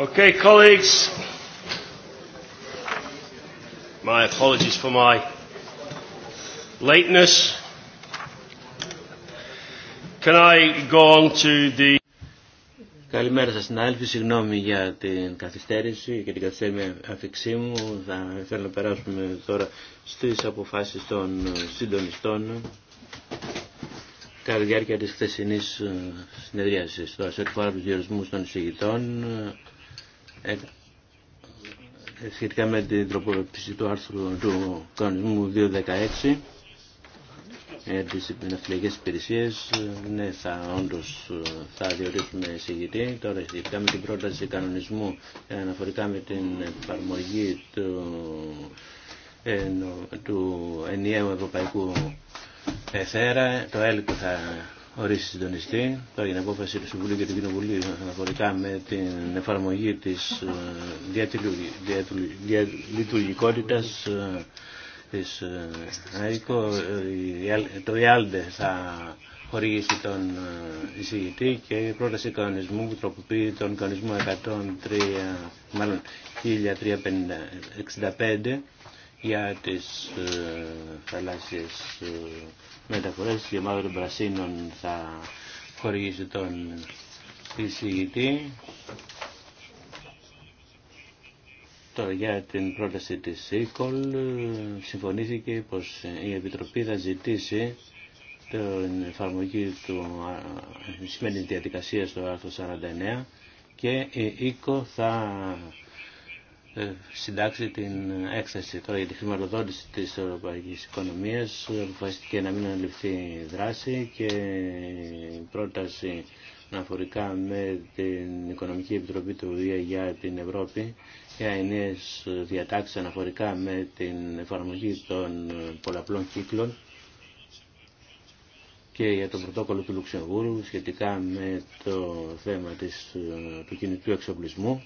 Okay, colleagues. My apologies for my lateness. Can I go on to the... Καλημέρα σας συνάδελφοι, συγγνώμη για την καθυστέρηση και την καθυστέρηση αφήξή μου. Θα θέλω να περάσουμε τώρα στις αποφάσεις των συντονιστών κατά τη διάρκεια της χθεσινής συνεδρίασης. Τώρα σε ό,τι τους διορισμούς των εισηγητών, ε, σχετικά με την τροποποίηση του άρθρου του κανονισμού 216 ε, τις ναυτιλιακές υπηρεσίες ε, ναι θα όντως ε, θα διορίσουμε εισηγητή τώρα σχετικά με την πρόταση κανονισμού αναφορικά με την εφαρμογή του, ε, του ενιαίου ευρωπαϊκού εθέρα το έλεγχο θα ορίσει συντονιστή. Τώρα για την απόφαση του Συμβουλίου και του Κοινοβουλίου αναφορικά με την εφαρμογή τη ε, διαλειτουργικότητα τη ε, ΑΕΚΟ. Το ΙΑΛΔΕ θα χορηγήσει τον ε, εισηγητή και η πρόταση κανονισμού που τροποποιεί τον κανονισμό 103, μάλλον 1365 για τις θαλάσσιες Μεταφορέ και ομάδα των πρασίνων θα χορηγήσει τον εισηγητή. για την πρόταση της ΕΚΟΛ συμφωνήθηκε πως η Επιτροπή θα ζητήσει την εφαρμογή του σημαίνει διαδικασία στο άρθρο 49 και η ΕΚΟ θα ε, συντάξει την έκθεση τώρα για τη χρηματοδότηση της ευρωπαϊκής οικονομίας αποφασίστηκε να μην αναλυφθεί δράση και πρόταση αναφορικά με την Οικονομική Επιτροπή του ΟΗΕ για την Ευρώπη για οι νέες διατάξεις αναφορικά με την εφαρμογή των πολλαπλών κύκλων και για το πρωτόκολλο του Λουξεμβούργου σχετικά με το θέμα του κινητού εξοπλισμού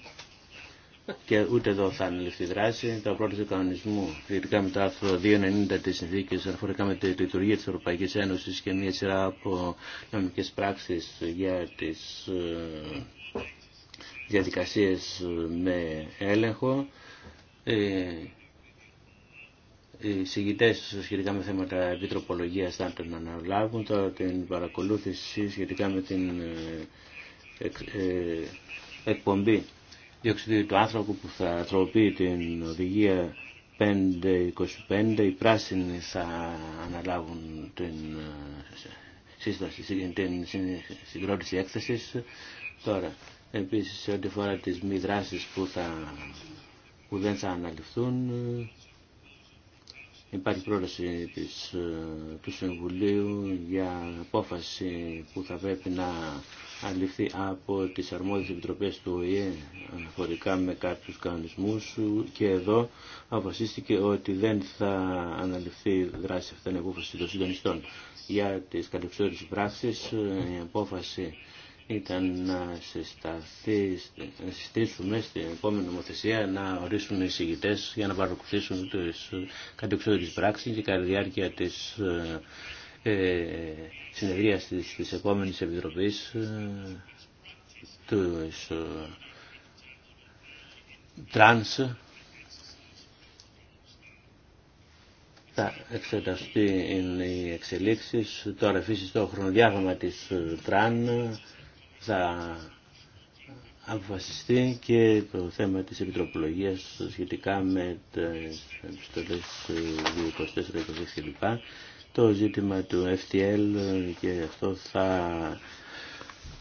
και ούτε εδώ θα ανελειφθεί δράση. Τα πρώτα του κανονισμού, ειδικά με το άρθρο 290 τη συνθήκη, αναφορικά με τη λειτουργία τη Ευρωπαϊκή Ένωση και μια σειρά από νομικέ πράξει για τι ε, διαδικασίε με έλεγχο. Ε, οι συγητέ σχετικά με θέματα επιτροπολογία θα αναλάβουν. Τώρα την παρακολούθηση σχετικά με την ε, εκπομπή διοξιδίου του άνθρωπου που θα τροποποιεί την οδηγία 525. Οι πράσινοι θα αναλάβουν την ε, σύσταση, την συγκρότηση έκθεσης. Τώρα, επίσης σε ό,τι φορά τις μη δράσεις που, θα, που δεν θα αναλυφθούν, Υπάρχει πρόταση της, ε, του Συμβουλίου για απόφαση που θα πρέπει να αληφθεί από τις αρμόδιες επιτροπές του ΟΗΕ αναφορικά με κάποιους κανονισμούς και εδώ αποφασίστηκε ότι δεν θα αναλυφθεί δράση αυτήν την απόφαση των συντονιστών. Για τις κατευθυντικές πράξεις η απόφαση ήταν να συσταθεί, συστήσουμε στην επόμενη νομοθεσία να ορίσουν οι εισηγητέ για να παρακολουθήσουν τι κατεξόδου πράξει και κατά τη διάρκεια τη ε, ε, συνεδρία της, της επόμενης επιτροπής ε, του τρανς θα εξεταστεί είναι οι εξελίξεις τώρα επίσης το χρονοδιάγραμμα της ε, τραν θα αποφασιστεί και το θέμα της επιτροπολογίας σχετικά με τις επιστολές 24-26 κλπ το ζήτημα του FTL και αυτό θα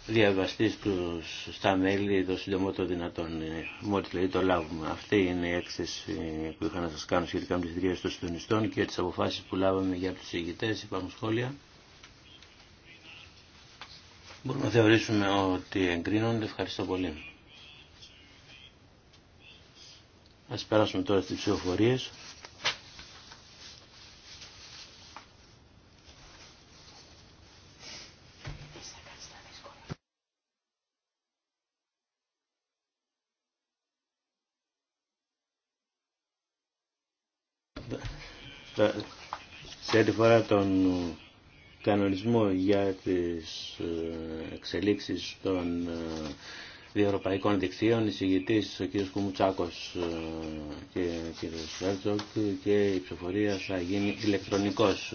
διαβαστεί στους, στα μέλη το συντομότερο δυνατόν μόλις το λάβουμε. Αυτή είναι η έκθεση που είχα να σας κάνω σχετικά με τις δικαιές των συντονιστών και τις αποφάσεις που λάβαμε για τους ηγητές. Υπάρχουν σχόλια. Μπορούμε να θεωρήσουμε ότι εγκρίνονται. Ευχαριστώ πολύ. Ας περάσουμε τώρα στις ψηφοφορίες. Σε ό,τι φορά τον κανονισμό για τις ε, εξελίξεις των ε, διευρωπαϊκών δικτύων, εισηγητής ο κ. Κουμουτσάκος ε, και ο κ. Σέρτζοκ και η ψηφορία θα γίνει ηλεκτρονικός.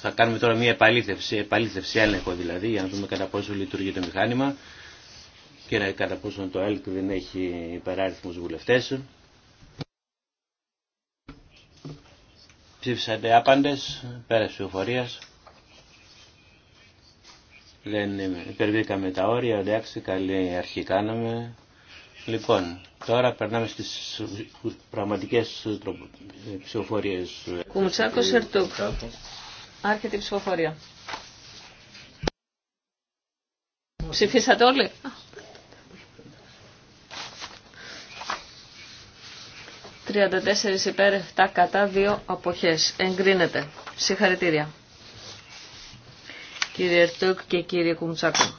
Θα κάνουμε τώρα μια επαλήθευση, επαλήθευση έλεγχο δηλαδή, για να δούμε κατά πόσο λειτουργεί το μηχάνημα και κατά πόσο το ΕΛΚ δεν έχει υπεράριθμους βουλευτές. Ψήφισατε άπαντες, πέρας ψηφοφορίας. Δεν υπερβήκαμε τα όρια, εντάξει, καλή αρχή κάναμε. Λοιπόν, τώρα περνάμε στις πραγματικές ψηφοφορίες. Κουμουτσάκο Σερτούκ. Άρχεται η ψηφοφορία. Ψηφίσατε όλοι. 34 υπέρ 7 κατά 2 αποχές. Εγκρίνεται. Συγχαρητήρια. Κύριε Ερτούκ και κύριε Κουμτσάκο.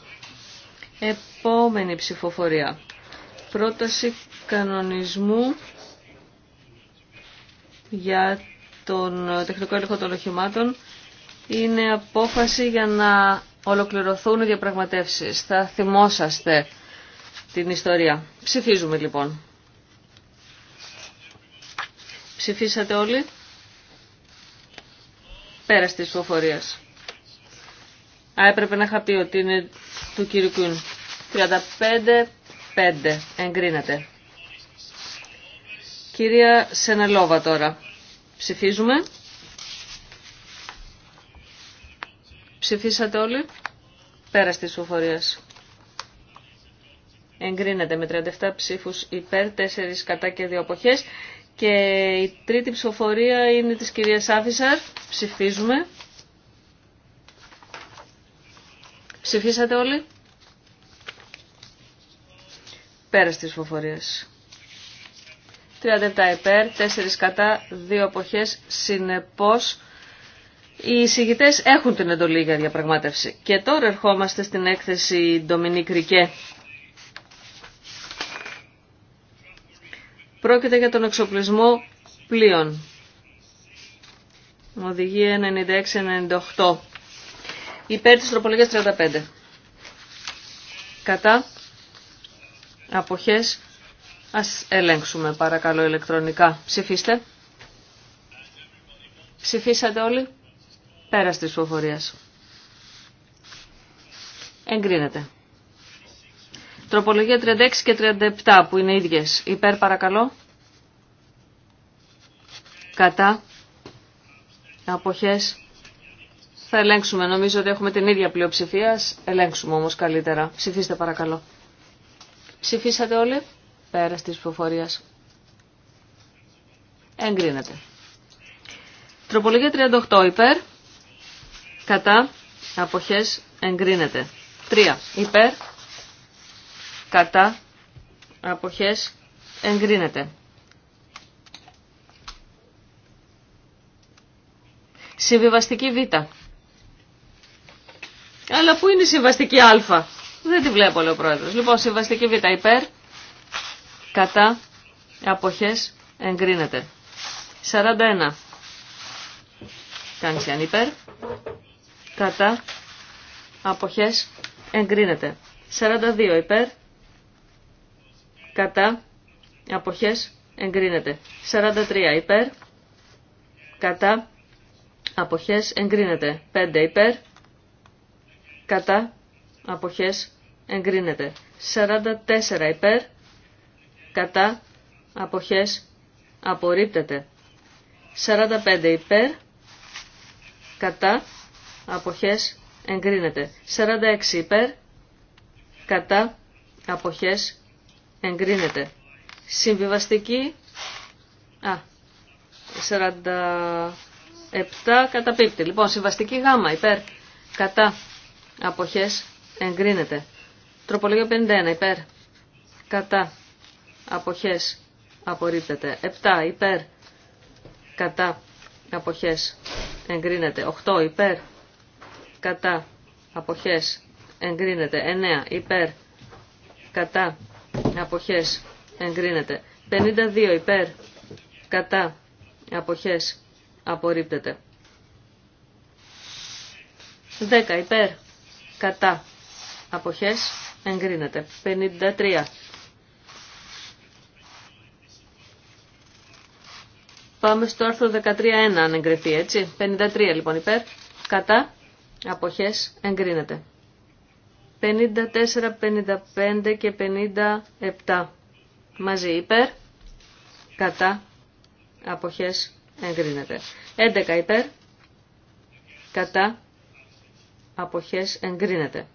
Επόμενη ψηφοφορία. Πρόταση κανονισμού για τον τεχνικό έλεγχο των οχημάτων είναι απόφαση για να ολοκληρωθούν οι διαπραγματεύσεις. Θα θυμόσαστε την ιστορία. Ψηφίζουμε λοιπόν. Ψηφίσατε όλοι. Πέρα τη ψηφοφορία. Α, έπρεπε να είχα πει ότι είναι του κύριου Κουν. 35-5. Εγκρίνεται. Κυρία Σενελόβα τώρα. Ψηφίζουμε. Ψηφίσατε όλοι. Πέρα τη ψηφοφορία. Εγκρίνεται με 37 ψήφους υπέρ, 4 κατά και 2 αποχές. Και η τρίτη ψηφοφορία είναι της κυρίας Άφησαρ. Ψηφίζουμε. Ψηφίσατε όλοι. Πέρα στις ψηφοφορίες. 37 υπέρ, 4 κατά, 2 αποχές. Συνεπώς, οι εισηγητές έχουν την εντολή για διαπραγμάτευση. Και τώρα ερχόμαστε στην έκθεση Ντομινίκ Ρικέ Πρόκειται για τον εξοπλισμό πλοίων. Οδηγία 96-98. Υπέρ της τροπολογίας 35. Κατά αποχές ας ελέγξουμε παρακαλώ ηλεκτρονικά. Ψηφίστε. Ψηφίσατε όλοι. Πέρας της ψηφοφορίας. Εγκρίνεται. Τροπολογία 36 και 37 που είναι ίδιες. Υπέρ παρακαλώ. Κατά. Αποχές. Θα ελέγξουμε. Νομίζω ότι έχουμε την ίδια πλειοψηφία. Ελέγξουμε όμως καλύτερα. Ψηφίστε παρακαλώ. Ψηφίσατε όλοι. Πέρα της ψηφοφορίας. Εγκρίνεται. Τροπολογία 38 υπέρ. Κατά. Αποχές. Εγκρίνεται. 3. Υπέρ κατά αποχές εγκρίνεται. Συμβιβαστική Β. Αλλά πού είναι η συμβαστική Α. Δεν τη βλέπω, λέει ο πρόεδρος. Λοιπόν, συμβαστική Β υπέρ, κατά, αποχές, εγκρίνεται. 41. αν υπέρ, κατά, αποχές, εγκρίνεται. 42 υπέρ, κατά, αποχές, εγκρίνεται. 43 υπέρ, κατά, αποχές, εγκρίνεται. 5 υπέρ, κατά, αποχές, εγκρίνεται. 44 υπέρ, κατά, αποχές, απορρίπτεται. 45 υπέρ, κατά, αποχές, εγκρίνεται. 46 υπέρ, κατά, αποχές, εγκρίνεται. Συμβιβαστική, α, 47 καταπίπτει. Λοιπόν, συμβαστική γάμα υπέρ, κατά, αποχές, εγκρίνεται. Τροπολογία 51 υπέρ, κατά, αποχές, απορρίπτεται. 7 υπέρ, κατά, αποχές, εγκρίνεται. 8 υπέρ, κατά, αποχές, εγκρίνεται. 9 υπέρ, κατά, αποχές εγκρίνεται. 52 υπέρ κατά αποχές απορρίπτεται. 10 υπέρ κατά αποχές εγκρίνεται. 53 Πάμε στο άρθρο 13.1 αν εγκριθεί έτσι. 53 λοιπόν υπέρ, κατά, αποχές εγκρίνεται. 54, 55 και 57 μαζί υπέρ, κατά, αποχές εγκρίνεται. 11 υπέρ, κατά, αποχές εγκρίνεται.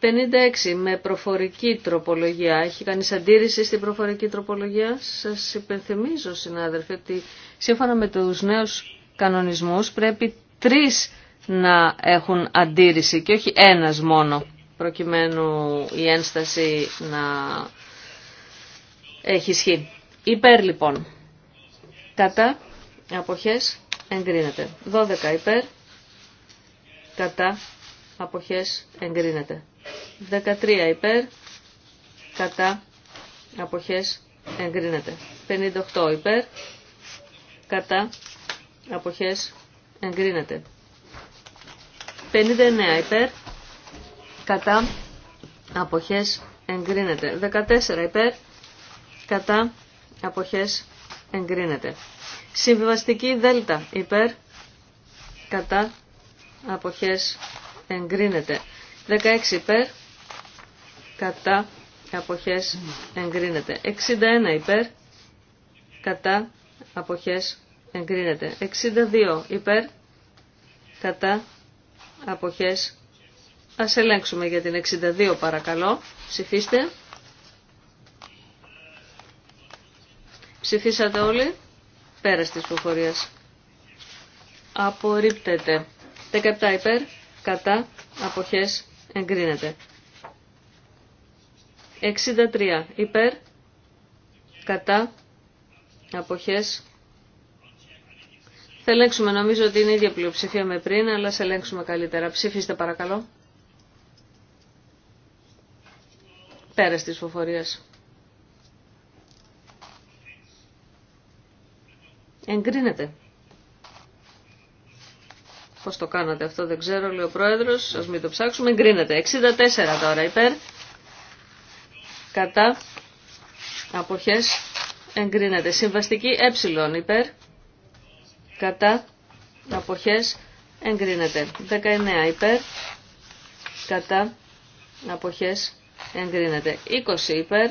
56 με προφορική τροπολογία. Έχει κανείς αντίρρηση στην προφορική τροπολογία. Σας υπενθυμίζω συνάδελφοι ότι σύμφωνα με τους νέους κανονισμούς πρέπει τρεις να έχουν αντίρρηση και όχι ένας μόνο προκειμένου η ένσταση να έχει ισχύ. Υπέρ λοιπόν. Κατά. Αποχές. Εγκρίνεται. 12 υπέρ. Κατά. Αποχές. Εγκρίνεται. 13 υπέρ. Κατά. Αποχές. Εγκρίνεται. 58 υπέρ. Κατά. Αποχές. Εγκρίνεται. 59 υπέρ κατά αποχές εγκρίνεται. 14 υπέρ κατά αποχές εγκρίνεται. Συμβιβαστική δέλτα υπέρ κατά αποχές εγκρίνεται. 16 υπέρ κατά αποχές εγκρίνεται. 61 υπέρ κατά αποχές εγκρίνεται. 62 υπέρ κατά αποχές Ας ελέγξουμε για την 62 παρακαλώ. Ψηφίστε. Ψηφίσατε όλοι. Πέρας τη προφορίας. Απορρίπτεται. 17 υπέρ, κατά, αποχές, εγκρίνεται. 63 υπέρ, κατά, αποχές, θα ελέγξουμε, νομίζω ότι είναι η ίδια πλειοψηφία με πριν, αλλά σε ελέγξουμε καλύτερα. Ψηφίστε παρακαλώ. Πέρας της φοφορίες. Εγκρίνεται. Πώς το κάνατε αυτό δεν ξέρω, λέει ο πρόεδρος. Ας μην το ψάξουμε. Εγκρίνεται. 64 τώρα υπέρ. Κατά. Αποχές. Εγκρίνεται. Συμβαστική ε υπέρ. Κατά. Αποχές. Εγκρίνεται. 19 υπέρ. Κατά. Αποχές εγκρίνεται. 20 υπέρ,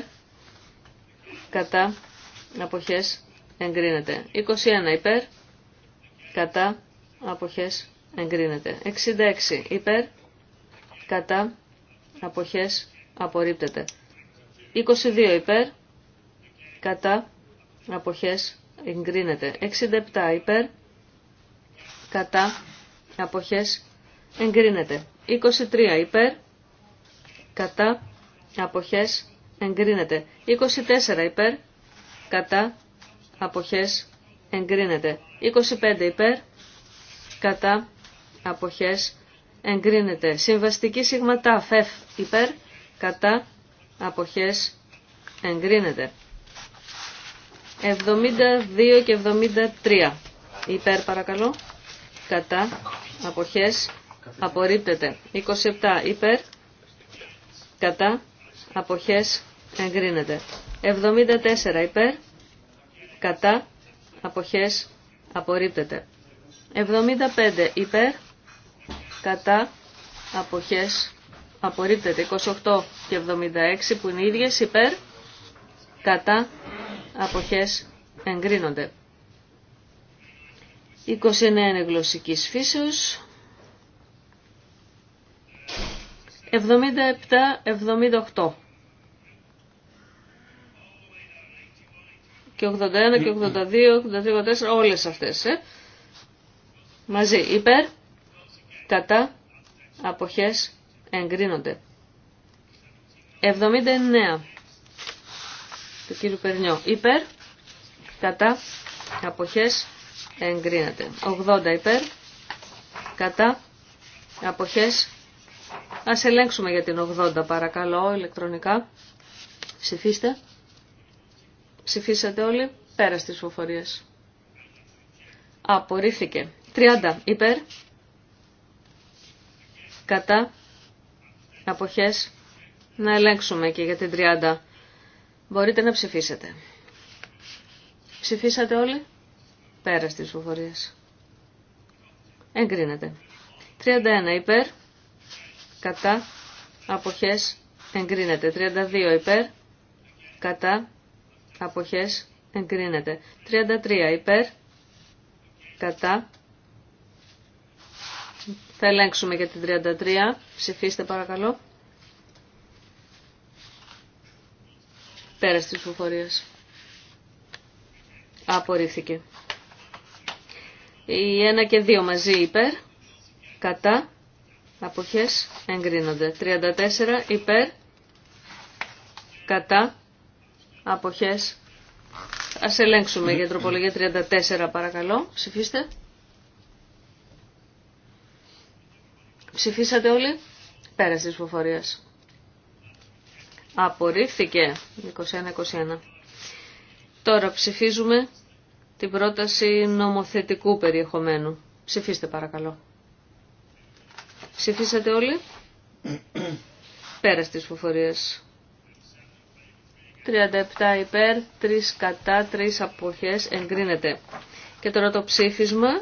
κατά, αποχές, εγκρίνεται. 21 υπέρ, κατά, αποχές, εγκρίνεται. 66 υπέρ, κατά, αποχές, απορρίπτεται. 22 υπέρ, κατά, αποχές, εγκρίνεται. 67 υπέρ, κατά, αποχές, εγκρίνεται. 23 υπέρ, κατά, αποχές εγκρίνεται. 24 υπέρ, κατά, αποχές εγκρίνεται. 25 υπέρ, κατά, αποχές εγκρίνεται. Συμβαστική σιγματά φεφ υπέρ, κατά, αποχές εγκρίνεται. 72 και 73 υπέρ παρακαλώ, κατά, αποχές απορρίπτεται. 27 υπέρ, κατά, αποχές εγκρίνεται. 74 υπέρ, κατά, αποχές απορρίπτεται. 75 υπέρ, κατά, αποχές απορρίπτεται. 28 και 76 που είναι ίδιες υπέρ, κατά, αποχές εγκρίνονται. 29 είναι γλωσσικής φύσεως. 77-78 81 και 82, 83, όλες αυτές. Ε. Μαζί υπέρ, κατά, αποχές, εγκρίνονται. 79 του κύριου Περνιό. Υπέρ, κατά, αποχές, εγκρίνεται. 80 υπέρ, κατά, αποχές, ας ελέγξουμε για την 80 παρακαλώ ηλεκτρονικά. Ψηφίστε. Ψηφίσατε όλοι πέρα στις φοφορίες. Απορρίφθηκε. 30 υπέρ. Κατά. Αποχές. Να ελέγξουμε και για την 30. Μπορείτε να ψηφίσετε. Ψηφίσατε όλοι. Πέρα στις φοφορίες. Εγκρίνεται. 31 υπέρ. Κατά. Αποχές. Εγκρίνεται. 32 υπέρ. Κατά αποχές εγκρίνεται. 33 υπέρ, κατά. Θα ελέγξουμε για την 33. Ψηφίστε παρακαλώ. Πέρας της ψηφοφορίας. Απορρίφθηκε. Η 1 και 2 μαζί υπέρ, κατά, αποχές εγκρίνονται. 34 υπέρ, κατά, αποχές. Ας ελέγξουμε για τροπολογία 34 παρακαλώ. Ψηφίστε. Ψηφίσατε όλοι. Πέρασε της φοφορίας. απορριφθηκε Απορρίφθηκε 21-21. Τώρα ψηφίζουμε την πρόταση νομοθετικού περιεχομένου. Ψηφίστε παρακαλώ. Ψηφίσατε όλοι. Πέρασε της φοφορίας. 37 υπέρ, 3 κατά, 3 αποχές εγκρίνεται. Και τώρα το ψήφισμα,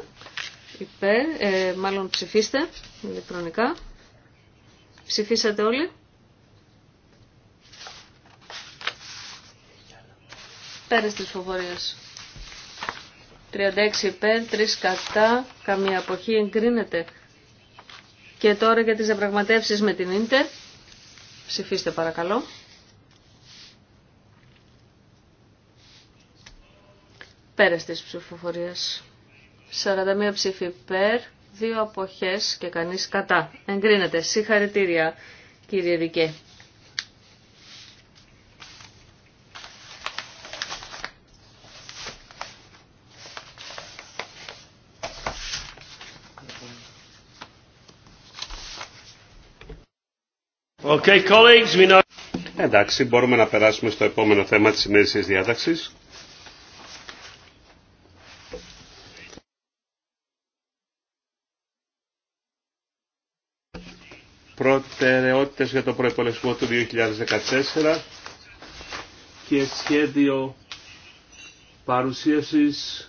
υπέρ, ε, μάλλον ψηφίστε ηλεκτρονικά. Ψηφίσατε όλοι. Πέρα της φοβορίας. 36 υπέρ, 3 κατά, καμία αποχή εγκρίνεται. Και τώρα για τις διαπραγματεύσεις με την Ίντερ. Ψηφίστε παρακαλώ. Πέρας της ψηφοφορίας. 41 ψήφοι υπέρ, 2 αποχές και κανείς κατά. Εγκρίνεται. Συγχαρητήρια κύριε Δικέ. Okay, colleagues, we Εντάξει, μπορούμε να περάσουμε στο επόμενο θέμα της σημερινής διάταξης. για το προϋπολεσμό του 2014 και σχέδιο παρουσίασης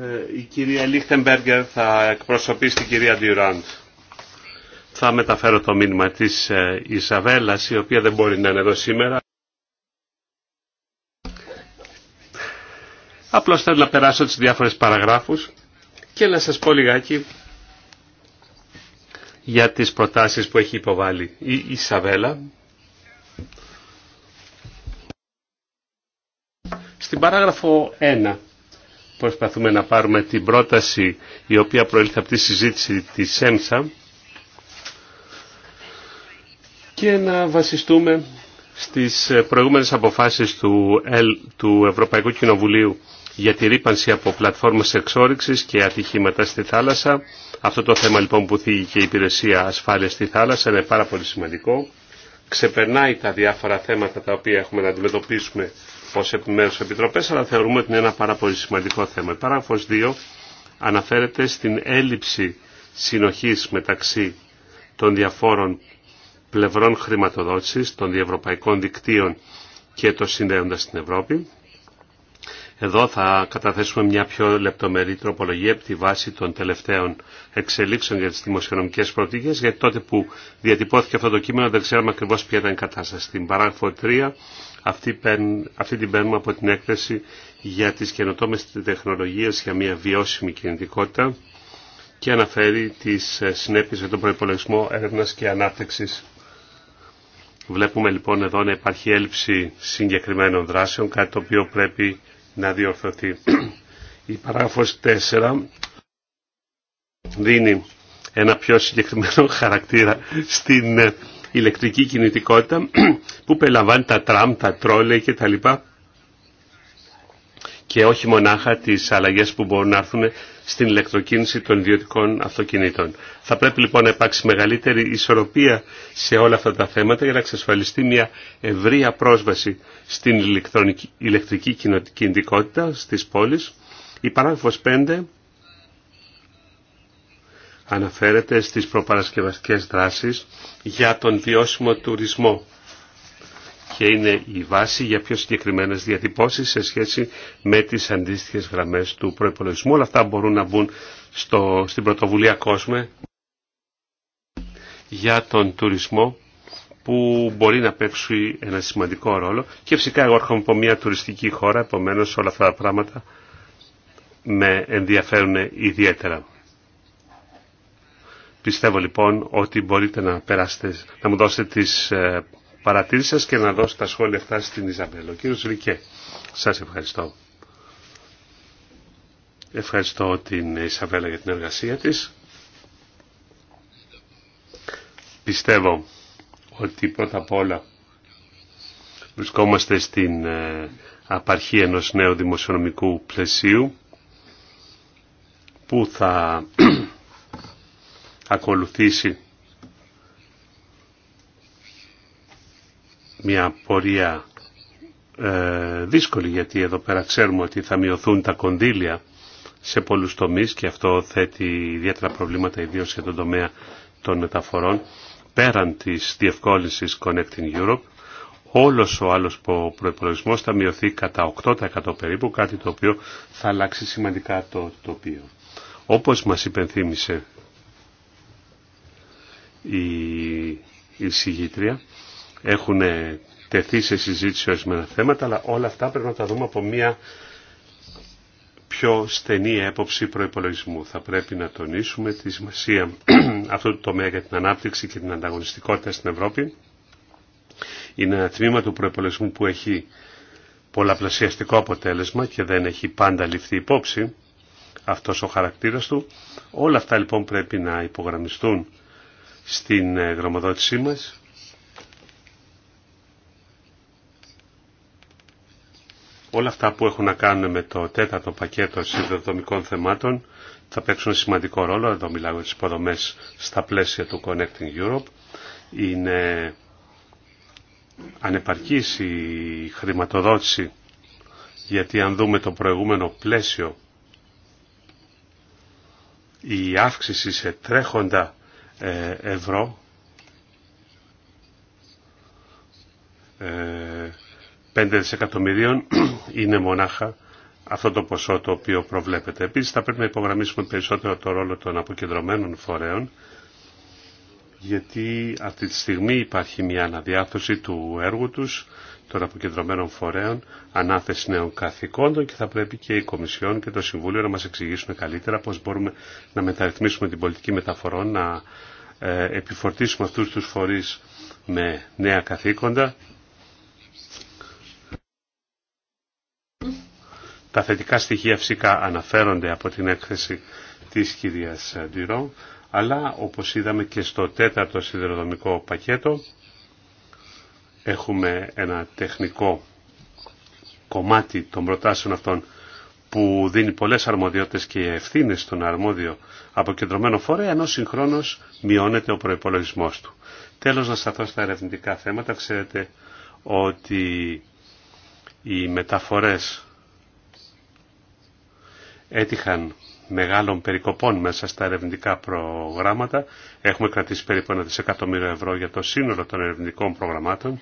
ε, η κυρία Λίχτεμπεργκερ θα εκπροσωπήσει την κυρία Ντιουράντ. Θα μεταφέρω το μήνυμα της ε, Ισαβέλας, η οποία δεν μπορεί να είναι εδώ σήμερα. Απλώς θέλω να περάσω τις διάφορες παραγράφους και να σας πω λιγάκι για τις προτάσεις που έχει υποβάλει η Ισαβέλα. Στην παράγραφο 1 προσπαθούμε να πάρουμε την πρόταση η οποία προήλθε από τη συζήτηση της ΕΜΣΑ και να βασιστούμε στις προηγούμενες αποφάσεις του, του Ευρωπαϊκού Κοινοβουλίου για τη ρήπανση από πλατφόρμες εξόριξης και ατυχήματα στη θάλασσα αυτό το θέμα λοιπόν που θίγει και η Υπηρεσία Ασφάλεια στη Θάλασσα είναι πάρα πολύ σημαντικό. Ξεπερνάει τα διάφορα θέματα τα οποία έχουμε να αντιμετωπίσουμε ω επιμέρου επιτροπέ, αλλά θεωρούμε ότι είναι ένα πάρα πολύ σημαντικό θέμα. Η παράγραφο 2 αναφέρεται στην έλλειψη συνοχή μεταξύ των διαφόρων πλευρών χρηματοδότηση των διευρωπαϊκών δικτύων και το συνδέοντα στην Ευρώπη. Εδώ θα καταθέσουμε μια πιο λεπτομερή τροπολογία από τη βάση των τελευταίων εξελίξεων για τις δημοσιονομικές προοπτικές, γιατί τότε που διατυπώθηκε αυτό το κείμενο δεν ξέραμε ακριβώς ποια ήταν η κατάσταση. Στην παράγραφο 3 αυτή, αυτή την παίρνουμε από την έκθεση για τις καινοτόμες τεχνολογίες για μια βιώσιμη κινητικότητα και αναφέρει τις ε, συνέπειες για τον προϋπολογισμό έρευνας και ανάπτυξης. Βλέπουμε λοιπόν εδώ να υπάρχει έλλειψη συγκεκριμένων δράσεων, κάτι το οποίο πρέπει να διορθωθεί. Η παράγραφος 4 δίνει ένα πιο συγκεκριμένο χαρακτήρα στην ε, ηλεκτρική κινητικότητα που περιλαμβάνει τα τραμ, τα τρόλεϊ λοιπά Και όχι μονάχα τις αλλαγές που μπορούν να έρθουν στην ηλεκτροκίνηση των ιδιωτικών αυτοκινήτων. Θα πρέπει λοιπόν να υπάρξει μεγαλύτερη ισορροπία σε όλα αυτά τα θέματα για να εξασφαλιστεί μια ευρεία πρόσβαση στην ηλεκτρική κινητικότητα στις πόλεις. Η παράγραφος 5 αναφέρεται στις προπαρασκευαστικές δράσεις για τον βιώσιμο τουρισμό και είναι η βάση για πιο συγκεκριμένες διατυπώσεις σε σχέση με τις αντίστοιχες γραμμές του προϋπολογισμού. Όλα αυτά μπορούν να μπουν στο, στην πρωτοβουλία κόσμε για τον τουρισμό που μπορεί να παίξει ένα σημαντικό ρόλο και φυσικά εγώ έρχομαι από μια τουριστική χώρα, επομένω όλα αυτά τα πράγματα με ενδιαφέρουν ιδιαίτερα. Πιστεύω λοιπόν ότι μπορείτε να περάσετε, να μου δώσετε τις ε, παρατήρηση και να δώσω τα σχόλια αυτά στην Ιζαμπέλο. Κύριος Ρικέ, σας ευχαριστώ. Ευχαριστώ την Ισαβέλα για την εργασία της. Πιστεύω ότι πρώτα απ' όλα βρισκόμαστε στην ε, απαρχή ενός νέου δημοσιονομικού πλαισίου που θα ακολουθήσει μια πορεία ε, δύσκολη γιατί εδώ πέρα ξέρουμε ότι θα μειωθούν τα κονδύλια σε πολλούς τομείς και αυτό θέτει ιδιαίτερα προβλήματα ιδίως για τον τομέα των μεταφορών πέραν της διευκόλυνσης Connecting Europe όλος ο άλλος προπολογισμό θα μειωθεί κατά 8% περίπου κάτι το οποίο θα αλλάξει σημαντικά το τοπίο. Όπως μας υπενθύμησε η εισηγήτρια έχουν τεθεί σε συζήτηση ορισμένα θέματα, αλλά όλα αυτά πρέπει να τα δούμε από μια πιο στενή έποψη προπολογισμού. Θα πρέπει να τονίσουμε τη σημασία αυτού του τομέα για την ανάπτυξη και την ανταγωνιστικότητα στην Ευρώπη. Είναι ένα τμήμα του προπολογισμού που έχει πολλαπλασιαστικό αποτέλεσμα και δεν έχει πάντα ληφθεί υπόψη αυτός ο χαρακτήρας του. Όλα αυτά λοιπόν πρέπει να υπογραμμιστούν στην ε, γραμμοδότησή μας όλα αυτά που έχουν να κάνουν με το τέταρτο πακέτο συνδεδομικών θεμάτων θα παίξουν σημαντικό ρόλο. Εδώ μιλάω για τις υποδομές στα πλαίσια του Connecting Europe. Είναι ανεπαρκής η χρηματοδότηση γιατί αν δούμε το προηγούμενο πλαίσιο η αύξηση σε τρέχοντα ε, ευρώ ε, 5 δισεκατομμυρίων είναι μονάχα αυτό το ποσό το οποίο προβλέπεται. Επίσης θα πρέπει να υπογραμμίσουμε περισσότερο το ρόλο των αποκεντρωμένων φορέων γιατί αυτή τη στιγμή υπάρχει μια αναδιάθρωση του έργου τους των αποκεντρωμένων φορέων, ανάθεση νέων καθηκόντων και θα πρέπει και η Κομισιόν και το Συμβούλιο να μας εξηγήσουν καλύτερα πώς μπορούμε να μεταρρυθμίσουμε την πολιτική μεταφορών, να ε, επιφορτήσουμε αυτούς τους φορείς με νέα καθήκοντα Τα θετικά στοιχεία φυσικά αναφέρονται από την έκθεση της κυρίας Ντυρό, αλλά όπως είδαμε και στο τέταρτο σιδηροδομικό πακέτο, έχουμε ένα τεχνικό κομμάτι των προτάσεων αυτών που δίνει πολλές αρμοδιότητες και ευθύνες στον αρμόδιο αποκεντρωμένο φορέα, ενώ συγχρόνως μειώνεται ο προϋπολογισμός του. Τέλος, να σταθώ στα ερευνητικά θέματα. Ξέρετε ότι οι μεταφορές έτυχαν μεγάλων περικοπών μέσα στα ερευνητικά προγράμματα. Έχουμε κρατήσει περίπου ένα δισεκατομμύριο ευρώ για το σύνολο των ερευνητικών προγραμμάτων.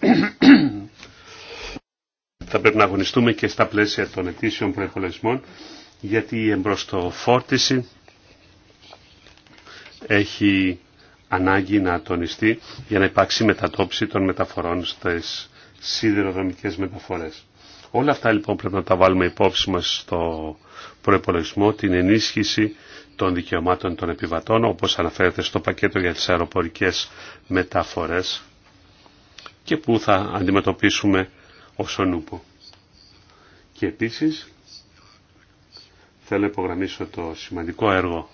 Θα πρέπει να αγωνιστούμε και στα πλαίσια των ετήσιων προεπολεσμών, γιατί η εμπροστοφόρτιση έχει ανάγκη να τονιστεί για να υπάρξει μετατόπιση των μεταφορών στις σιδηροδρομικές μεταφορές. Όλα αυτά λοιπόν πρέπει να τα βάλουμε υπόψη μας στο προπολογισμό, την ενίσχυση των δικαιωμάτων των επιβατών, όπως αναφέρεται στο πακέτο για τις αεροπορικές μεταφορές και που θα αντιμετωπίσουμε ως νούπο. Και επίσης θέλω να υπογραμμίσω το σημαντικό έργο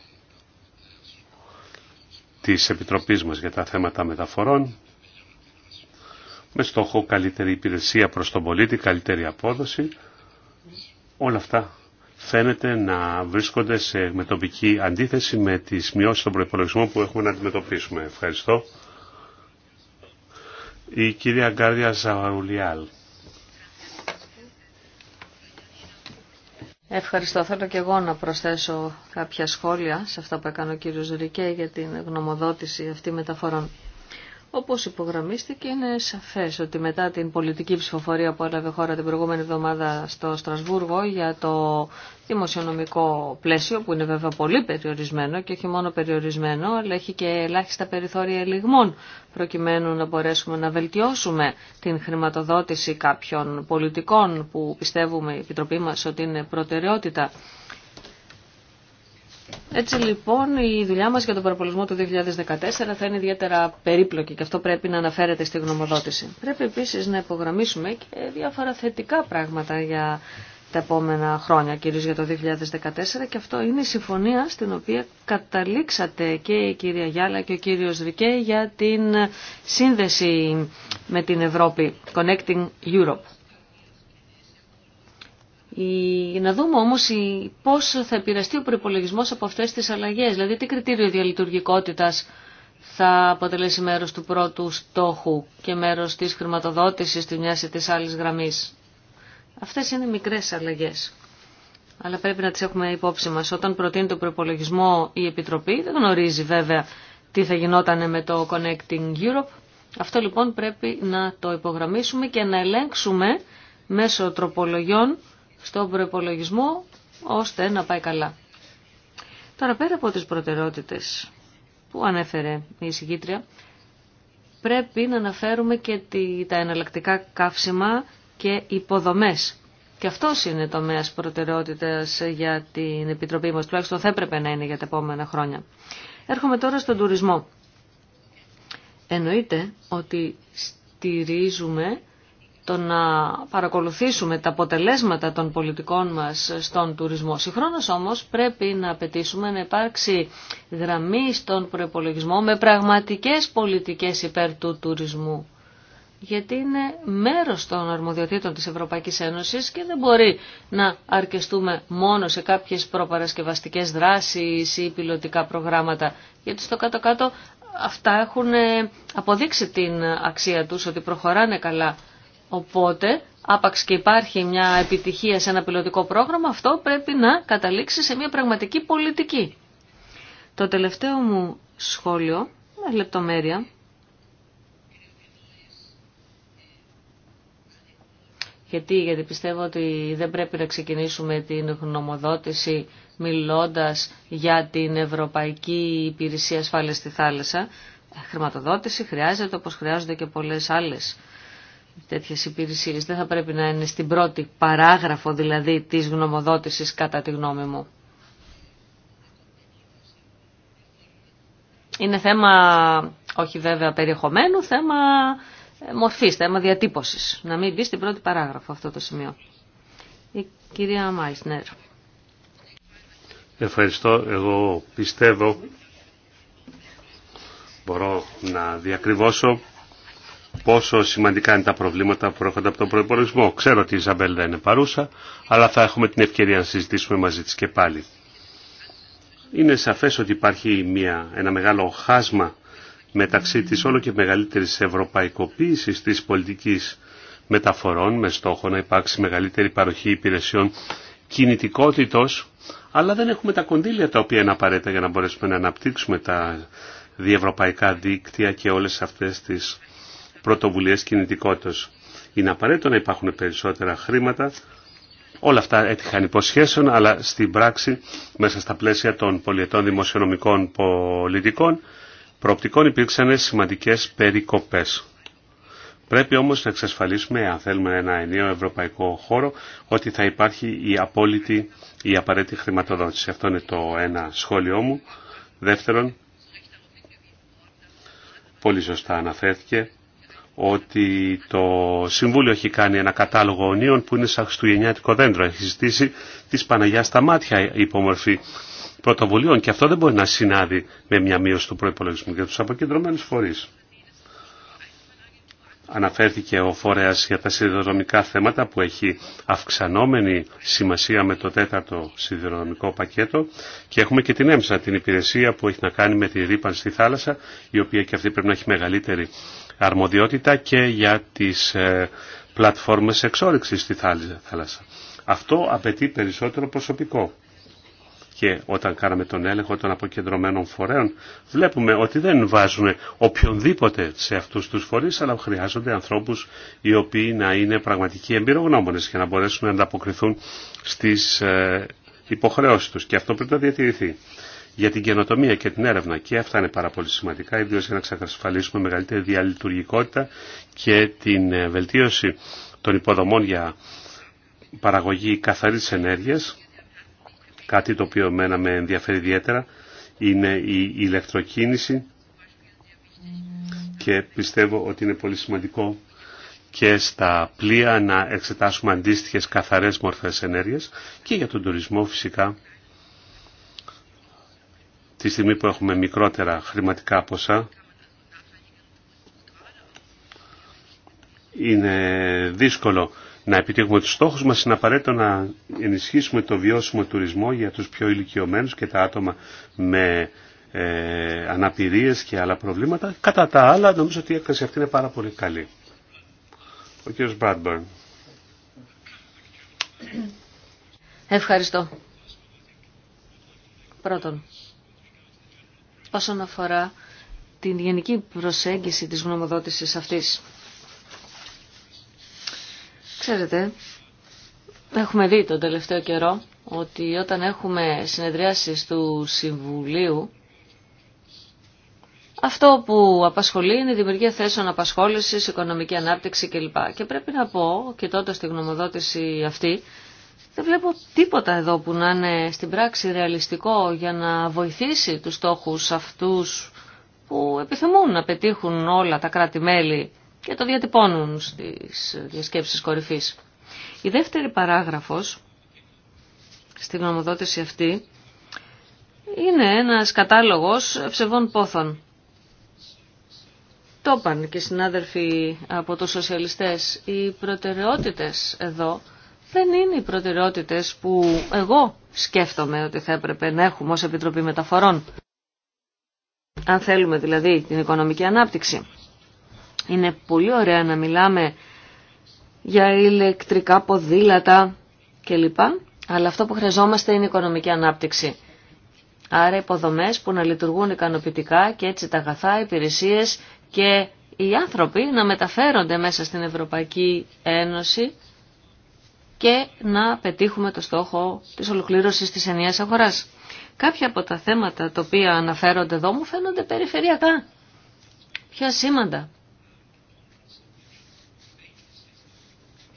της Επιτροπής μας για τα θέματα μεταφορών με στόχο καλύτερη υπηρεσία προς τον πολίτη, καλύτερη απόδοση. Όλα αυτά φαίνεται να βρίσκονται σε μετοπική αντίθεση με τις μειώσεις των προϋπολογισμών που έχουμε να αντιμετωπίσουμε. Ευχαριστώ. Η κυρία Γκάρδια Ζαουλιάλ. Ευχαριστώ. Θέλω και εγώ να προσθέσω κάποια σχόλια σε αυτά που έκανε ο κύριος Ρικέ για την γνωμοδότηση αυτή μεταφορών. Όπως υπογραμμίστηκε είναι σαφές ότι μετά την πολιτική ψηφοφορία που έλαβε χώρα την προηγούμενη εβδομάδα στο Στρασβούργο για το δημοσιονομικό πλαίσιο που είναι βέβαια πολύ περιορισμένο και όχι μόνο περιορισμένο αλλά έχει και ελάχιστα περιθώρια ελιγμών προκειμένου να μπορέσουμε να βελτιώσουμε την χρηματοδότηση κάποιων πολιτικών που πιστεύουμε η Επιτροπή μας ότι είναι προτεραιότητα έτσι λοιπόν η δουλειά μας για τον παραπολισμό του 2014 θα είναι ιδιαίτερα περίπλοκη και αυτό πρέπει να αναφέρεται στη γνωμοδότηση. Πρέπει επίσης να υπογραμμίσουμε και διάφορα θετικά πράγματα για τα επόμενα χρόνια, κυρίως για το 2014 και αυτό είναι η συμφωνία στην οποία καταλήξατε και η κυρία Γιάλα και ο κύριος Ρικέ για την σύνδεση με την Ευρώπη, Connecting Europe. Να δούμε όμως πώς θα επηρεαστεί ο προπολογισμό από αυτές τις αλλαγές, δηλαδή τι κριτήριο διαλειτουργικότητας θα αποτελέσει μέρος του πρώτου στόχου και μέρος της χρηματοδότησης της μιας ή της άλλης γραμμής. Αυτές είναι μικρές αλλαγές. Αλλά πρέπει να τις έχουμε υπόψη μας. Όταν προτείνει το προπολογισμό η Επιτροπή, δεν γνωρίζει βέβαια τι θα γινόταν με το Connecting Europe. Αυτό λοιπόν πρέπει να το υπογραμμίσουμε και να ελέγξουμε μέσω τροπολογιών στον προπολογισμό ώστε να πάει καλά. Τώρα πέρα από τις προτεραιότητες που ανέφερε η εισηγήτρια, πρέπει να αναφέρουμε και τα εναλλακτικά καύσιμα και υποδομές. Και αυτό είναι το τομέα προτεραιότητας για την Επιτροπή μας, τουλάχιστον θα έπρεπε να είναι για τα επόμενα χρόνια. Έρχομαι τώρα στον τουρισμό. Εννοείται ότι στηρίζουμε το να παρακολουθήσουμε τα αποτελέσματα των πολιτικών μας στον τουρισμό. Συγχρόνως όμως πρέπει να απαιτήσουμε να υπάρξει γραμμή στον προπολογισμό με πραγματικές πολιτικές υπέρ του τουρισμού. Γιατί είναι μέρος των αρμοδιοτήτων της Ευρωπαϊκής Ένωσης και δεν μπορεί να αρκεστούμε μόνο σε κάποιες προπαρασκευαστικές δράσεις ή πιλωτικά προγράμματα. Γιατί στο κάτω-κάτω αυτά έχουν αποδείξει την αξία τους ότι προχωράνε καλά Οπότε, άπαξ και υπάρχει μια επιτυχία σε ένα πιλωτικό πρόγραμμα, αυτό πρέπει να καταλήξει σε μια πραγματική πολιτική. Το τελευταίο μου σχόλιο, με λεπτομέρεια, Γιατί, γιατί πιστεύω ότι δεν πρέπει να ξεκινήσουμε την γνωμοδότηση μιλώντας για την Ευρωπαϊκή Υπηρεσία Ασφάλειας στη Θάλασσα. Χρηματοδότηση χρειάζεται όπως χρειάζονται και πολλές άλλες Τέτοιε υπηρεσίε. Δεν θα πρέπει να είναι στην πρώτη παράγραφο δηλαδή της γνωμοδότησης κατά τη γνώμη μου. Είναι θέμα, όχι βέβαια περιεχομένου, θέμα ε, μορφής, θέμα διατύπωσης. Να μην μπει στην πρώτη παράγραφο αυτό το σημείο. Η κυρία Μάισνερ. Ευχαριστώ. Εγώ πιστεύω, μπορώ να διακριβώσω πόσο σημαντικά είναι τα προβλήματα που προέρχονται από τον προπολογισμό. Ξέρω ότι η Ιζαμπέλ δεν είναι παρούσα, αλλά θα έχουμε την ευκαιρία να συζητήσουμε μαζί της και πάλι. Είναι σαφές ότι υπάρχει μια, ένα μεγάλο χάσμα μεταξύ της όλο και μεγαλύτερης ευρωπαϊκοποίησης της πολιτικής μεταφορών με στόχο να υπάρξει μεγαλύτερη παροχή υπηρεσιών κινητικότητος, αλλά δεν έχουμε τα κονδύλια τα οποία είναι απαραίτητα για να μπορέσουμε να αναπτύξουμε τα διευρωπαϊκά δίκτυα και όλες αυτές τις πρωτοβουλίες κινητικότητας. Είναι απαραίτητο να υπάρχουν περισσότερα χρήματα. Όλα αυτά έτυχαν υποσχέσεων, αλλά στην πράξη, μέσα στα πλαίσια των πολιετών δημοσιονομικών πολιτικών, προοπτικών υπήρξαν σημαντικές περικοπές. Πρέπει όμως να εξασφαλίσουμε, αν θέλουμε ένα ενιαίο ευρωπαϊκό χώρο, ότι θα υπάρχει η απόλυτη, η απαραίτητη χρηματοδότηση. Αυτό είναι το ένα σχόλιο μου. Δεύτερον, πολύ σωστά αναφέρθηκε ότι το Συμβούλιο έχει κάνει ένα κατάλογο ονείων που είναι σαν χριστουγεννιάτικο δέντρο. Έχει ζητήσει τη Παναγιά στα μάτια υπομορφή πρωτοβουλίων και αυτό δεν μπορεί να συνάδει με μια μείωση του προπολογισμού για του αποκεντρωμένου φορεί αναφέρθηκε ο φορέας για τα σιδηροδρομικά θέματα που έχει αυξανόμενη σημασία με το τέταρτο σιδηροδρομικό πακέτο και έχουμε και την έμψα την υπηρεσία που έχει να κάνει με τη ρήπανση στη θάλασσα η οποία και αυτή πρέπει να έχει μεγαλύτερη αρμοδιότητα και για τις ε, πλατφόρμες εξόρυξης στη θάλασσα. Αυτό απαιτεί περισσότερο προσωπικό και όταν κάναμε τον έλεγχο των αποκεντρωμένων φορέων βλέπουμε ότι δεν βάζουν οποιονδήποτε σε αυτούς τους φορείς αλλά χρειάζονται ανθρώπους οι οποίοι να είναι πραγματικοί εμπειρογνώμονες και να μπορέσουν να ανταποκριθούν στις ε, υποχρεώσεις τους και αυτό πρέπει να διατηρηθεί. Για την καινοτομία και την έρευνα και αυτά είναι πάρα πολύ σημαντικά, ιδίω για να εξασφαλίσουμε μεγαλύτερη διαλειτουργικότητα και την ε, βελτίωση των υποδομών για παραγωγή καθαρής ενέργειας Κάτι το οποίο εμένα με ενδιαφέρει ιδιαίτερα είναι η ηλεκτροκίνηση και πιστεύω ότι είναι πολύ σημαντικό και στα πλοία να εξετάσουμε αντίστοιχες καθαρές μορφές ενέργειας και για τον τουρισμό φυσικά τη στιγμή που έχουμε μικρότερα χρηματικά ποσά είναι δύσκολο να επιτύχουμε τους στόχους μας είναι απαραίτητο να ενισχύσουμε το βιώσιμο τουρισμό για τους πιο ηλικιωμένους και τα άτομα με ε, αναπηρίες και άλλα προβλήματα. Κατά τα άλλα νομίζω ότι η έκθεση αυτή είναι πάρα πολύ καλή. Ο κύριος Μπράντμπερν. Ευχαριστώ. Πρώτον, όσον αφορά την γενική προσέγγιση της γνωμοδότησης αυτής. Ξέρετε, έχουμε δει τον τελευταίο καιρό ότι όταν έχουμε συνεδριάσεις του Συμβουλίου, αυτό που απασχολεί είναι η δημιουργία θέσεων απασχόλησης, οικονομική ανάπτυξη κλπ. Και πρέπει να πω, κοιτώντας τη γνωμοδότηση αυτή, δεν βλέπω τίποτα εδώ που να είναι στην πράξη ρεαλιστικό για να βοηθήσει τους στόχους αυτούς που επιθυμούν να πετύχουν όλα τα κράτη-μέλη και το διατυπώνουν στις διασκέψεις κορυφής. Η δεύτερη παράγραφος στη γνωμοδότηση αυτή είναι ένας κατάλογος ψευών πόθων. Το είπαν και οι συνάδελφοι από τους σοσιαλιστές. Οι προτεραιότητες εδώ δεν είναι οι προτεραιότητες που εγώ σκέφτομαι ότι θα έπρεπε να έχουμε ως Επιτροπή Μεταφορών. Αν θέλουμε δηλαδή την οικονομική ανάπτυξη. Είναι πολύ ωραία να μιλάμε για ηλεκτρικά ποδήλατα κλπ. Αλλά αυτό που χρειαζόμαστε είναι οικονομική ανάπτυξη. Άρα υποδομές που να λειτουργούν ικανοποιητικά και έτσι τα αγαθά, υπηρεσίες και οι άνθρωποι να μεταφέρονται μέσα στην Ευρωπαϊκή Ένωση και να πετύχουμε το στόχο της ολοκλήρωσης της ενιαίας αγοράς. Κάποια από τα θέματα τα οποία αναφέρονται εδώ μου φαίνονται περιφερειακά, Ποια σήμαντα.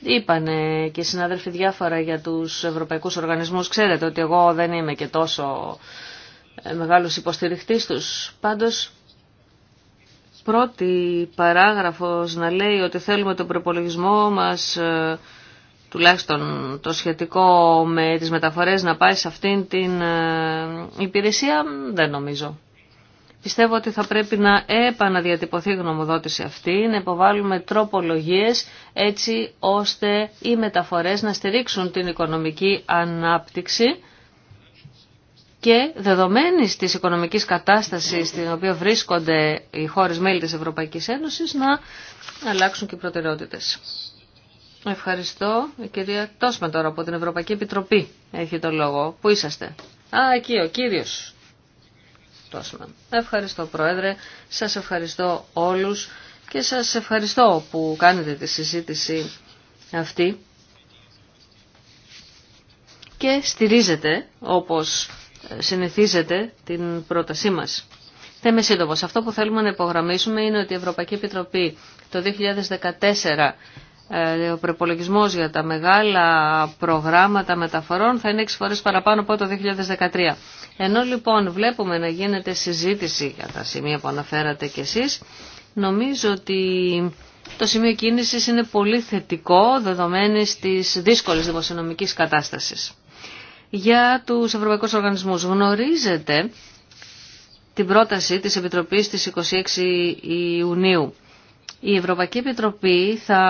Είπανε και οι συνάδελφοι διάφορα για τους ευρωπαϊκούς οργανισμούς. Ξέρετε ότι εγώ δεν είμαι και τόσο ε, μεγάλος υποστηριχτής τους. Πάντως, πρώτη παράγραφος να λέει ότι θέλουμε τον προπολογισμό μας, ε, τουλάχιστον το σχετικό με τις μεταφορές, να πάει σε αυτήν την ε, υπηρεσία, δεν νομίζω. Πιστεύω ότι θα πρέπει να επαναδιατυπωθεί η γνωμοδότηση αυτή, να υποβάλουμε τροπολογίες έτσι ώστε οι μεταφορές να στηρίξουν την οικονομική ανάπτυξη και δεδομένης της οικονομικής κατάστασης στην οποία βρίσκονται οι χώρες μέλη της Ευρωπαϊκής Ένωσης να αλλάξουν και οι προτεραιότητες. Ευχαριστώ. Η κυρία Τόσμα τώρα από την Ευρωπαϊκή Επιτροπή έχει το λόγο. Πού είσαστε. Α, εκεί ο κύριος. Ευχαριστώ Πρόεδρε, σας ευχαριστώ όλους και σας ευχαριστώ που κάνετε τη συζήτηση αυτή και στηρίζετε όπως συνηθίζετε την πρότασή μας. Θέμε σύντομος. Αυτό που θέλουμε να υπογραμμίσουμε είναι ότι η Ευρωπαϊκή Επιτροπή το 2014 ε, ο προπολογισμό για τα μεγάλα προγράμματα μεταφορών θα είναι 6 φορές παραπάνω από το 2013. Ενώ λοιπόν βλέπουμε να γίνεται συζήτηση για τα σημεία που αναφέρατε κι εσείς, νομίζω ότι το σημείο κίνησης είναι πολύ θετικό δεδομένη της δύσκολης δημοσιονομικής κατάστασης. Για τους ευρωπαϊκούς οργανισμούς γνωρίζετε την πρόταση της Επιτροπής της 26 Ιουνίου η Ευρωπαϊκή Επιτροπή θα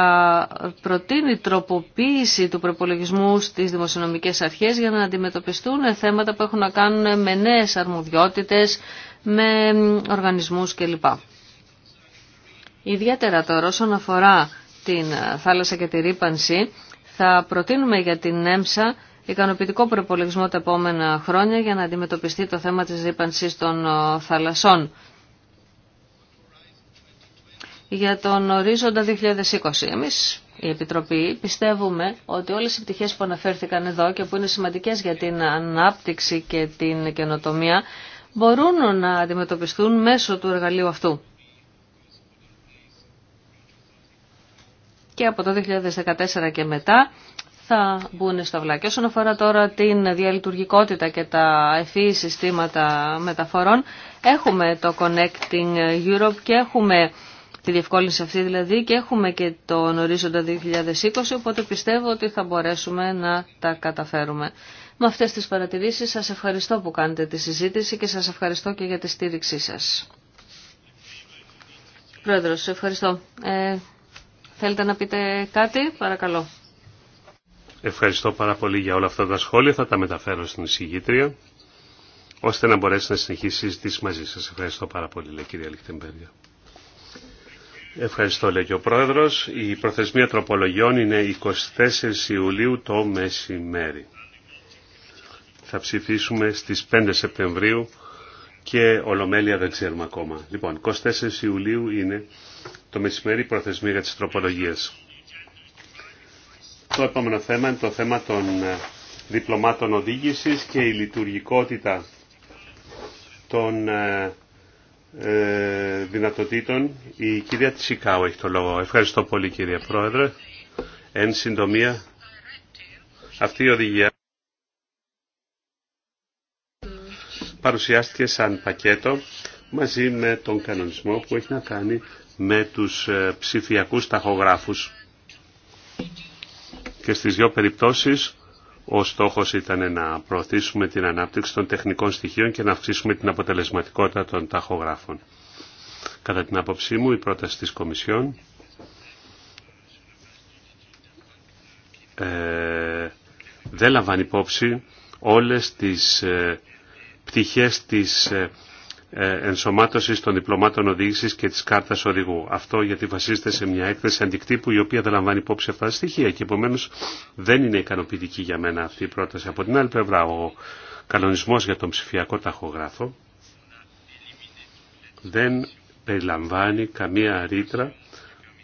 προτείνει τροποποίηση του προπολογισμού στις δημοσιονομικές αρχές για να αντιμετωπιστούν θέματα που έχουν να κάνουν με νέες αρμοδιότητες, με οργανισμούς κλπ. Ιδιαίτερα τώρα όσον αφορά την θάλασσα και τη ρήπανση, θα προτείνουμε για την ΕΜΣΑ ικανοποιητικό προπολογισμό τα επόμενα χρόνια για να αντιμετωπιστεί το θέμα της ρήπανσης των θαλασσών για τον ορίζοντα 2020. Εμείς, η Επιτροπή, πιστεύουμε ότι όλες οι πτυχές που αναφέρθηκαν εδώ και που είναι σημαντικές για την ανάπτυξη και την καινοτομία μπορούν να αντιμετωπιστούν μέσω του εργαλείου αυτού. Και από το 2014 και μετά θα μπουν στα βλάκια. Όσον αφορά τώρα την διαλειτουργικότητα και τα ευφύ συστήματα μεταφορών, έχουμε το Connecting Europe και έχουμε τη διευκόλυνση αυτή δηλαδή και έχουμε και τον ορίζοντα 2020 οπότε πιστεύω ότι θα μπορέσουμε να τα καταφέρουμε. Με αυτές τις παρατηρήσεις σας ευχαριστώ που κάνετε τη συζήτηση και σας ευχαριστώ και για τη στήριξή σας. Πρόεδρος, ευχαριστώ. Ε, θέλετε να πείτε κάτι, παρακαλώ. Ευχαριστώ πάρα πολύ για όλα αυτά τα σχόλια. Θα τα μεταφέρω στην εισηγήτρια, ώστε να μπορέσει να συνεχίσει η συζήτηση μαζί σας. Ευχαριστώ πάρα πολύ, λέει κυρία Λιχτεμπέργια. Ευχαριστώ, λέει και ο Πρόεδρος. Η προθεσμία τροπολογιών είναι 24 Ιουλίου το μεσημέρι. Θα ψηφίσουμε στις 5 Σεπτεμβρίου και Ολομέλεια δεν ξέρουμε ακόμα. Λοιπόν, 24 Ιουλίου είναι το μεσημέρι προθεσμία για τις τροπολογίες. Το επόμενο θέμα είναι το θέμα των ε, διπλωμάτων οδήγησης και η λειτουργικότητα των ε, ε, δυνατοτήτων. Η κυρία Τσικάου έχει το λόγο. Ευχαριστώ πολύ κύριε Πρόεδρε. Εν συντομία, αυτή η οδηγία παρουσιάστηκε σαν πακέτο μαζί με τον κανονισμό που έχει να κάνει με τους ε, ψηφιακούς ταχογράφους. Και στις δύο περιπτώσεις ο στόχος ήταν να προωθήσουμε την ανάπτυξη των τεχνικών στοιχείων και να αυξήσουμε την αποτελεσματικότητα των ταχογράφων. Κατά την άποψή μου, η πρόταση της Κομισιόν ε, δεν λαμβάνει υπόψη όλες τις ε, πτυχές της ε, ε, ενσωμάτωσης των διπλωμάτων οδήγησης και της κάρτας οδηγού. Αυτό γιατί βασίζεται σε μια έκθεση αντικτύπου η οποία δεν λαμβάνει υπόψη αυτά τα στοιχεία και επομένως δεν είναι ικανοποιητική για μένα αυτή η πρόταση. Από την άλλη πλευρά ο κανονισμός για τον ψηφιακό ταχογράφο δεν περιλαμβάνει καμία ρήτρα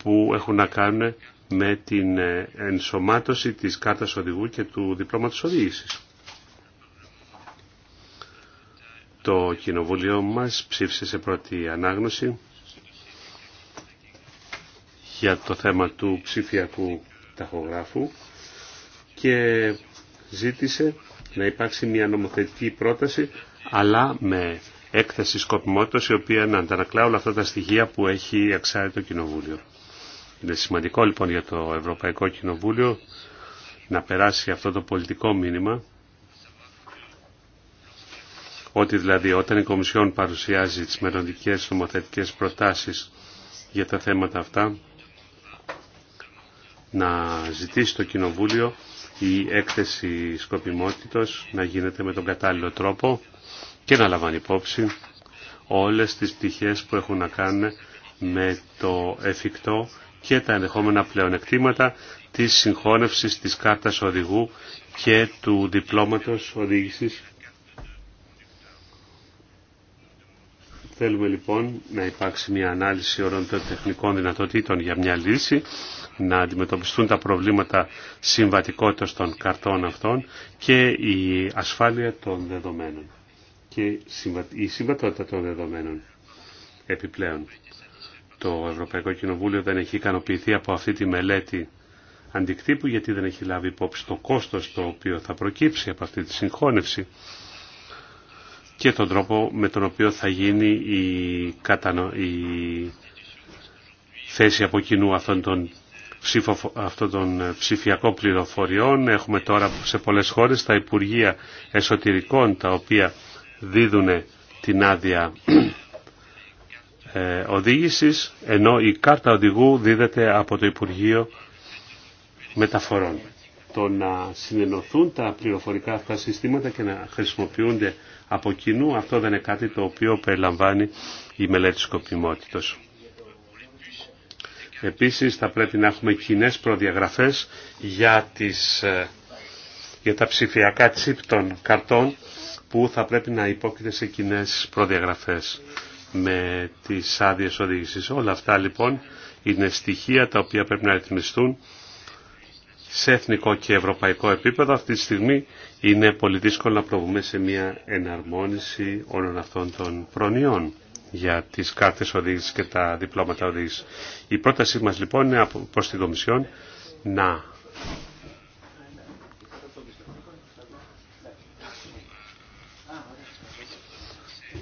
που έχουν να κάνουν με την ε, ενσωμάτωση της κάρτας οδηγού και του διπλώματος οδήγησης. Το κοινοβουλίο μας ψήφισε σε πρώτη ανάγνωση για το θέμα του ψηφιακού ταχογράφου και ζήτησε να υπάρξει μια νομοθετική πρόταση αλλά με έκθεση σκοπιμότητας η οποία να αντανακλά όλα αυτά τα στοιχεία που έχει αξάρει το Κοινοβούλιο. Είναι σημαντικό λοιπόν για το Ευρωπαϊκό Κοινοβούλιο να περάσει αυτό το πολιτικό μήνυμα ότι δηλαδή όταν η Κομισιόν παρουσιάζει τις μελλοντικέ νομοθετικές προτάσεις για τα θέματα αυτά, να ζητήσει το Κοινοβούλιο η έκθεση σκοπιμότητος να γίνεται με τον κατάλληλο τρόπο και να λαμβάνει υπόψη όλες τις πτυχές που έχουν να κάνουν με το εφικτό και τα ενδεχόμενα πλεονεκτήματα της συγχώνευσης της κάρτας οδηγού και του διπλώματος οδήγησης Θέλουμε λοιπόν να υπάρξει μια ανάλυση όλων των τεχνικών δυνατοτήτων για μια λύση, να αντιμετωπιστούν τα προβλήματα συμβατικότητας των καρτών αυτών και η ασφάλεια των δεδομένων και η συμβατότητα των δεδομένων επιπλέον. Το Ευρωπαϊκό Κοινοβούλιο δεν έχει ικανοποιηθεί από αυτή τη μελέτη αντικτύπου γιατί δεν έχει λάβει υπόψη το κόστος το οποίο θα προκύψει από αυτή τη συγχώνευση και τον τρόπο με τον οποίο θα γίνει η, κατανο... η θέση από κοινού αυτών των, ψηφιακών πληροφοριών. Έχουμε τώρα σε πολλές χώρες τα Υπουργεία Εσωτερικών τα οποία δίδουν την άδεια ε, οδήγησης ενώ η κάρτα οδηγού δίδεται από το Υπουργείο Μεταφορών. Το να συνενωθούν τα πληροφορικά αυτά συστήματα και να χρησιμοποιούνται από κοινού, αυτό δεν είναι κάτι το οποίο περιλαμβάνει η μελέτη σκοπιμότητος. Επίσης θα πρέπει να έχουμε κοινέ προδιαγραφές για, τις, ε, για τα ψηφιακά τσίπ των καρτών που θα πρέπει να υπόκειται σε κοινέ προδιαγραφές με τις άδειες οδήγησης. Όλα αυτά λοιπόν είναι στοιχεία τα οποία πρέπει να ρυθμιστούν σε εθνικό και ευρωπαϊκό επίπεδο αυτή τη στιγμή είναι πολύ δύσκολο να προβούμε σε μια εναρμόνιση όλων αυτών των προνοιών για τις κάρτες οδήγησης και τα διπλώματα οδήγησης. Η πρότασή μας λοιπόν είναι προς την Κομισιόν να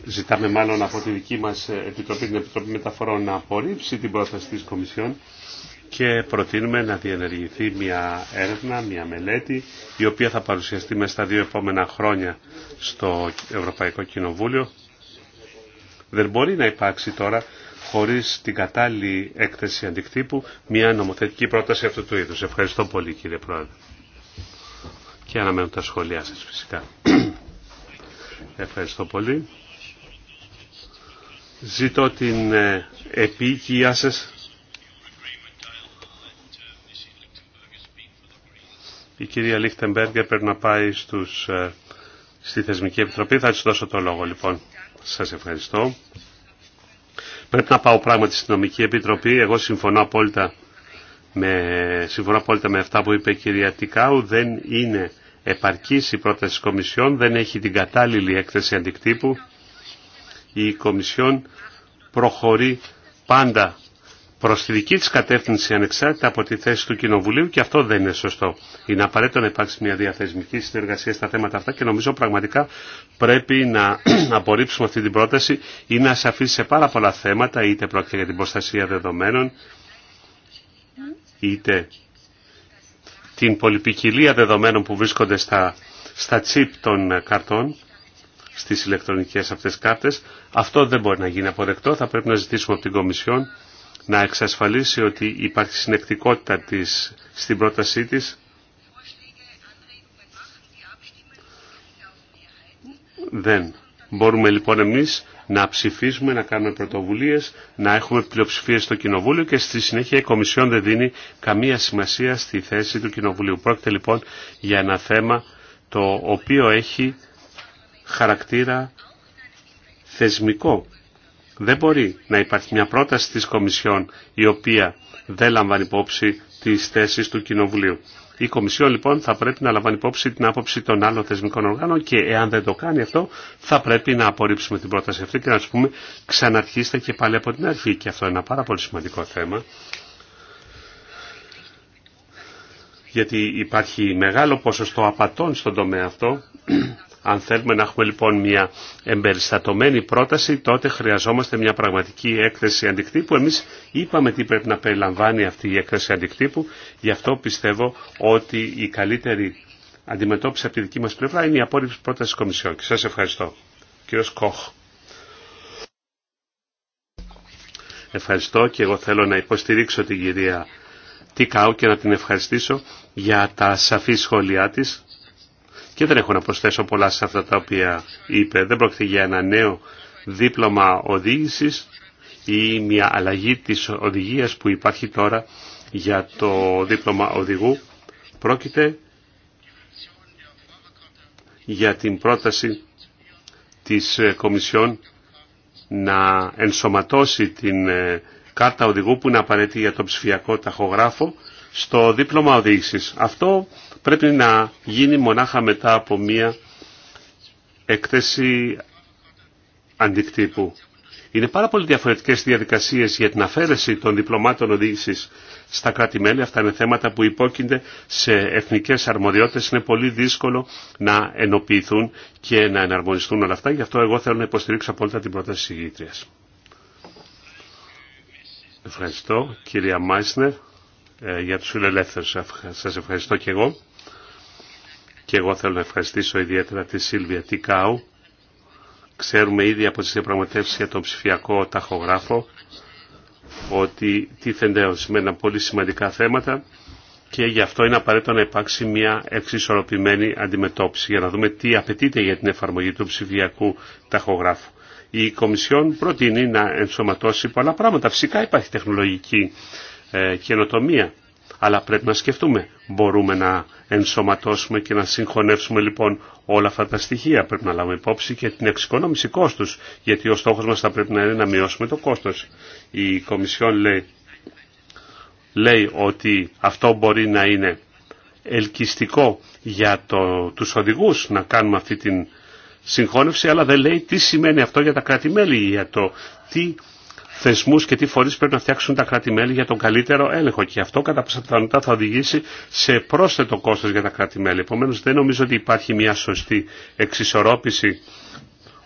ζητάμε μάλλον από τη δική μας Επιτροπή, την Επιτροπή Μεταφορών να απορρίψει την πρόταση της Κομισιόν και προτείνουμε να διενεργηθεί μια έρευνα, μια μελέτη η οποία θα παρουσιαστεί μέσα στα δύο επόμενα χρόνια στο Ευρωπαϊκό Κοινοβούλιο. Δεν μπορεί να υπάρξει τώρα χωρίς την κατάλληλη έκθεση αντικτύπου μια νομοθετική πρόταση αυτού του είδους. Ευχαριστώ πολύ κύριε Πρόεδρε. Και αναμένω τα σχόλιά σας φυσικά. Ευχαριστώ πολύ. Ζητώ την ε, επίοικιά σας Η κυρία Λίχτεμπέργκερ πρέπει να πάει στους, ε, στη Θεσμική Επιτροπή. Θα της δώσω το λόγο λοιπόν. Σας ευχαριστώ. Πρέπει να πάω πράγματι στην Νομική Επιτροπή. Εγώ συμφωνώ απόλυτα με, συμφωνώ απόλυτα με αυτά που είπε η κυρία Τικάου. Δεν είναι επαρκής η πρόταση της Κομισιόν. Δεν έχει την κατάλληλη έκθεση αντικτύπου. Η Κομισιόν προχωρεί πάντα προ τη δική τη κατεύθυνση ανεξάρτητα από τη θέση του Κοινοβουλίου και αυτό δεν είναι σωστό. Είναι απαραίτητο να υπάρξει μια διαθεσμική συνεργασία στα θέματα αυτά και νομίζω πραγματικά πρέπει να απορρίψουμε αυτή την πρόταση. ή να ασαφή σε πάρα πολλά θέματα, είτε πρόκειται για την προστασία δεδομένων, είτε την πολυπικιλία δεδομένων που βρίσκονται στα, στα τσίπ των καρτών στις ηλεκτρονικές αυτές κάρτες. Αυτό δεν μπορεί να γίνει αποδεκτό. Θα πρέπει να ζητήσουμε από την Κομισιόν να εξασφαλίσει ότι υπάρχει συνεκτικότητα της, στην πρότασή της δεν. Μπορούμε λοιπόν εμείς να ψηφίσουμε, να κάνουμε πρωτοβουλίες, να έχουμε πλειοψηφίες στο Κοινοβούλιο και στη συνέχεια η Κομισιόν δεν δίνει καμία σημασία στη θέση του Κοινοβουλίου. Πρόκειται λοιπόν για ένα θέμα το οποίο έχει χαρακτήρα θεσμικό δεν μπορεί να υπάρχει μια πρόταση της Κομισιόν η οποία δεν λαμβάνει υπόψη τις θέσεις του Κοινοβουλίου. Η Κομισιόν λοιπόν θα πρέπει να λαμβάνει υπόψη την άποψη των άλλων θεσμικών οργάνων και εάν δεν το κάνει αυτό θα πρέπει να απορρίψουμε την πρόταση αυτή και να σου πούμε ξαναρχίστε και πάλι από την αρχή. Και αυτό είναι ένα πάρα πολύ σημαντικό θέμα. Γιατί υπάρχει μεγάλο ποσοστό απατών στον τομέα αυτό αν θέλουμε να έχουμε λοιπόν μια εμπεριστατωμένη πρόταση, τότε χρειαζόμαστε μια πραγματική έκθεση αντικτύπου. Εμείς είπαμε τι πρέπει να περιλαμβάνει αυτή η έκθεση αντικτύπου, γι' αυτό πιστεύω ότι η καλύτερη αντιμετώπιση από τη δική μας πλευρά είναι η απόρριψη πρόταση της Κομισιόν. Και σας ευχαριστώ. Κύριος Κοχ. Ευχαριστώ και εγώ θέλω να υποστηρίξω την κυρία Τικάου και να την ευχαριστήσω για τα σαφή σχόλιά της. Και δεν έχω να προσθέσω πολλά σε αυτά τα οποία είπε. Δεν πρόκειται για ένα νέο δίπλωμα οδήγησης ή μια αλλαγή της οδηγίας που υπάρχει τώρα για το δίπλωμα οδηγού. Πρόκειται για την πρόταση της Κομισιόν να ενσωματώσει την κάρτα οδηγού που είναι απαραίτητη για τον ψηφιακό ταχογράφο στο δίπλωμα οδήγησης. Αυτό πρέπει να γίνει μονάχα μετά από μία έκθεση αντικτύπου. Είναι πάρα πολύ διαφορετικέ διαδικασίε για την αφαίρεση των διπλωμάτων οδήγηση στα κράτη-μέλη. Αυτά είναι θέματα που υπόκεινται σε εθνικέ αρμοδιότητε. Είναι πολύ δύσκολο να ενοποιηθούν και να εναρμονιστούν όλα αυτά. Γι' αυτό εγώ θέλω να υποστηρίξω απόλυτα την πρόταση τη ηγήτρια. Ευχαριστώ, κυρία Μάισνερ, ε, για του φιλελεύθερου. Σα ευχαριστώ και εγώ. Και εγώ θέλω να ευχαριστήσω ιδιαίτερα τη Σίλβια Τικάου. Ξέρουμε ήδη από τις διαπραγματεύσεις για τον ψηφιακό ταχογράφο ότι τίθενται μένα πολύ σημαντικά θέματα και γι' αυτό είναι απαραίτητο να υπάρξει μια εξισορροπημένη αντιμετώπιση για να δούμε τι απαιτείται για την εφαρμογή του ψηφιακού ταχογράφου. Η Κομισιόν προτείνει να ενσωματώσει πολλά πράγματα. Φυσικά υπάρχει τεχνολογική ε, καινοτομία αλλά πρέπει να σκεφτούμε, μπορούμε να ενσωματώσουμε και να συγχωνεύσουμε λοιπόν όλα αυτά τα στοιχεία. Πρέπει να λάβουμε υπόψη και την εξοικονόμηση κόστου, γιατί ο στόχο μα θα πρέπει να είναι να μειώσουμε το κόστο. Η Κομισιόν λέει, ότι αυτό μπορεί να είναι ελκυστικό για το, τους οδηγούς να κάνουμε αυτή την συγχώνευση, αλλά δεν λέει τι σημαίνει αυτό για τα κράτη-μέλη, για το τι Θεσμού και τι φορεί πρέπει να φτιάξουν τα κράτη-μέλη για τον καλύτερο έλεγχο. Και αυτό κατά πιθανότητα θα οδηγήσει σε πρόσθετο κόστο για τα κράτη-μέλη. Επομένως δεν νομίζω ότι υπάρχει μια σωστή εξισορρόπηση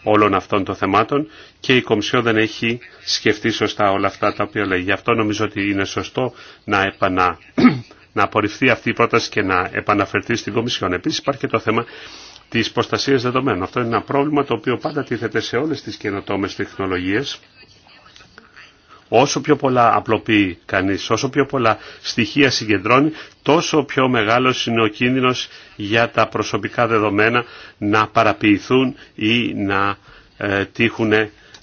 όλων αυτών των θεμάτων και η Κομισιό δεν έχει σκεφτεί σωστά όλα αυτά τα οποία λέει. Γι' αυτό νομίζω ότι είναι σωστό να, επανα... να απορριφθεί αυτή η πρόταση και να επαναφερθεί στην Κομισιόν. Επίσης υπάρχει και το θέμα της προστασίας δεδομένων. Αυτό είναι ένα πρόβλημα το οποίο πάντα τίθεται σε όλες τις καινοτόμες τεχνολογίες Όσο πιο πολλά απλοποιεί κανείς, όσο πιο πολλά στοιχεία συγκεντρώνει, τόσο πιο μεγάλος είναι ο κίνδυνος για τα προσωπικά δεδομένα να παραποιηθούν ή να ε, τύχουν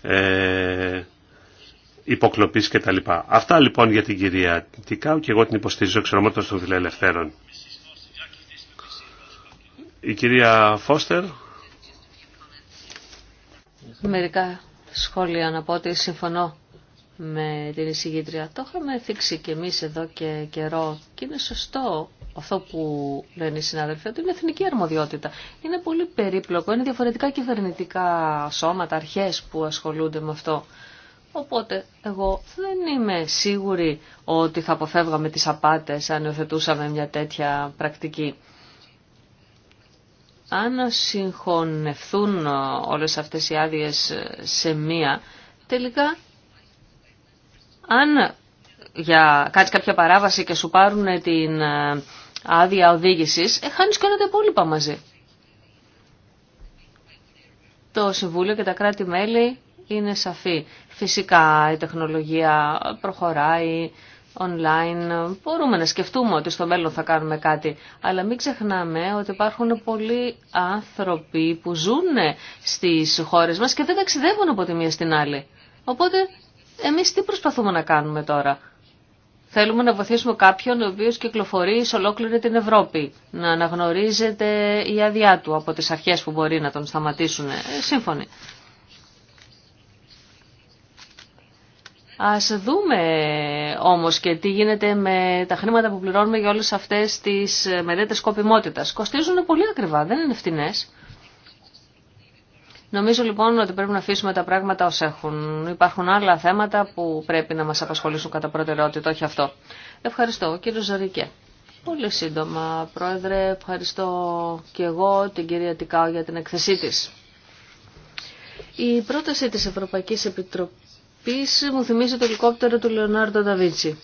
ε, υποκλοπής κτλ. Αυτά λοιπόν για την κυρία Τικάου και εγώ την υποστηρίζω εξωρωμότητας των φιλελευθέρων. Η κυρία Φώστερ. Μερικά σχόλια να πω ότι συμφωνώ με την εισηγήτρια. Το είχαμε θίξει και εμείς εδώ και καιρό και είναι σωστό αυτό που λένε οι συνάδελφοι, ότι είναι εθνική αρμοδιότητα. Είναι πολύ περίπλοκο, είναι διαφορετικά κυβερνητικά σώματα, αρχές που ασχολούνται με αυτό. Οπότε εγώ δεν είμαι σίγουρη ότι θα αποφεύγαμε τις απάτες αν υιοθετούσαμε μια τέτοια πρακτική. Αν συγχωνευτούν όλες αυτές οι άδειες σε μία, τελικά αν για, κάτι κάποια παράβαση και σου πάρουν την ε, άδεια οδήγηση, ε, χάνει και όλα τα υπόλοιπα μαζί. Το Συμβούλιο και τα κράτη-μέλη είναι σαφή. Φυσικά η τεχνολογία προχωράει online. Μπορούμε να σκεφτούμε ότι στο μέλλον θα κάνουμε κάτι. Αλλά μην ξεχνάμε ότι υπάρχουν πολλοί άνθρωποι που ζουν στις χώρες μας και δεν ταξιδεύουν από τη μία στην άλλη. Οπότε εμείς τι προσπαθούμε να κάνουμε τώρα. Θέλουμε να βοηθήσουμε κάποιον ο οποίος κυκλοφορεί σε ολόκληρη την Ευρώπη. Να αναγνωρίζεται η άδειά του από τις αρχές που μπορεί να τον σταματήσουν. Ε, σύμφωνοι. Ας δούμε όμως και τι γίνεται με τα χρήματα που πληρώνουμε για όλες αυτές τις μελέτες σκοπιμότητας. Κοστίζουν πολύ ακριβά, δεν είναι φτηνές. Νομίζω λοιπόν ότι πρέπει να αφήσουμε τα πράγματα ως έχουν. Υπάρχουν άλλα θέματα που πρέπει να μας απασχολήσουν κατά προτεραιότητα, όχι αυτό. Ευχαριστώ, κύριε Ζαρικέ. Πολύ σύντομα, Πρόεδρε. Ευχαριστώ και εγώ την κυρία Τικάου για την εκθεσή της. Η πρόταση της Ευρωπαϊκής Επιτροπής μου θυμίζει το ελικόπτερο του Λεωνάρντο Νταβίτσι.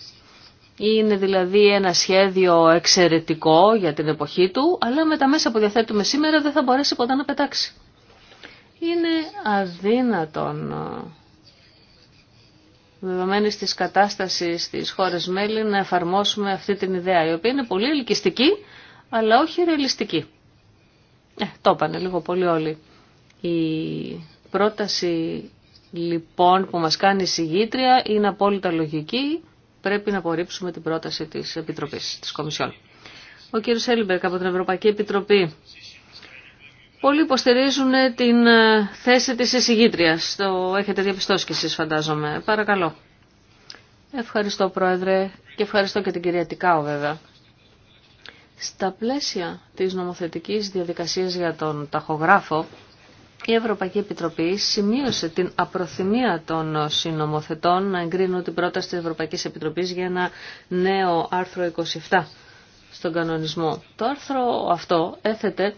Είναι δηλαδή ένα σχέδιο εξαιρετικό για την εποχή του, αλλά με τα μέσα που διαθέτουμε σήμερα δεν θα μπορέσει ποτέ να πετάξει είναι αδύνατον ε, δεδομένης της κατάστασης της χώρες μέλη να εφαρμόσουμε αυτή την ιδέα, η οποία είναι πολύ ελκυστική, αλλά όχι ρεαλιστική. Ε, το είπανε λίγο πολύ όλοι. Η πρόταση λοιπόν που μας κάνει η συγγήτρια είναι απόλυτα λογική. Πρέπει να απορρίψουμε την πρόταση της Επιτροπής, της Κομισιόν. Ο κύριος Έλιμπερκ από την Ευρωπαϊκή Επιτροπή Πολλοί υποστηρίζουν την ε, θέση της εισηγήτριας. Το έχετε διαπιστώσει κι εσείς φαντάζομαι. Παρακαλώ. Ευχαριστώ Πρόεδρε και ευχαριστώ και την κυρία Τικάου βέβαια. Στα πλαίσια της νομοθετικής διαδικασίας για τον ταχογράφο, η Ευρωπαϊκή Επιτροπή σημείωσε την απροθυμία των συνομοθετών να εγκρίνουν την πρόταση της Ευρωπαϊκής Επιτροπής για ένα νέο άρθρο 27 στον κανονισμό. Το άρθρο αυτό έθετε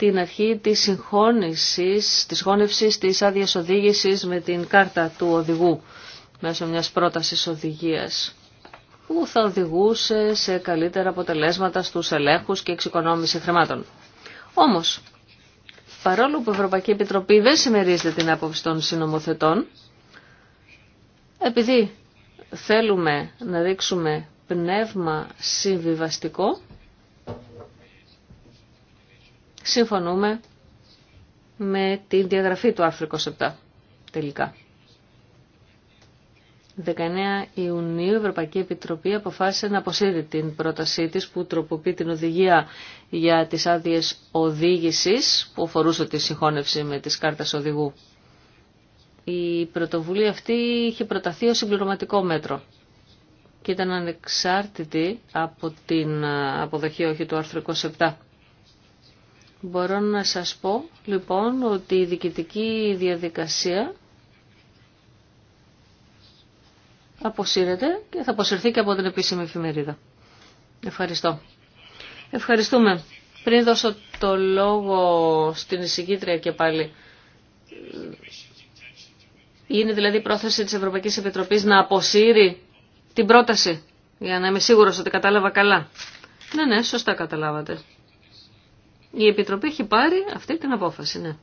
την αρχή της συγχώνησης, της γόνευσης της άδεια οδήγηση με την κάρτα του οδηγού μέσω μιας πρότασης οδηγίας που θα οδηγούσε σε καλύτερα αποτελέσματα στους ελέγχους και εξοικονόμηση χρημάτων. Όμως, παρόλο που η Ευρωπαϊκή Επιτροπή δεν συμμερίζεται την άποψη των συνομοθετών, επειδή θέλουμε να δείξουμε πνεύμα συμβιβαστικό, συμφωνούμε με την διαγραφή του άρθρου 27 τελικά. 19 Ιουνίου η Ευρωπαϊκή Επιτροπή αποφάσισε να αποσύρει την πρότασή της που τροποποιεί την οδηγία για τις άδειες οδήγησης που αφορούσε τη συγχώνευση με τις κάρτες οδηγού. Η πρωτοβουλία αυτή είχε προταθεί ως συμπληρωματικό μέτρο και ήταν ανεξάρτητη από την αποδοχή όχι του άρθρου 27. Μπορώ να σας πω λοιπόν ότι η διοικητική διαδικασία αποσύρεται και θα αποσυρθεί και από την επίσημη εφημερίδα. Ευχαριστώ. Ευχαριστούμε. Πριν δώσω το λόγο στην εισηγήτρια και πάλι. Είναι δηλαδή η πρόθεση της Ευρωπαϊκής Επιτροπής να αποσύρει την πρόταση, για να είμαι σίγουρος ότι κατάλαβα καλά. Ναι, ναι, σωστά καταλάβατε. Η Επιτροπή έχει πάρει αυτή την απόφαση, ναι.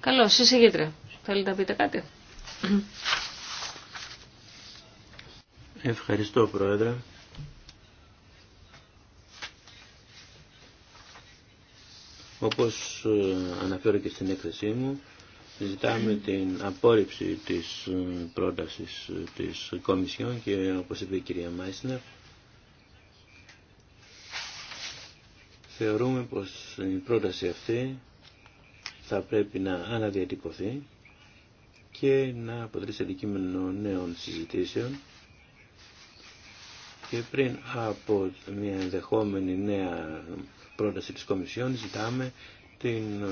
Καλώ, εισηγήτρια. Θέλετε να πείτε κάτι. Ευχαριστώ, Πρόεδρε. Όπως ε, αναφέρω και στην έκθεσή μου, ζητάμε την απόρριψη της ε, πρότασης ε, της Κομισιόν και όπως είπε η κυρία Μάισνερ, θεωρούμε πως η πρόταση αυτή θα πρέπει να αναδιατυπωθεί και να αποτελέσει αντικείμενο νέων συζητήσεων και πριν από μια ενδεχόμενη νέα πρόταση της Κομισιόν ζητάμε την ε,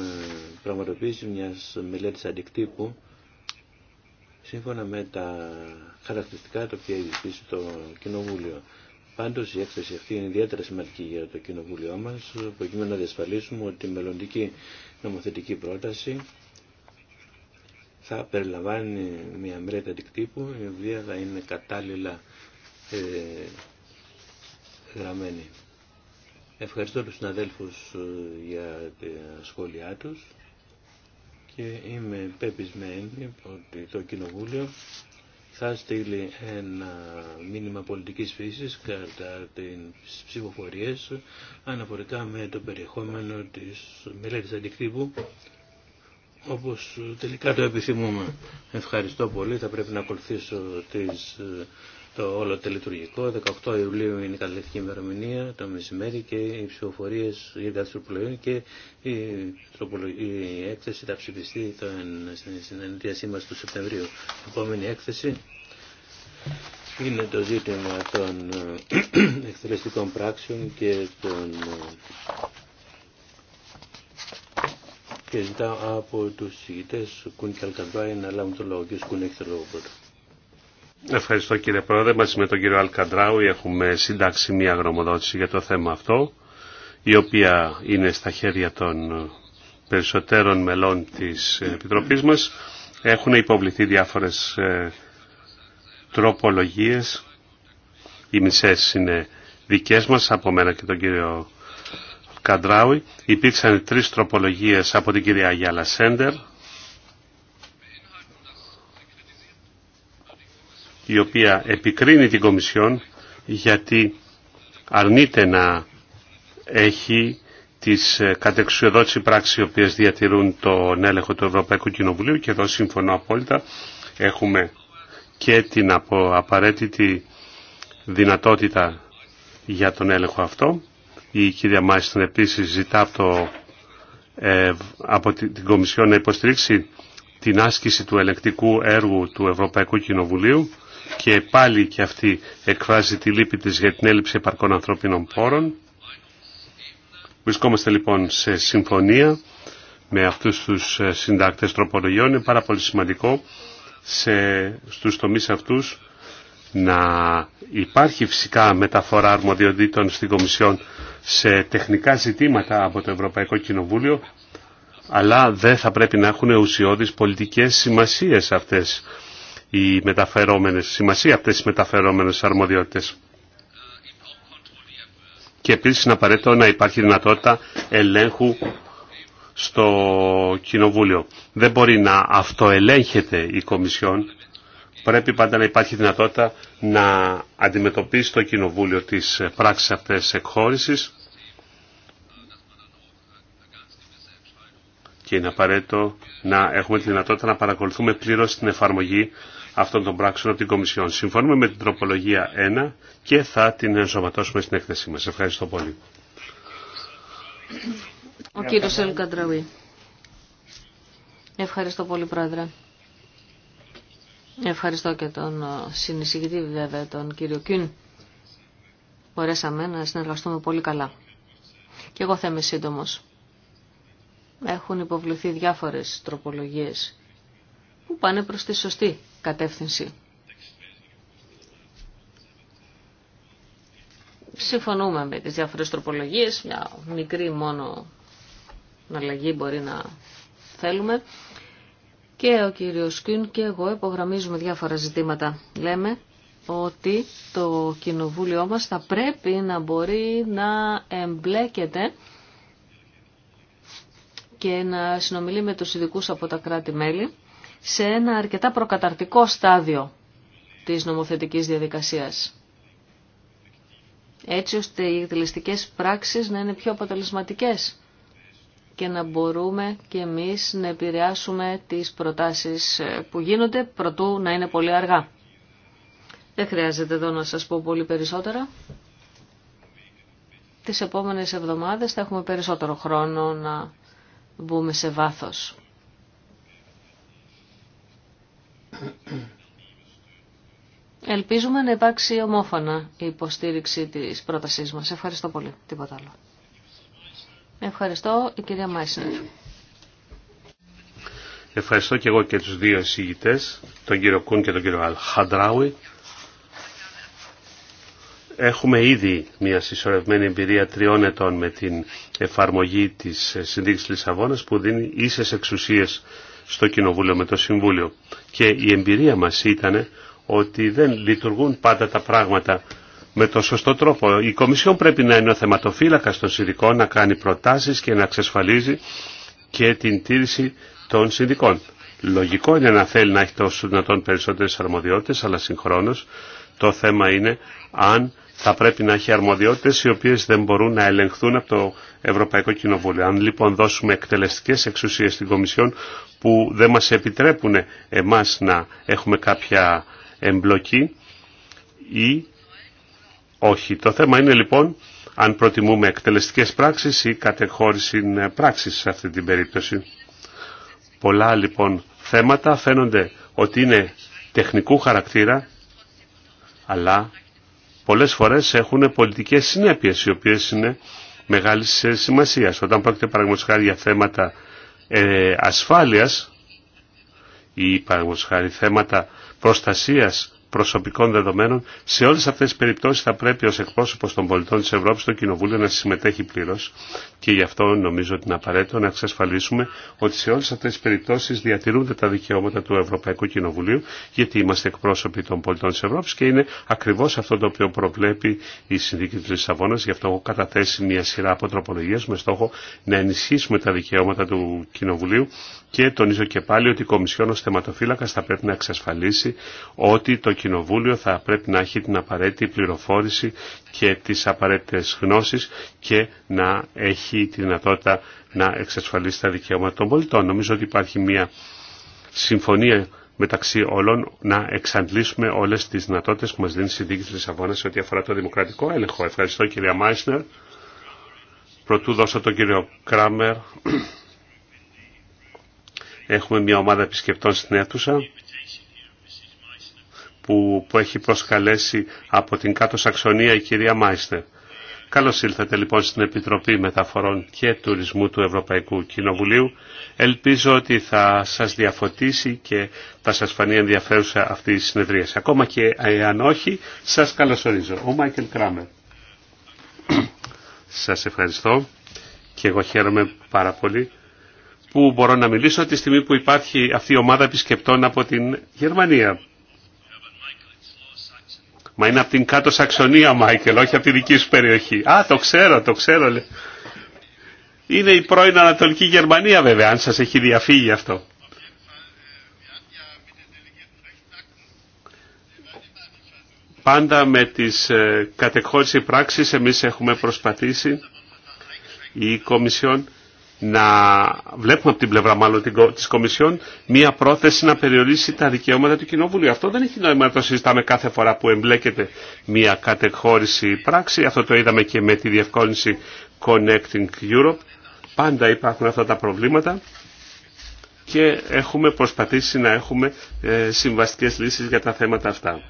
πραγματοποίηση μιας μελέτης αντικτύπου σύμφωνα με τα χαρακτηριστικά τα οποία έχει το Κοινοβούλιο. Πάντω η έκθεση αυτή είναι ιδιαίτερα σημαντική για το Κοινοβούλιο μα προκειμένου να διασφαλίσουμε ότι η μελλοντική νομοθετική πρόταση θα περιλαμβάνει μια μπρέτα αντικτύπου, η οποία θα είναι κατάλληλα ε, γραμμένη. Ευχαριστώ τους συναδέλφους ε, για τα σχόλιά τους και είμαι πεπισμένη ότι το Κοινοβούλιο θα στείλει ένα μήνυμα πολιτικής φύσης κατά τις ψηφοφορίες αναφορικά με το περιεχόμενο της μελέτης αντικτύπου όπως τελικά το επιθυμούμε. Ευχαριστώ πολύ. Θα πρέπει να ακολουθήσω τις ε, το όλο τελετουργικό. 18 Ιουλίου είναι η καταληκτική ημερομηνία, το μεσημέρι και οι ψηφοφορίε για τα τροπολογιών και η, η έκθεση θα ψηφιστεί στην συνεδρίασή μα του Σεπτεμβρίου. Η επόμενη έκθεση είναι το ζήτημα των ε, εκτελεστικών πράξεων και των ε, και ζητάω από τους συγκητές Κούν και Αλκαμπάι να λάβουν το λόγο και έχει το λόγο πρώτα. Ευχαριστώ κύριε Πρόεδρε. Μαζί με τον κύριο Αλκαντράου έχουμε συντάξει μια γνωμοδότηση για το θέμα αυτό, η οποία είναι στα χέρια των περισσότερων μελών της Επιτροπής μας. Έχουν υποβληθεί διάφορες ε, τροπολογίες. Οι μισές είναι δικές μας, από μένα και τον κύριο Καντράουι. Υπήρξαν τρεις τροπολογίες από την κυρία Γιάλα Σέντερ, η οποία επικρίνει την Κομισιόν γιατί αρνείται να έχει τις ε, κατεξουσιοδότηση πράξεις οι οποίες διατηρούν τον έλεγχο του Ευρωπαϊκού Κοινοβουλίου και εδώ συμφωνώ απόλυτα έχουμε και την απαραίτητη δυνατότητα για τον έλεγχο αυτό. Η κυρία Μάιστον επίσης ζητά από, το, ε, από την Κομισιόν να υποστηρίξει την άσκηση του ελεκτικού έργου του Ευρωπαϊκού Κοινοβουλίου και πάλι και αυτή εκφράζει τη λύπη της για την έλλειψη επαρκών ανθρώπινων πόρων. Βρισκόμαστε λοιπόν σε συμφωνία με αυτούς τους ε, συντάκτες τροπολογιών. Είναι πάρα πολύ σημαντικό σε, στους τομείς αυτούς να υπάρχει φυσικά μεταφορά αρμοδιοτήτων στην Κομισιόν σε τεχνικά ζητήματα από το Ευρωπαϊκό Κοινοβούλιο αλλά δεν θα πρέπει να έχουν ουσιώδεις πολιτικές σημασίες αυτές οι μεταφερόμενες, σημασία αυτές οι μεταφερόμενες αρμοδιότητες. Και επίσης είναι απαραίτητο να υπάρχει δυνατότητα ελέγχου στο Κοινοβούλιο. Δεν μπορεί να αυτοελέγχεται η Κομισιόν. Πρέπει πάντα να υπάρχει δυνατότητα να αντιμετωπίσει το Κοινοβούλιο τις πράξεις αυτές εκχώρησης. Και είναι απαραίτητο να έχουμε τη δυνατότητα να παρακολουθούμε πλήρως την εφαρμογή αυτών των πράξεων από την Κομισιόν. Συμφωνούμε με την τροπολογία 1 και θα την ενσωματώσουμε στην έκθεσή μας. Ευχαριστώ πολύ. Ο κύριος Ελκαντραουή. Ευχαριστώ πολύ, Πρόεδρε. Ευχαριστώ και τον ε, συνεισηγητή, βέβαια, τον κύριο Κιν. Μπορέσαμε να συνεργαστούμε πολύ καλά. Και εγώ θα είμαι σύντομος. Έχουν υποβληθεί διάφορες τροπολογίες που πάνε προς τη σωστή κατεύθυνση. Συμφωνούμε με τις διάφορες τροπολογίες, μια μικρή μόνο αλλαγή μπορεί να θέλουμε. Και ο κύριος Κιούν και εγώ υπογραμμίζουμε διάφορα ζητήματα. Λέμε ότι το κοινοβούλιο μας θα πρέπει να μπορεί να εμπλέκεται και να συνομιλεί με τους ειδικούς από τα κράτη-μέλη σε ένα αρκετά προκαταρτικό στάδιο της νομοθετικής διαδικασίας. Έτσι ώστε οι εκτελεστικές πράξεις να είναι πιο αποτελεσματικές και να μπορούμε και εμείς να επηρεάσουμε τις προτάσεις ε, που γίνονται προτού να είναι πολύ αργά. Δεν χρειάζεται εδώ να σας πω πολύ περισσότερα. Τις επόμενες εβδομάδες θα έχουμε περισσότερο χρόνο να μπούμε σε βάθος. Ελπίζουμε να υπάρξει ομόφωνα η υποστήριξη της πρότασής μας. Ευχαριστώ πολύ. Τίποτα άλλο. Ευχαριστώ η κυρία Μάισνερ. Ευχαριστώ και εγώ και τους δύο εισηγητές, τον κύριο Κούν και τον κύριο Αλχαντράουι. Έχουμε ήδη μια συσσωρευμένη εμπειρία τριών ετών με την εφαρμογή της Συνδίκης Λισαβόνας που δίνει ίσες εξουσίες στο Κοινοβούλιο με το Συμβούλιο. Και η εμπειρία μας ήταν ότι δεν λειτουργούν πάντα τα πράγματα με το σωστό τρόπο. Η Κομισιόν πρέπει να είναι ο θεματοφύλακας των συνδικών, να κάνει προτάσεις και να εξασφαλίζει και την τήρηση των συνδικών. Λογικό είναι να θέλει να έχει τόσο δυνατόν περισσότερες αρμοδιότητες, αλλά συγχρόνως το θέμα είναι αν θα πρέπει να έχει αρμοδιότητες οι οποίες δεν μπορούν να ελεγχθούν από το Ευρωπαϊκό Κοινοβούλιο. Αν λοιπόν δώσουμε εκτελεστικές εξουσίες στην Κομισιόν που δεν μας επιτρέπουν εμάς να έχουμε κάποια εμπλοκή ή όχι. Το θέμα είναι λοιπόν αν προτιμούμε εκτελεστικές πράξεις ή κατεχώρηση πράξης σε αυτή την περίπτωση. Πολλά λοιπόν θέματα φαίνονται ότι είναι τεχνικού χαρακτήρα αλλά πολλές φορές έχουν πολιτικές συνέπειες οι οποίες είναι μεγάλη σημασία. Όταν πρόκειται παραγωγικά για θέματα ε, ασφάλειας ή παραγωγικά θέματα προστασίας προσωπικών δεδομένων. Σε όλες αυτές τις περιπτώσεις θα πρέπει ως εκπρόσωπος των πολιτών της Ευρώπης το Κοινοβούλιο να συμμετέχει πλήρως και γι' αυτό νομίζω ότι είναι απαραίτητο να εξασφαλίσουμε ότι σε όλες αυτές τις περιπτώσεις διατηρούνται τα δικαιώματα του Ευρωπαϊκού Κοινοβουλίου γιατί είμαστε εκπρόσωποι των πολιτών της Ευρώπης και είναι ακριβώς αυτό το οποίο προβλέπει η Συνδίκη της Λισαβόνας. Γι' αυτό έχω καταθέσει μια σειρά από τροπολογίες με στόχο να ενισχύσουμε τα δικαιώματα του Κοινοβουλίου και τονίζω και πάλι ότι η Κομισιόν ως θεματοφύλακας θα πρέπει να εξασφαλίσει ότι το Κοινοβούλιο θα πρέπει να έχει την απαραίτητη πληροφόρηση και τις απαραίτητες γνώσεις και να έχει τη δυνατότητα να εξασφαλίσει τα δικαιώματα των πολιτών. Νομίζω ότι υπάρχει μια συμφωνία μεταξύ όλων να εξαντλήσουμε όλες τις δυνατότητες που μας δίνει η Συνδίκη της Λισαβόνας σε ό,τι αφορά το δημοκρατικό έλεγχο. Ευχαριστώ κυρία Μάισνερ. προτού δώσω τον κύριο Κράμερ Έχουμε μια ομάδα επισκεπτών στην αίθουσα που, έχει προσκαλέσει από την κάτω Σαξονία η κυρία Μάιστερ. Καλώς ήλθατε λοιπόν στην Επιτροπή Μεταφορών και Τουρισμού του Ευρωπαϊκού Κοινοβουλίου. Ελπίζω ότι θα σας διαφωτίσει και θα σας φανεί ενδιαφέρουσα αυτή η συνεδρία. Ακόμα και αν όχι, σας καλωσορίζω. Ο Μάικελ Κράμερ. σας ευχαριστώ και εγώ χαίρομαι πάρα πολύ που μπορώ να μιλήσω τη στιγμή που υπάρχει αυτή η ομάδα επισκεπτών από την Γερμανία. Μα είναι από την κάτω Σαξονία, Μάικελ, όχι από τη δική σου περιοχή. Α, το ξέρω, το ξέρω. Είναι η πρώην Ανατολική Γερμανία βέβαια, αν σας έχει διαφύγει αυτό. Πάντα με τις ε, κατεχώρηση πράξεις εμείς έχουμε προσπαθήσει η Κομισιόν να βλέπουμε από την πλευρά μάλλον της Κομισιόν μία πρόθεση να περιορίσει τα δικαιώματα του Κοινοβουλίου. Αυτό δεν έχει νόημα να το συζητάμε κάθε φορά που εμπλέκεται μία κατεχώρηση πράξη. Αυτό το είδαμε και με τη διευκόλυνση Connecting Europe. Πάντα υπάρχουν αυτά τα προβλήματα και έχουμε προσπαθήσει να έχουμε ε, συμβαστικές λύσεις για τα θέματα αυτά.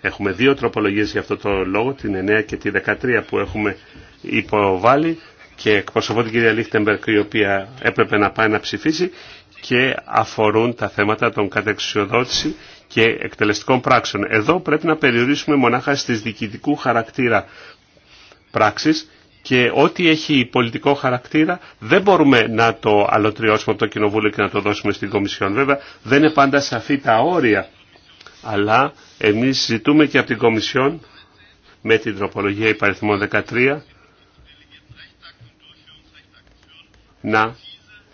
Έχουμε δύο τροπολογίες για αυτό το λόγο, την 9 και τη 13 που έχουμε υποβάλει και εκπροσωπώ την κυρία Λίχτεμπερκ η οποία έπρεπε να πάει να ψηφίσει και αφορούν τα θέματα των κατεξουσιοδότηση και εκτελεστικών πράξεων. Εδώ πρέπει να περιορίσουμε μονάχα στις διοικητικού χαρακτήρα πράξεις και ό,τι έχει πολιτικό χαρακτήρα δεν μπορούμε να το αλωτριώσουμε από το Κοινοβούλιο και να το δώσουμε στην Κομισιόν. Βέβαια δεν είναι πάντα σαφή τα όρια, αλλά εμείς ζητούμε και από την Κομισιόν με την τροπολογία υπαριθμών 13 να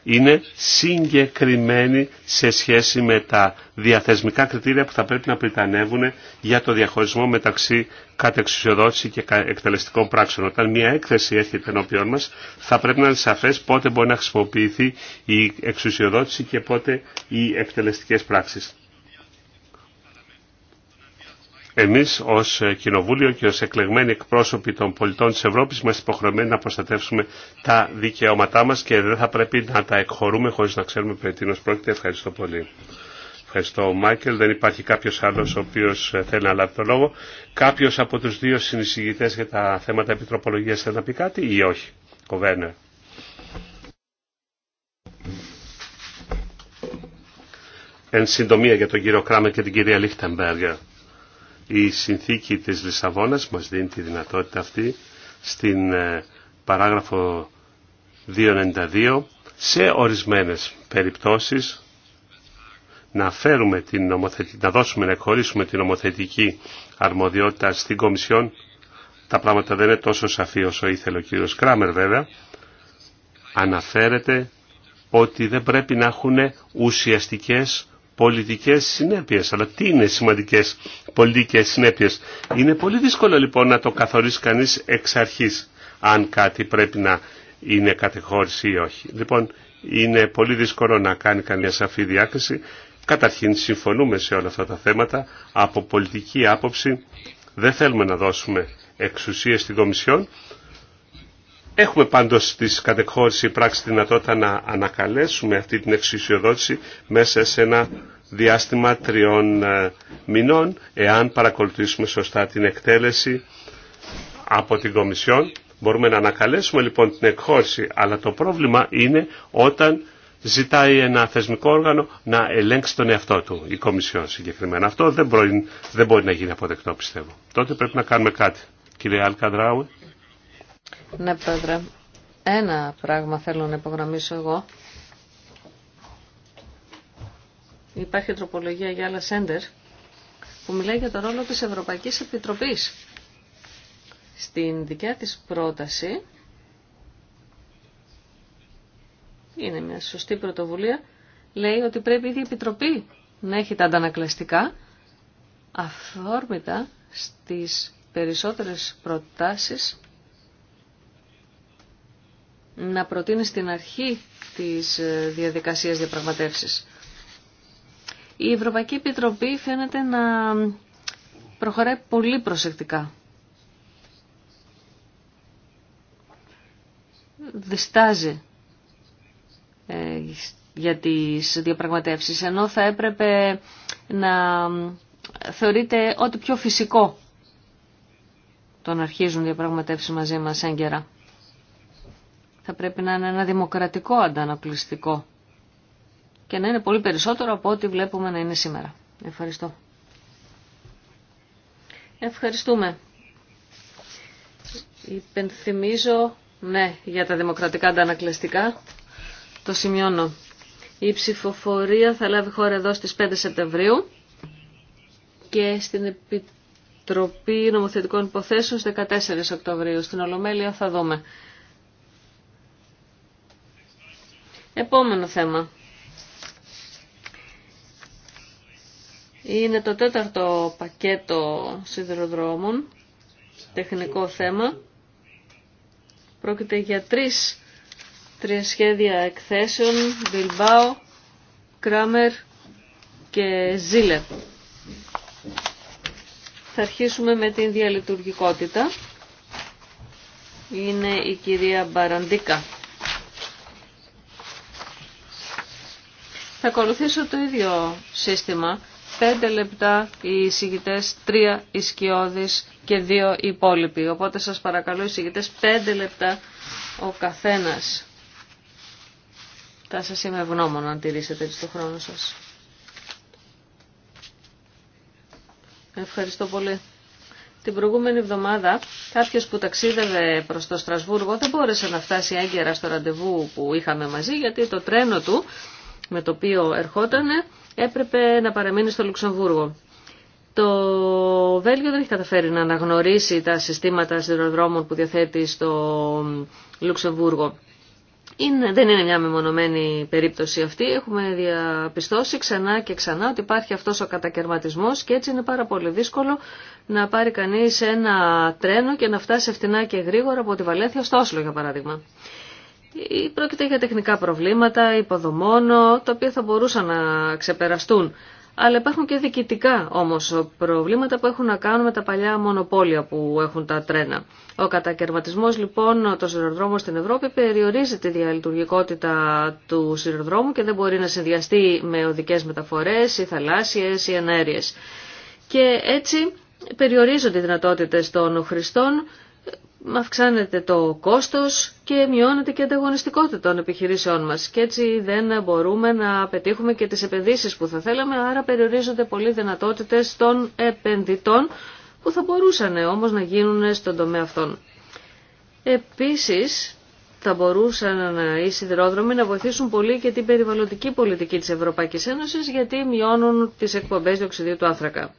είναι συγκεκριμένοι σε σχέση με τα διαθεσμικά κριτήρια που θα πρέπει να πριτανεύουν για το διαχωρισμό μεταξύ κατεξουσιοδότηση και εκτελεστικών πράξεων. Όταν μια έκθεση έρχεται ενώπιόν μας, θα πρέπει να είναι σαφές πότε μπορεί να χρησιμοποιηθεί η εξουσιοδότηση και πότε οι εκτελεστικές πράξεις. Εμείς ως ε, Κοινοβούλιο και ως εκλεγμένοι εκπρόσωποι των πολιτών της Ευρώπης είμαστε υποχρεωμένοι να προστατεύσουμε τα δικαιώματά μας και δεν θα πρέπει να τα εκχωρούμε χωρίς να ξέρουμε περί τίνος πρόκειται. Ευχαριστώ πολύ. Ευχαριστώ Μάικελ. Δεν υπάρχει κάποιος άλλος ο οποίος ε, θέλει να λάβει το λόγο. Κάποιος από τους δύο συνεισηγητές για τα θέματα επιτροπολογίας θέλει να πει κάτι ή όχι. Κοβέρνερ. Εν συντομία για τον κύριο Κράμερ και την κυρία Λίχτεμπεργκερ. Η συνθήκη της Λισαβόνας μας δίνει τη δυνατότητα αυτή στην ε, παράγραφο 292 σε ορισμένες περιπτώσεις να, φέρουμε την να δώσουμε, να εκχωρήσουμε την νομοθετική αρμοδιότητα στην Κομισιόν. Τα πράγματα δεν είναι τόσο σαφή όσο ήθελε ο κύριος Κράμερ βέβαια. Αναφέρεται ότι δεν πρέπει να έχουν ουσιαστικές πολιτικές συνέπειες. Αλλά τι είναι σημαντικές πολιτικές συνέπειες. Είναι πολύ δύσκολο λοιπόν να το καθορίσει κανείς εξ αρχής αν κάτι πρέπει να είναι κατεχώρηση ή όχι. Λοιπόν, είναι πολύ δύσκολο να κάνει καμία σαφή διάκριση. Καταρχήν συμφωνούμε σε όλα αυτά τα θέματα. Από πολιτική άποψη δεν θέλουμε να δώσουμε εξουσία στην Κομισιόν, Έχουμε πάντως στις κατεχώρηση πράξη δυνατότητα να ανακαλέσουμε αυτή την εξουσιοδότηση μέσα σε ένα διάστημα τριών ε, μηνών, εάν παρακολουθήσουμε σωστά την εκτέλεση από την Κομισιόν. Μπορούμε να ανακαλέσουμε λοιπόν την εκχώρηση, αλλά το πρόβλημα είναι όταν ζητάει ένα θεσμικό όργανο να ελέγξει τον εαυτό του, η Κομισιόν συγκεκριμένα. Αυτό δεν μπορεί, δεν μπορεί να γίνει αποδεκτό, πιστεύω. Τότε πρέπει να κάνουμε κάτι. Κύριε Αλκαδράου. Ναι, πρόεδρε. Ένα πράγμα θέλω να υπογραμμίσω εγώ. Υπάρχει τροπολογία για άλλα σέντερ που μιλάει για το ρόλο της Ευρωπαϊκής Επιτροπής. Στην δικιά της πρόταση είναι μια σωστή πρωτοβουλία λέει ότι πρέπει η Επιτροπή να έχει τα αντανακλαστικά αφόρμητα στις περισσότερες προτάσεις να προτείνει στην αρχή της ε, διαδικασίας διαπραγματεύσεις. Η Ευρωπαϊκή Επιτροπή φαίνεται να προχωράει πολύ προσεκτικά. Διστάζει ε, για τις διαπραγματεύσεις, ενώ θα έπρεπε να θεωρείται ότι πιο φυσικό το να αρχίζουν διαπραγματεύσεις μαζί μας έγκαιρα θα πρέπει να είναι ένα δημοκρατικό αντανακλειστικό και να είναι πολύ περισσότερο από ό,τι βλέπουμε να είναι σήμερα. Ευχαριστώ. Ευχαριστούμε. Υπενθυμίζω, ναι, για τα δημοκρατικά αντανακλαστικά, το σημειώνω. Η ψηφοφορία θα λάβει χώρα εδώ στις 5 Σεπτεμβρίου και στην Επιτροπή Νομοθετικών Υποθέσεων στις 14 Οκτωβρίου. Στην Ολομέλεια θα δούμε. Επόμενο θέμα. Είναι το τέταρτο πακέτο σιδηροδρόμων, τεχνικό θέμα. Πρόκειται για τρεις, τρία σχέδια εκθέσεων, Bilbao, Κράμερ και Ζήλε. Θα αρχίσουμε με την διαλειτουργικότητα. Είναι η κυρία Μπαραντίκα Θα ακολουθήσω το ίδιο σύστημα. Πέντε λεπτά οι εισηγητές, τρία οι και δύο οι υπόλοιποι. Οπότε σας παρακαλώ οι εισηγητές πέντε λεπτά ο καθένας. Θα σας είμαι ευγνώμων αν τηρήσετε έτσι το χρόνο σας. Ευχαριστώ πολύ. Την προηγούμενη εβδομάδα κάποιο που ταξίδευε προ το Στρασβούργο δεν μπόρεσε να φτάσει έγκαιρα στο ραντεβού που είχαμε μαζί γιατί το τρένο του με το οποίο ερχόταν έπρεπε να παραμείνει στο Λουξεμβούργο. Το Βέλγιο δεν έχει καταφέρει να αναγνωρίσει τα συστήματα σιδηροδρόμων που διαθέτει στο Λουξεμβούργο. Είναι, δεν είναι μια μεμονωμένη περίπτωση αυτή. Έχουμε διαπιστώσει ξανά και ξανά ότι υπάρχει αυτός ο κατακαιρματισμός και έτσι είναι πάρα πολύ δύσκολο να πάρει κανείς ένα τρένο και να φτάσει φτηνά και γρήγορα από τη Βαλένθια στο Όσλο για παράδειγμα. Πρόκειται για τεχνικά προβλήματα, υποδομόνο, τα οποία θα μπορούσαν να ξεπεραστούν. Αλλά υπάρχουν και διοικητικά όμως προβλήματα που έχουν να κάνουν με τα παλιά μονοπόλια που έχουν τα τρένα. Ο κατακαιρματισμός λοιπόν των σειροδρόμων στην Ευρώπη περιορίζει τη διαλειτουργικότητα του σειροδρόμου και δεν μπορεί να συνδυαστεί με οδικές μεταφορές ή θαλάσσιες ή ενέργειες. Και έτσι περιορίζονται οι δυνατότητες των χρηστών αυξάνεται το κόστος και μειώνεται και η ανταγωνιστικότητα των επιχειρήσεών μας και έτσι δεν μπορούμε να πετύχουμε και τις επενδύσεις που θα θέλαμε, άρα περιορίζονται πολλοί δυνατότητες των επενδυτών που θα μπορούσαν όμως να γίνουν στον τομέα αυτών. Επίσης, θα μπορούσαν οι σιδηρόδρομοι να βοηθήσουν πολύ και την περιβαλλοντική πολιτική της Ευρωπαϊκής Ένωσης γιατί μειώνουν τις εκπομπές διοξιδίου του άνθρακα.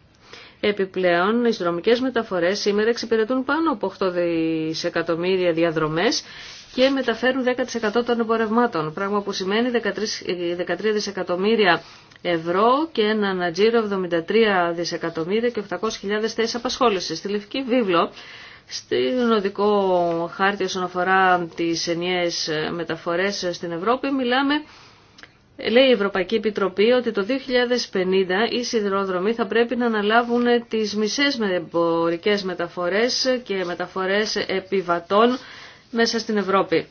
Επιπλέον, οι δρομικές μεταφορές σήμερα εξυπηρετούν πάνω από 8 δισεκατομμύρια διαδρομές και μεταφέρουν 10% των εμπορευμάτων, πράγμα που σημαίνει 13, δισεκατομμύρια ευρώ και έναν ανατζήρο 73 δισεκατομμύρια και 800.000 θέσει απασχόληση. Στη Λευκή Βίβλο, στην οδικό χάρτη όσον αφορά τι ενιαίες μεταφορές στην Ευρώπη, μιλάμε Λέει η Ευρωπαϊκή Επιτροπή ότι το 2050 οι σιδηρόδρομοι θα πρέπει να αναλάβουν τις μισές εμπορικές μεταφορές και μεταφορές επιβατών μέσα στην Ευρώπη.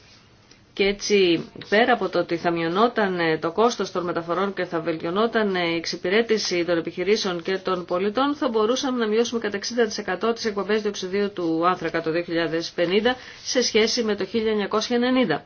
Και έτσι πέρα από το ότι θα μειωνόταν το κόστος των μεταφορών και θα βελτιωνόταν η εξυπηρέτηση των επιχειρήσεων και των πολιτών θα μπορούσαμε να μειώσουμε κατά 60% τις εκπομπές διοξιδίου του άνθρακα το 2050 σε σχέση με το 1990.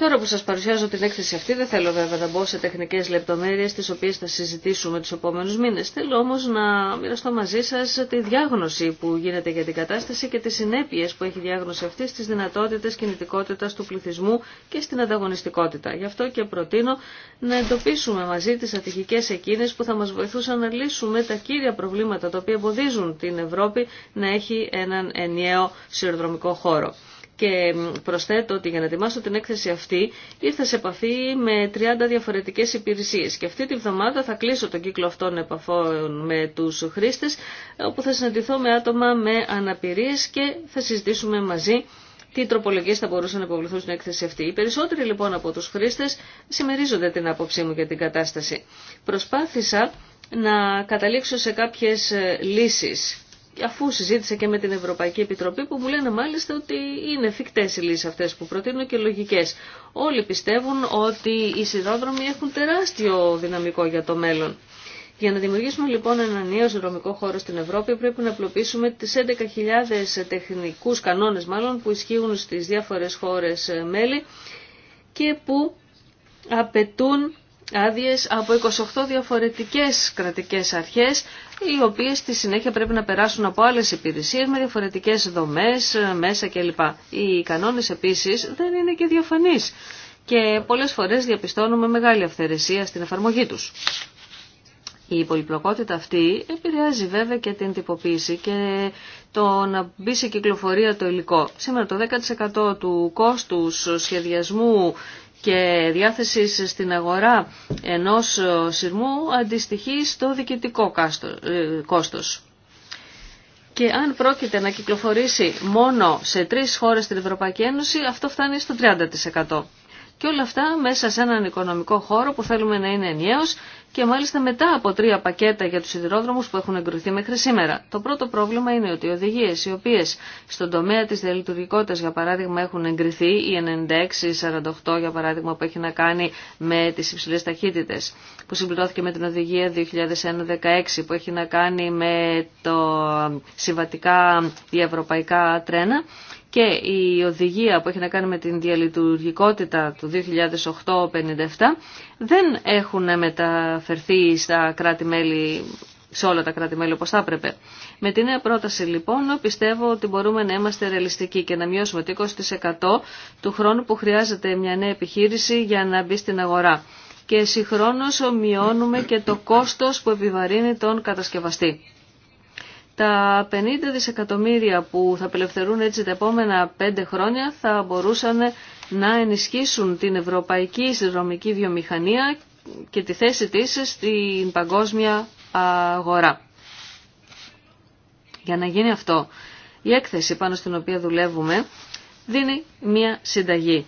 Τώρα που σας παρουσιάζω την έκθεση αυτή δεν θέλω βέβαια να μπω σε τεχνικές λεπτομέρειες τις οποίες θα συζητήσουμε τους επόμενους μήνες. Θέλω όμως να μοιραστώ μαζί σας τη διάγνωση που γίνεται για την κατάσταση και τις συνέπειες που έχει η διάγνωση αυτή στις δυνατότητες κινητικότητας του πληθυσμού και στην ανταγωνιστικότητα. Γι' αυτό και προτείνω να εντοπίσουμε μαζί τις ατυχικές εκείνες που θα μας βοηθούσαν να λύσουμε τα κύρια προβλήματα τα οποία εμποδίζουν την Ευρώπη να έχει έναν ενιαίο σειροδρομικό χώρο. Και προσθέτω ότι για να ετοιμάσω την έκθεση αυτή ήρθα σε επαφή με 30 διαφορετικές υπηρεσίες και αυτή τη βδομάδα θα κλείσω τον κύκλο αυτών επαφών με τους χρήστες όπου θα συναντηθώ με άτομα με αναπηρίες και θα συζητήσουμε μαζί τι τροπολογίε θα μπορούσαν να υποβληθούν στην έκθεση αυτή. Οι περισσότεροι λοιπόν από του χρήστε συμμερίζονται την άποψή μου για την κατάσταση. Προσπάθησα να καταλήξω σε κάποιε λύσει αφού συζήτησα και με την Ευρωπαϊκή Επιτροπή που μου λένε μάλιστα ότι είναι εφικτές οι λύσεις αυτές που προτείνω και λογικές. Όλοι πιστεύουν ότι οι σιδόδρομοι έχουν τεράστιο δυναμικό για το μέλλον. Για να δημιουργήσουμε λοιπόν ένα νέο συνδρομικό χώρο στην Ευρώπη πρέπει να απλοποιήσουμε τις 11.000 τεχνικούς κανόνες μάλλον που ισχύουν στις διάφορες χώρες ε, μέλη και που απαιτούν άδειε από 28 διαφορετικές κρατικές αρχές οι οποίες στη συνέχεια πρέπει να περάσουν από άλλες υπηρεσίε με διαφορετικέ δομέ μέσα κλπ. Οι κανόνε επίσης δεν είναι και διαφανεί. και πολλές φορές διαπιστώνουμε μεγάλη αυθαιρεσία στην εφαρμογή τους. Η πολυπλοκότητα αυτή επηρεάζει βέβαια και την τυποποίηση και το να μπει σε κυκλοφορία το υλικό. Σήμερα το 10% του κόστου σχεδιασμού και διάθεση στην αγορά ενός σειρμού αντιστοιχεί στο διοικητικό ε, κόστος. Και αν πρόκειται να κυκλοφορήσει μόνο σε τρεις χώρες στην Ευρωπαϊκή Ένωση, αυτό φτάνει στο 30%. Και όλα αυτά μέσα σε έναν οικονομικό χώρο που θέλουμε να είναι ενιαίος και μάλιστα μετά από τρία πακέτα για τους σιδηρόδρομους που έχουν εγκριθεί μέχρι σήμερα. Το πρώτο πρόβλημα είναι ότι οι οδηγίες οι οποίες στον τομέα της διαλειτουργικότητας για παράδειγμα έχουν εγκριθεί, η 96-48 για παράδειγμα που έχει να κάνει με τις υψηλές ταχύτητες που συμπληρώθηκε με την οδηγία 2001-16 που έχει να κάνει με το ε, συμβατικά ευρωπαϊκά τρένα, και η οδηγία που έχει να κάνει με την διαλειτουργικότητα του 2008-57 δεν έχουν μεταφερθεί στα κρατη σε όλα τα κράτη-μέλη όπως θα έπρεπε. Με την νέα πρόταση λοιπόν πιστεύω ότι μπορούμε να είμαστε ρεαλιστικοί και να μειώσουμε το 20% του χρόνου που χρειάζεται μια νέα επιχείρηση για να μπει στην αγορά. Και συγχρόνως μειώνουμε και το κόστος που επιβαρύνει τον κατασκευαστή. Τα 50 δισεκατομμύρια που θα απελευθερούν έτσι τα επόμενα πέντε χρόνια θα μπορούσαν να ενισχύσουν την ευρωπαϊκή συνδρομική βιομηχανία και τη θέση της στην παγκόσμια αγορά. Για να γίνει αυτό, η έκθεση πάνω στην οποία δουλεύουμε δίνει μία συνταγή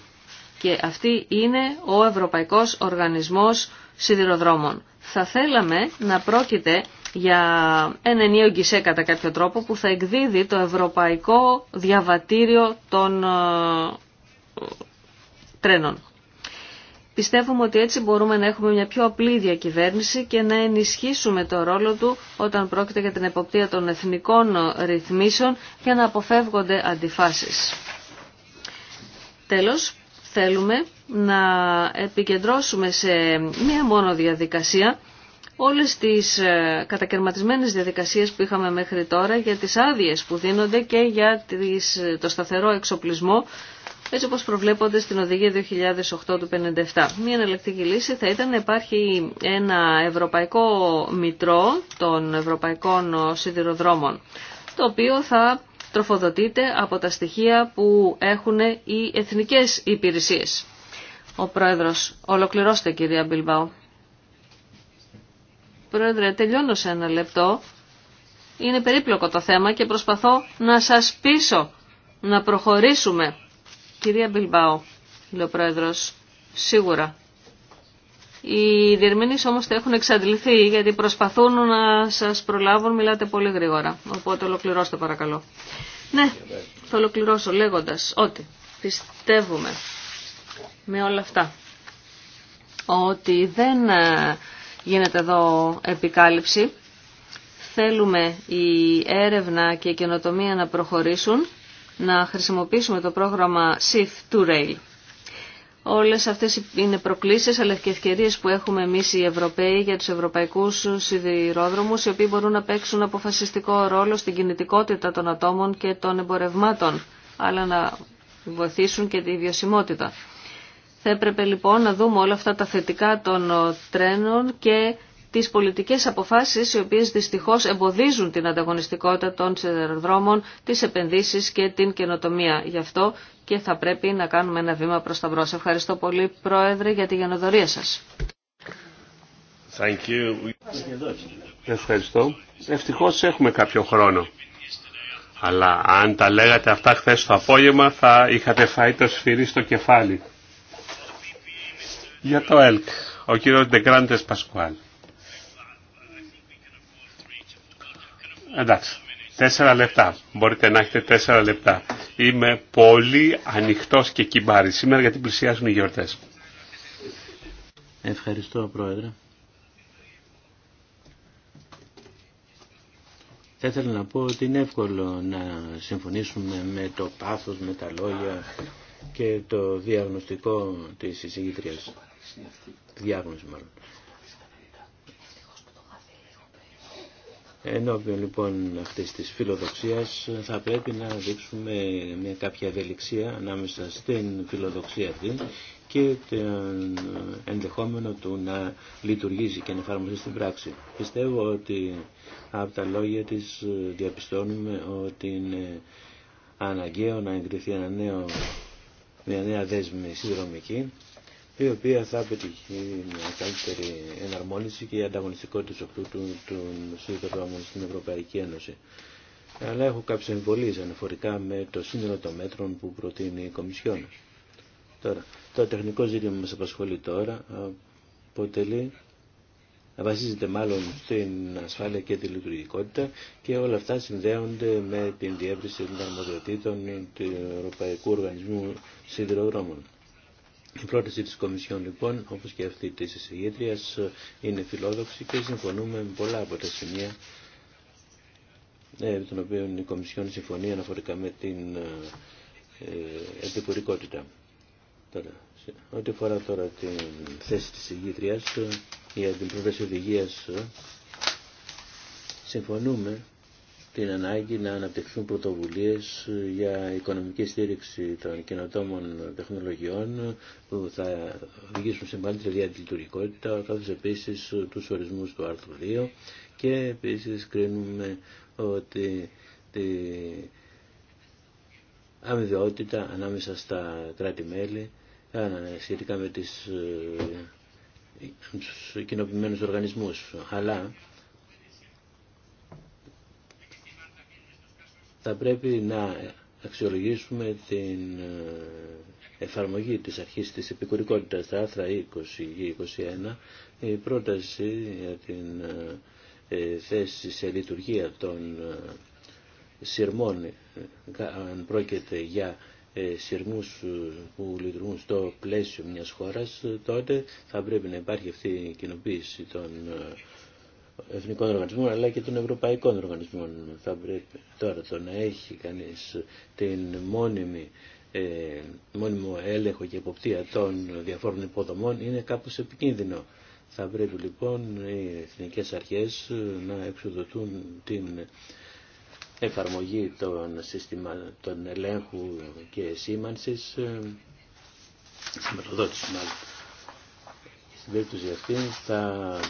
και αυτή είναι ο Ευρωπαϊκός Οργανισμός Σιδηροδρόμων. Θα θέλαμε να πρόκειται για έναν γκισέ κατά κάποιο τρόπο που θα εκδίδει το Ευρωπαϊκό Διαβατήριο των ε, Τρένων. Πιστεύουμε ότι έτσι μπορούμε να έχουμε μια πιο απλή διακυβέρνηση και να ενισχύσουμε το ρόλο του όταν πρόκειται για την εποπτεία των εθνικών ρυθμίσεων για να αποφεύγονται αντιφάσεις. Τέλος, θέλουμε να επικεντρώσουμε σε μία μόνο διαδικασία όλες τις ε, κατακαιρματισμένες διαδικασίες που είχαμε μέχρι τώρα για τις άδειε που δίνονται και για ε, το σταθερό εξοπλισμό έτσι όπως προβλέπονται στην Οδηγία 2008 του 57. Μία εναλλακτική λύση θα ήταν να υπάρχει ένα ευρωπαϊκό μητρό των ευρωπαϊκών σιδηροδρόμων, το οποίο θα τροφοδοτείται από τα στοιχεία που έχουν οι εθνικές υπηρεσίες. Ο Πρόεδρος, ολοκληρώστε κυρία Μπιλμπάου. Πρόεδρε, τελειώνω σε ένα λεπτό. Είναι περίπλοκο το θέμα και προσπαθώ να σας πείσω να προχωρήσουμε. Κυρία Μπιλμπάου, λέει ο Πρόεδρος, σίγουρα. Οι διερμηνείς όμως τα έχουν εξαντληθεί γιατί προσπαθούν να σας προλάβουν, μιλάτε πολύ γρήγορα. Οπότε ολοκληρώστε παρακαλώ. Ναι, θα ολοκληρώσω λέγοντας ότι πιστεύουμε με όλα αυτά ότι δεν ε, γίνεται εδώ επικάλυψη. Θέλουμε η έρευνα και η καινοτομία να προχωρήσουν, να χρησιμοποιήσουμε το πρόγραμμα SIF to Rail. Όλες αυτές είναι προκλήσεις αλλά και ευκαιρίες που έχουμε εμείς οι Ευρωπαίοι για τους ευρωπαϊκούς σιδηρόδρομους οι οποίοι μπορούν να παίξουν αποφασιστικό ρόλο στην κινητικότητα των ατόμων και των εμπορευμάτων αλλά να βοηθήσουν και τη βιωσιμότητα. Θα έπρεπε λοιπόν να δούμε όλα αυτά τα θετικά των ε, τρένων και τις πολιτικές αποφάσεις οι οποίες δυστυχώς εμποδίζουν την ανταγωνιστικότητα των σιδεροδρόμων, τις επενδύσεις και την καινοτομία. Γι' αυτό και θα πρέπει να κάνουμε ένα βήμα προς τα μπρος. Ευχαριστώ πολύ Πρόεδρε για τη γενοδορία σας. Thank you. Ευχαριστώ. Ευτυχώς έχουμε κάποιο χρόνο. Αλλά αν τα λέγατε αυτά χθε το απόγευμα θα είχατε φάει το σφυρί στο κεφάλι για το ΕΛΚ. Ο κύριος Ντεγκράντες Πασκουάλ. Εντάξει, τέσσερα λεπτά. Μπορείτε να έχετε τέσσερα λεπτά. Είμαι πολύ ανοιχτός και κυμπάρης σήμερα γιατί πλησιάζουν οι γιορτές. Ευχαριστώ Πρόεδρε. Θα ήθελα να πω ότι είναι εύκολο να συμφωνήσουμε με το πάθος, με τα λόγια και το διαγνωστικό της εισηγήτριας διάγνωση μάλλον. Ενώ λοιπόν αυτή της φιλοδοξία θα πρέπει να δείξουμε μια κάποια ευελιξία ανάμεσα στην φιλοδοξία αυτή και το ενδεχόμενο του να λειτουργήσει και να εφαρμοστεί στην πράξη. Πιστεύω ότι από τα λόγια της διαπιστώνουμε ότι είναι αναγκαίο να εγκριθεί ένα νέο, μια νέα δέσμη συνδρομική η οποία θα πετύχει μια καλύτερη εναρμόνιση και η ανταγωνιστικότητα του του, του σύνδεσμου στην Ευρωπαϊκή Ένωση. Αλλά έχω κάποιε εμβολίε αναφορικά με το σύνολο των μέτρων που προτείνει η Κομισιόν. Τώρα, το τεχνικό ζήτημα που μα απασχολεί τώρα αποτελεί βασίζεται μάλλον στην ασφάλεια και τη λειτουργικότητα και όλα αυτά συνδέονται με την διεύρυνση των αρμοδιοτήτων του Ευρωπαϊκού Οργανισμού Σιδηροδρόμων. Η πρόταση της Κομισιόν λοιπόν, όπως και αυτή της εισηγήτριας, είναι φιλόδοξη και συμφωνούμε με πολλά από τα σημεία ε, με τον οποίο η Κομισιόν συμφωνεί αναφορικά με την ε, επικουρικότητα. Τώρα, ό,τι αφορά τώρα την θέση της εισηγήτριας ε, για την πρόταση οδηγίας, συμφωνούμε την ανάγκη να αναπτυχθούν πρωτοβουλίες για οικονομική στήριξη των καινοτόμων τεχνολογιών που θα οδηγήσουν σε μεγαλύτερη διαλειτουργικότητα, καθώς επίση του ορισμούς του άρθρου 2 και επίσης κρίνουμε ότι τη αμοιβαιότητα ανάμεσα στα κράτη-μέλη σχετικά με τις ε, τους κοινοποιημένους οργανισμούς. Αλλά θα πρέπει να αξιολογήσουμε την ε, εφαρμογή της αρχής της επικουρικότητας στα άθρα 20 και 21 η πρόταση για την ε, θέση σε λειτουργία των ε, σειρμών αν πρόκειται για σειρμούς που λειτουργούν στο πλαίσιο μιας χώρας τότε θα πρέπει να υπάρχει αυτή η κοινοποίηση των εθνικών οργανισμών αλλά και των ευρωπαϊκών οργανισμών. Θα πρέπει τώρα το να έχει κανείς την μόνιμη, ε, μόνιμο έλεγχο και εποπτεία των διαφόρων υποδομών είναι κάπως επικίνδυνο. Θα πρέπει λοιπόν οι εθνικές αρχές ε, να εξοδοτούν την εφαρμογή των, σύστημα, των ελέγχου και σήμανσης, ε, σηματοδότηση μάλλον περίπτωση αυτή θα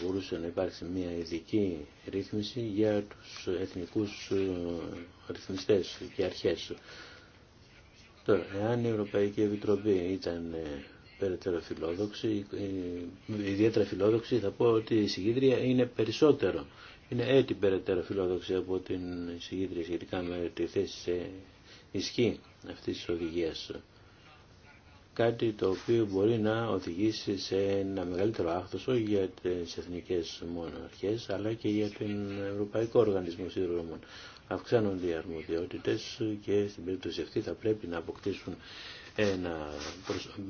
μπορούσε να υπάρξει μια ειδική ρύθμιση για τους εθνικούς ε, ρυθμιστές και αρχές. Τώρα, εάν η Ευρωπαϊκή Επιτροπή ήταν ε, περαιτέρω φιλόδοξη, ε, ιδιαίτερα φιλόδοξη, θα πω ότι η συγκίδρια είναι περισσότερο. Είναι έτη περαιτέρω φιλόδοξη από την συγκίδρια σχετικά με τη θέση σε ισχύ αυτής της οδηγίας κάτι το οποίο μπορεί να οδηγήσει σε ένα μεγαλύτερο άχθος όχι για τις εθνικές αρχές αλλά και για τον Ευρωπαϊκό Οργανισμό Σύνδρομων. Αυξάνονται οι αρμοδιότητες και στην περίπτωση αυτή θα πρέπει να αποκτήσουν ένα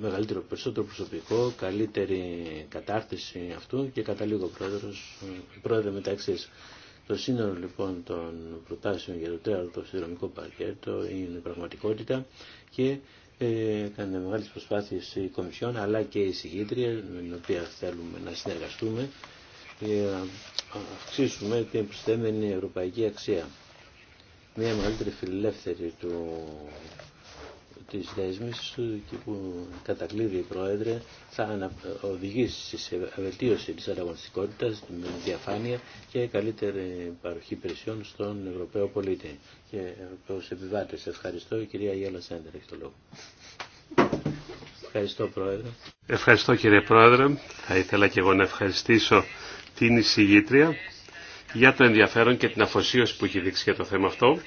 μεγαλύτερο περισσότερο προσωπικό, καλύτερη κατάρτιση αυτού και κατά λίγο πρόεδρος, πρόεδρε μεταξύ το σύνολο λοιπόν των προτάσεων για το τέταρτο συνδρομικό πακέτο είναι πραγματικότητα και έκανε μεγάλες προσπάθειες η Κομισιόν αλλά και η Συγήτρια με την οποία θέλουμε να συνεργαστούμε για να αυξήσουμε την προσθέμενη ευρωπαϊκή αξία. Μια μεγαλύτερη φιλελεύθερη του της δέσμης και που κατακλείδει η Πρόεδρε θα οδηγήσει σε βελτίωση της ανταγωνιστικότητας με διαφάνεια και καλύτερη παροχή υπηρεσιών στον Ευρωπαίο πολίτη και Ευρωπαίους επιβάτες. Ευχαριστώ. Η κυρία Γιάλα Σέντερ έχει το λόγο. Ευχαριστώ Πρόεδρε. Ευχαριστώ κύριε Πρόεδρε. Θα ήθελα και εγώ να ευχαριστήσω την εισηγήτρια για το ενδιαφέρον και την αφοσίωση που έχει δείξει για το θέμα αυτό.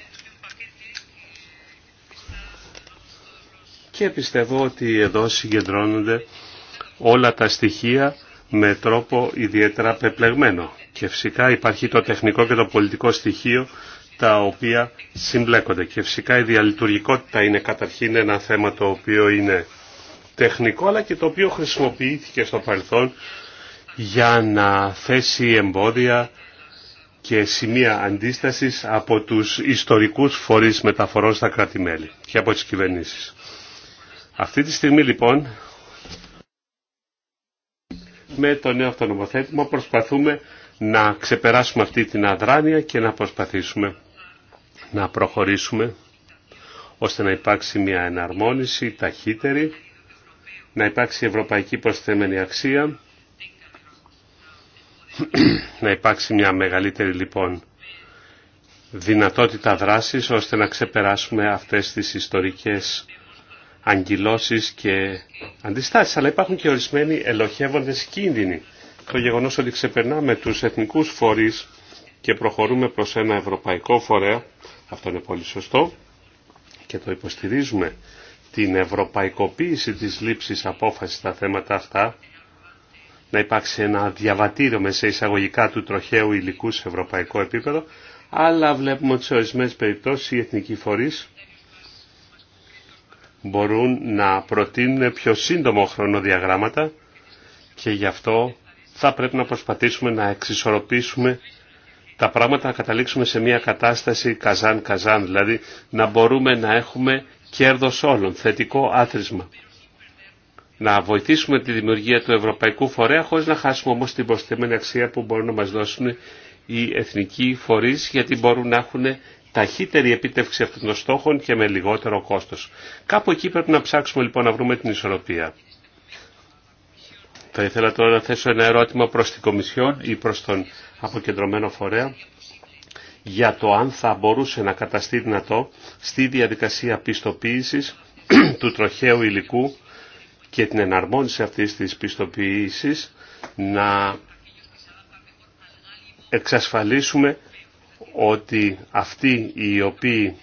και πιστεύω ότι εδώ συγκεντρώνονται όλα τα στοιχεία με τρόπο ιδιαίτερα πεπλεγμένο. Και φυσικά υπάρχει το τεχνικό και το πολιτικό στοιχείο τα οποία συμπλέκονται. Και φυσικά η διαλειτουργικότητα είναι καταρχήν ένα θέμα το οποίο είναι τεχνικό αλλά και το οποίο χρησιμοποιήθηκε στο παρελθόν για να θέσει εμπόδια και σημεία αντίστασης από τους ιστορικούς φορείς μεταφορών στα κράτη-μέλη και από τις κυβερνήσεις. Αυτή τη στιγμή λοιπόν με το νέο αυτονομοθέτημα προσπαθούμε να ξεπεράσουμε αυτή την αδράνεια και να προσπαθήσουμε να προχωρήσουμε ώστε να υπάρξει μια εναρμόνιση ταχύτερη, να υπάρξει ευρωπαϊκή προσθέμενη αξία, να υπάρξει μια μεγαλύτερη λοιπόν δυνατότητα δράσης ώστε να ξεπεράσουμε αυτές τις ιστορικές αγκυλώσεις και αντιστάσεις, αλλά υπάρχουν και ορισμένοι ελοχεύοντες κίνδυνοι. Το γεγονός ότι ξεπερνάμε τους εθνικούς φορείς και προχωρούμε προς ένα ευρωπαϊκό φορέα, αυτό είναι πολύ σωστό, και το υποστηρίζουμε την ευρωπαϊκοποίηση της λήψης απόφασης στα θέματα αυτά, να υπάρξει ένα διαβατήριο με σε εισαγωγικά του τροχαίου υλικού σε ευρωπαϊκό επίπεδο, αλλά βλέπουμε ότι σε ορισμένε περιπτώσεις οι εθνικοί φορείς μπορούν να προτείνουν πιο σύντομο χρονοδιαγράμματα και γι' αυτό θα πρέπει να προσπαθήσουμε να εξισορροπήσουμε τα πράγματα, να καταλήξουμε σε μια κατάσταση καζάν-καζάν, δηλαδή να μπορούμε να έχουμε κέρδος όλων, θετικό άθροισμα. Να βοηθήσουμε τη δημιουργία του Ευρωπαϊκού Φορέα χωρίς να χάσουμε όμως την προσθέμενη αξία που μπορούν να μας δώσουν οι εθνικοί φορείς γιατί μπορούν να έχουν ταχύτερη επίτευξη αυτών των στόχων και με λιγότερο κόστος. Κάπου εκεί πρέπει να ψάξουμε λοιπόν να βρούμε την ισορροπία. Θα ήθελα τώρα να θέσω ένα ερώτημα προς την Κομισιόν ή προς τον αποκεντρωμένο φορέα για το αν θα μπορούσε να καταστεί δυνατό στη διαδικασία πιστοποίησης του τροχαίου υλικού και την εναρμόνιση αυτής της πιστοποίησης να εξασφαλίσουμε ότι αυτοί οι οποίοι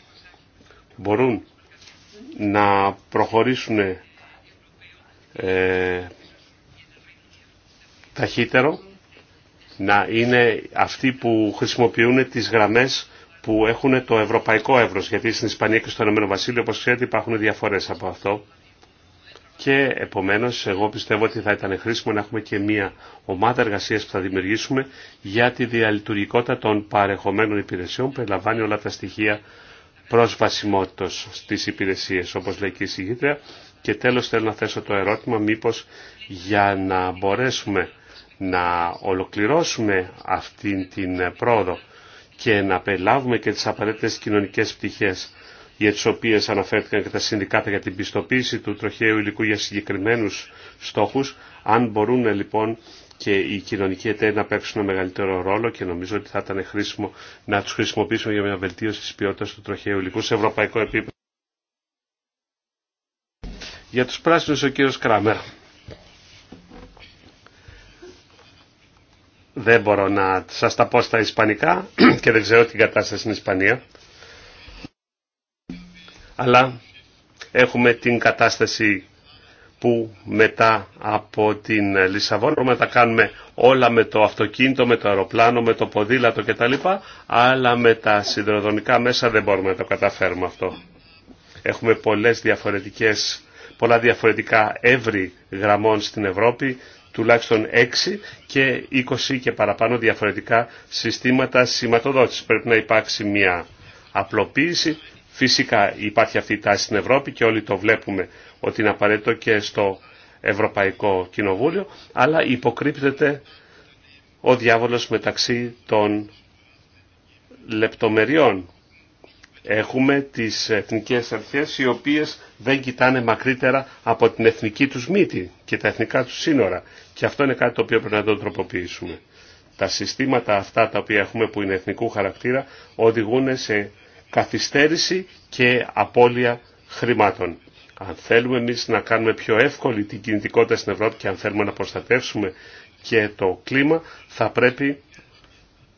μπορούν να προχωρήσουν ε, ταχύτερο να είναι αυτοί που χρησιμοποιούν τις γραμμές που έχουν το ευρωπαϊκό εύρος γιατί στην Ισπανία και στο Ηνωμένο Βασίλειο όπως ξέρετε υπάρχουν διαφορές από αυτό και επομένως εγώ πιστεύω ότι θα ήταν χρήσιμο να έχουμε και μια ομάδα εργασίας που θα δημιουργήσουμε για τη διαλειτουργικότητα των παρεχομένων υπηρεσιών που περιλαμβάνει όλα τα στοιχεία πρόσβασιμότητος στις υπηρεσίες όπως λέει και η συγγήτρια. Και τέλος θέλω να θέσω το ερώτημα μήπως για να μπορέσουμε να ολοκληρώσουμε αυτή την πρόοδο και να περιλάβουμε και τις απαραίτητες κοινωνικές πτυχές για τις οποίες αναφέρθηκαν και τα συνδικάτα για την πιστοποίηση του τροχαίου υλικού για συγκεκριμένους στόχους, αν μπορούν λοιπόν και οι κοινωνικοί εταίροι να παίξουν ένα μεγαλύτερο ρόλο και νομίζω ότι θα ήταν χρήσιμο να τους χρησιμοποιήσουμε για μια βελτίωση της ποιότητας του τροχαίου υλικού σε ευρωπαϊκό επίπεδο. Για τους πράσινους ο κύριος Κράμερ. Δεν μπορώ να σας τα πω στα ισπανικά και δεν ξέρω την κατάσταση στην Ισπανία αλλά έχουμε την κατάσταση που μετά από την Λισαβόνα μπορούμε να τα κάνουμε όλα με το αυτοκίνητο, με το αεροπλάνο, με το ποδήλατο κτλ. Αλλά με τα σιδηροδρομικά μέσα δεν μπορούμε να το καταφέρουμε αυτό. Έχουμε πολλές διαφορετικές, πολλά διαφορετικά εύρη γραμμών στην Ευρώπη, τουλάχιστον 6 και 20 και παραπάνω διαφορετικά συστήματα σηματοδότησης. Πρέπει να υπάρξει μια απλοποίηση Φυσικά υπάρχει αυτή η τάση στην Ευρώπη και όλοι το βλέπουμε ότι είναι απαραίτητο και στο Ευρωπαϊκό Κοινοβούλιο, αλλά υποκρύπτεται ο διάβολος μεταξύ των λεπτομεριών. Έχουμε τις εθνικές αρχές οι οποίες δεν κοιτάνε μακρύτερα από την εθνική τους μύτη και τα εθνικά τους σύνορα. Και αυτό είναι κάτι το οποίο πρέπει να το τροποποιήσουμε. Τα συστήματα αυτά τα οποία έχουμε που είναι εθνικού χαρακτήρα οδηγούν σε καθυστέρηση και απώλεια χρημάτων. Αν θέλουμε εμεί να κάνουμε πιο εύκολη την κινητικότητα στην Ευρώπη και αν θέλουμε να προστατεύσουμε και το κλίμα, θα πρέπει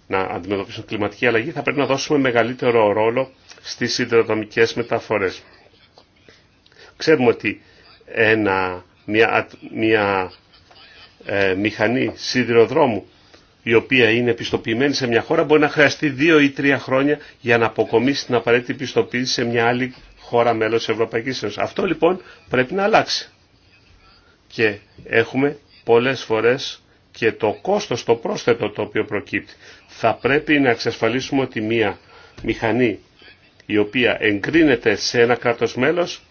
να αντιμετωπίσουμε κλιματική αλλαγή, θα πρέπει να δώσουμε μεγαλύτερο ρόλο στις συνδεδομικές μεταφορές. Ξέρουμε ότι ένα, μια, μια ε, μηχανή σιδηροδρόμου η οποία είναι επιστοποιημένη σε μια χώρα μπορεί να χρειαστεί δύο ή τρία χρόνια για να αποκομίσει την απαραίτητη πιστοποίηση σε μια άλλη χώρα μέλος της Ευρωπαϊκής Ένωσης. Αυτό λοιπόν πρέπει να αλλάξει. Και έχουμε πολλές φορές και το κόστος το πρόσθετο το οποίο προκύπτει. Θα πρέπει να εξασφαλίσουμε ότι μια μηχανή η οποία εγκρίνεται σε ένα κράτος μέλος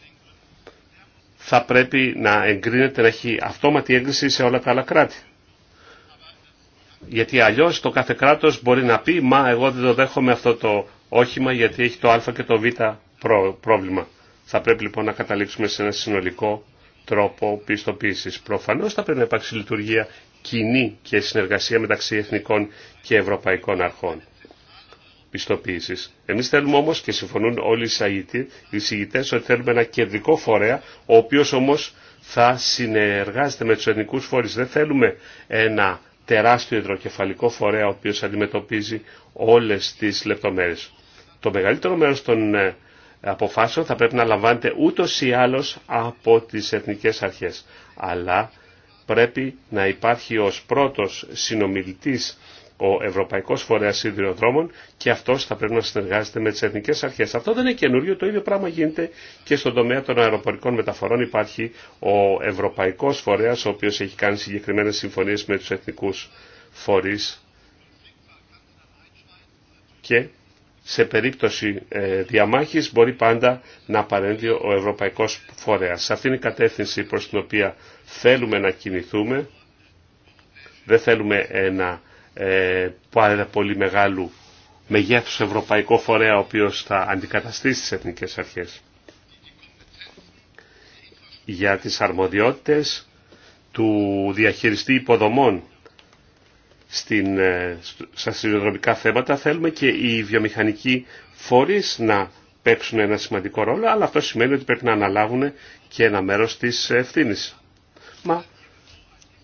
θα πρέπει να εγκρίνεται να έχει αυτόματη έγκριση σε όλα τα άλλα κράτη γιατί αλλιώς το κάθε κράτος μπορεί να πει «Μα εγώ δεν το δέχομαι αυτό το όχημα γιατί έχει το α και το β πρόβλημα». Θα πρέπει λοιπόν να καταλήξουμε σε ένα συνολικό τρόπο πιστοποίησης. Προφανώς θα πρέπει να υπάρξει λειτουργία κοινή και συνεργασία μεταξύ εθνικών και ευρωπαϊκών αρχών πιστοποίησης. Εμείς θέλουμε όμως και συμφωνούν όλοι οι εισηγητές ότι θέλουμε ένα κεντρικό φορέα, ο οποίος όμως θα συνεργάζεται με τους εθνικούς φορείς. Δεν θέλουμε ένα τεράστιο υδροκεφαλικό φορέα ο οποίος αντιμετωπίζει όλες τις λεπτομέρειες. Το μεγαλύτερο μέρος των ε, αποφάσεων θα πρέπει να λαμβάνεται ούτως ή άλλως από τις εθνικές αρχές. Αλλά πρέπει να υπάρχει ως πρώτος συνομιλητής ο Ευρωπαϊκός Φορέα Σιδηροδρόμων και αυτός θα πρέπει να συνεργάζεται με τι εθνικές αρχές. Αυτό δεν είναι καινούριο, το ίδιο πράγμα γίνεται και στον τομέα των αεροπορικών μεταφορών υπάρχει ο Ευρωπαϊκός φορέα, ο οποίος έχει κάνει συγκεκριμένες συμφωνίες με του εθνικούς φορείς και σε περίπτωση ε, διαμάχης μπορεί πάντα να παρέμβει ο Ευρωπαϊκός Φορέας. Σε είναι η κατεύθυνση προς την οποία θέλουμε να κινηθούμε. Δεν θέλουμε να ε, πάρα πολύ μεγάλου μεγέθους ευρωπαϊκό φορέα ο οποίος θα αντικαταστήσει τις εθνικές αρχές. Για τις αρμοδιότητες του διαχειριστή υποδομών στην, ε, στα σιδηροδρομικά θέματα θέλουμε και οι βιομηχανικοί φορείς να παίξουν ένα σημαντικό ρόλο, αλλά αυτό σημαίνει ότι πρέπει να αναλάβουν και ένα μέρος της ευθύνης.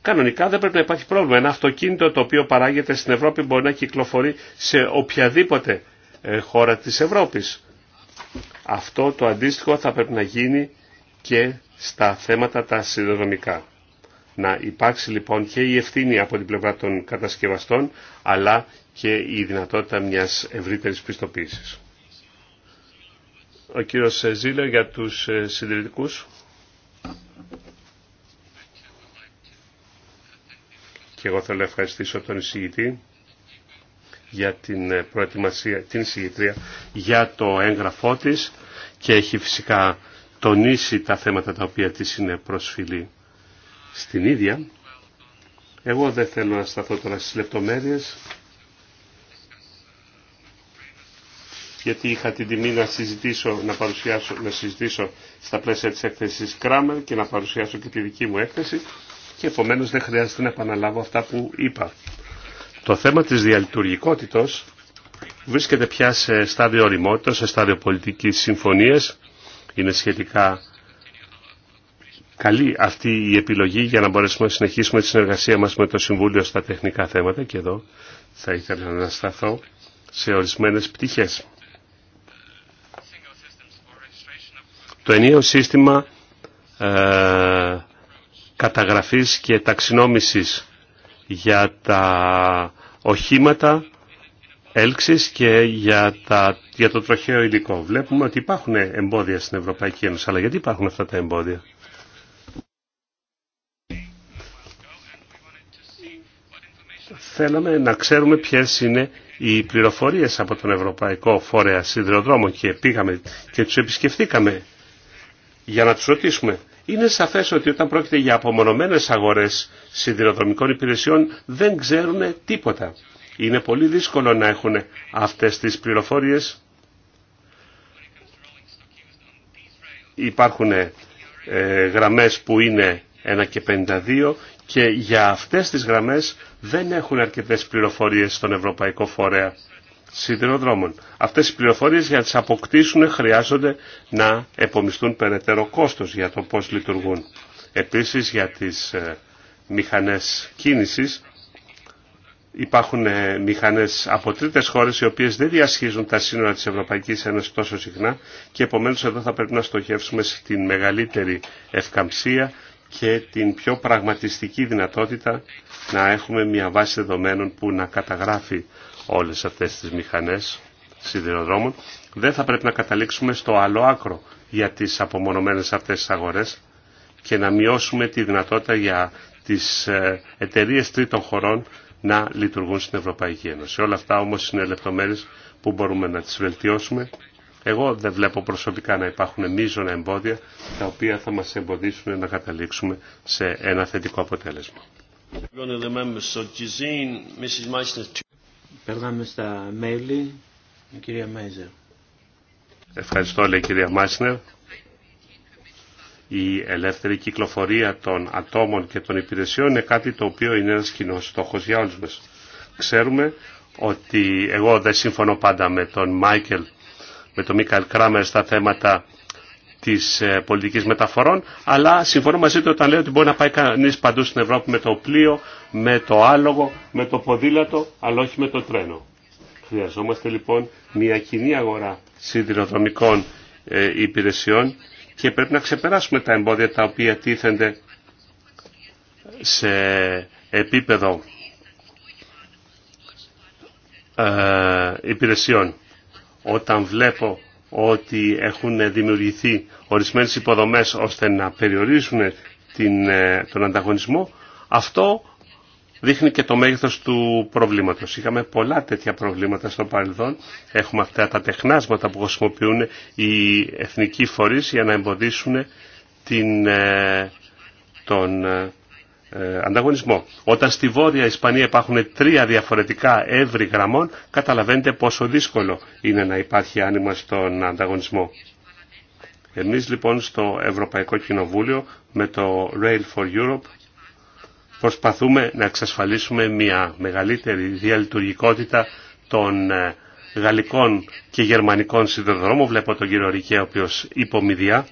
Κανονικά δεν πρέπει να υπάρχει πρόβλημα. Ένα αυτοκίνητο το οποίο παράγεται στην Ευρώπη μπορεί να κυκλοφορεί σε οποιαδήποτε ε, χώρα της Ευρώπης. Αυτό το αντίστοιχο θα πρέπει να γίνει και στα θέματα τα συνδρομικά. Να υπάρξει λοιπόν και η ευθύνη από την πλευρά των κατασκευαστών, αλλά και η δυνατότητα μιας ευρύτερης πιστοποίησης. Ο κύριος για τους ε, συντηρητικούς. Και εγώ θέλω να ευχαριστήσω τον εισηγητή για την προετοιμασία, την εισηγητρία για το έγγραφό της και έχει φυσικά τονίσει τα θέματα τα οποία της είναι προσφυλή στην ίδια. Εγώ δεν θέλω να σταθώ τώρα στις λεπτομέρειες γιατί είχα την τιμή να συζητήσω, να παρουσιάσω, να συζητήσω στα πλαίσια της έκθεσης Κράμερ και να παρουσιάσω και τη δική μου έκθεση και επομένω δεν χρειάζεται να επαναλάβω αυτά που είπα. Το θέμα της διαλειτουργικότητος βρίσκεται πια σε στάδιο Οριμότητα, σε στάδιο πολιτικής συμφωνίας. Είναι σχετικά καλή αυτή η επιλογή για να μπορέσουμε να συνεχίσουμε τη συνεργασία μας με το Συμβούλιο στα τεχνικά θέματα και εδώ θα ήθελα να σταθώ σε ορισμένες πτυχές. Το ενίο σύστημα ε, καταγραφής και ταξινόμησης για τα οχήματα έλξης και για, τα, για το τροχαίο υλικό. Βλέπουμε ότι υπάρχουν εμπόδια στην Ευρωπαϊκή Ένωση, αλλά γιατί υπάρχουν αυτά τα εμπόδια. Θέλαμε να ξέρουμε ποιες είναι οι πληροφορίες από τον Ευρωπαϊκό Φόρεα Σιδηροδρόμων και πήγαμε και τους επισκεφθήκαμε για να τους ρωτήσουμε είναι σαφές ότι όταν πρόκειται για απομονωμένες αγορές σιδηροδρομικών υπηρεσιών δεν ξέρουν τίποτα. Είναι πολύ δύσκολο να έχουν αυτές τις πληροφορίες. Υπάρχουν ε, γραμμές που είναι 1 και 52 και για αυτές τις γραμμές δεν έχουν αρκετές πληροφορίες στον Ευρωπαϊκό Φορέα σιδηροδρόμων. Αυτές οι πληροφορίες για να τις αποκτήσουν χρειάζονται να επομιστούν περαιτέρω κόστος για το πώς λειτουργούν. Επίσης για τις ε, μηχανές κίνησης υπάρχουν ε, μηχανές από τρίτες χώρες οι οποίες δεν διασχίζουν τα σύνορα της Ευρωπαϊκής Ένωσης τόσο συχνά και επομένως εδώ θα πρέπει να στοχεύσουμε στην μεγαλύτερη ευκαμψία και την πιο πραγματιστική δυνατότητα να έχουμε μια βάση δεδομένων που να καταγράφει όλες αυτές τις μηχανές σιδηροδρόμων. Δεν θα πρέπει να καταλήξουμε στο άλλο άκρο για τις απομονωμένες αυτές τις αγορές και να μειώσουμε τη δυνατότητα για τις ε, εταιρείε τρίτων χωρών να λειτουργούν στην Ευρωπαϊκή Ένωση. Όλα αυτά όμως είναι λεπτομέρειες που μπορούμε να τις βελτιώσουμε. Εγώ δεν βλέπω προσωπικά να υπάρχουν μείζωνα εμπόδια τα οποία θα μας εμποδίσουν να καταλήξουμε σε ένα θετικό αποτέλεσμα. Περνάμε στα μέλη. Η κυρία Μέιζερ. Ευχαριστώ, λέει η κυρία Μάσνερ. Η ελεύθερη κυκλοφορία των ατόμων και των υπηρεσιών είναι κάτι το οποίο είναι ένας κοινό στόχος για όλους μας. Ξέρουμε ότι εγώ δεν συμφωνώ πάντα με τον Μάικελ, με τον Μίκαλ Κράμερ στα θέματα της ε, πολιτικής μεταφορών, αλλά συμφωνώ μαζί του όταν λέω ότι μπορεί να πάει κανείς παντού στην Ευρώπη με το πλοίο, με το άλογο, με το ποδήλατο, αλλά όχι με το τρένο. Χρειαζόμαστε λοιπόν μια κοινή αγορά σιδηροδρομικών ε, υπηρεσιών και πρέπει να ξεπεράσουμε τα εμπόδια τα οποία τίθενται σε επίπεδο ε, υπηρεσιών. Όταν βλέπω ότι έχουν δημιουργηθεί ορισμένες υποδομές ώστε να περιορίσουν την, ε, τον ανταγωνισμό, αυτό δείχνει και το μέγεθος του προβλήματος. Είχαμε πολλά τέτοια προβλήματα στο παρελθόν. Έχουμε αυτά τα τεχνάσματα που χρησιμοποιούν οι εθνικοί φορείς για να εμποδίσουν την, ε, τον ε, ε, ανταγωνισμό. Όταν στη Βόρεια Ισπανία υπάρχουν τρία διαφορετικά εύρη γραμμών, καταλαβαίνετε πόσο δύσκολο είναι να υπάρχει άνοιγμα στον ανταγωνισμό. Εμείς λοιπόν στο Ευρωπαϊκό Κοινοβούλιο με το Rail for Europe προσπαθούμε να εξασφαλίσουμε μια μεγαλύτερη διαλειτουργικότητα των ε, γαλλικών και γερμανικών συνδρομών. Βλέπω τον κύριο Ρικέ ο οποίος υπομειδιά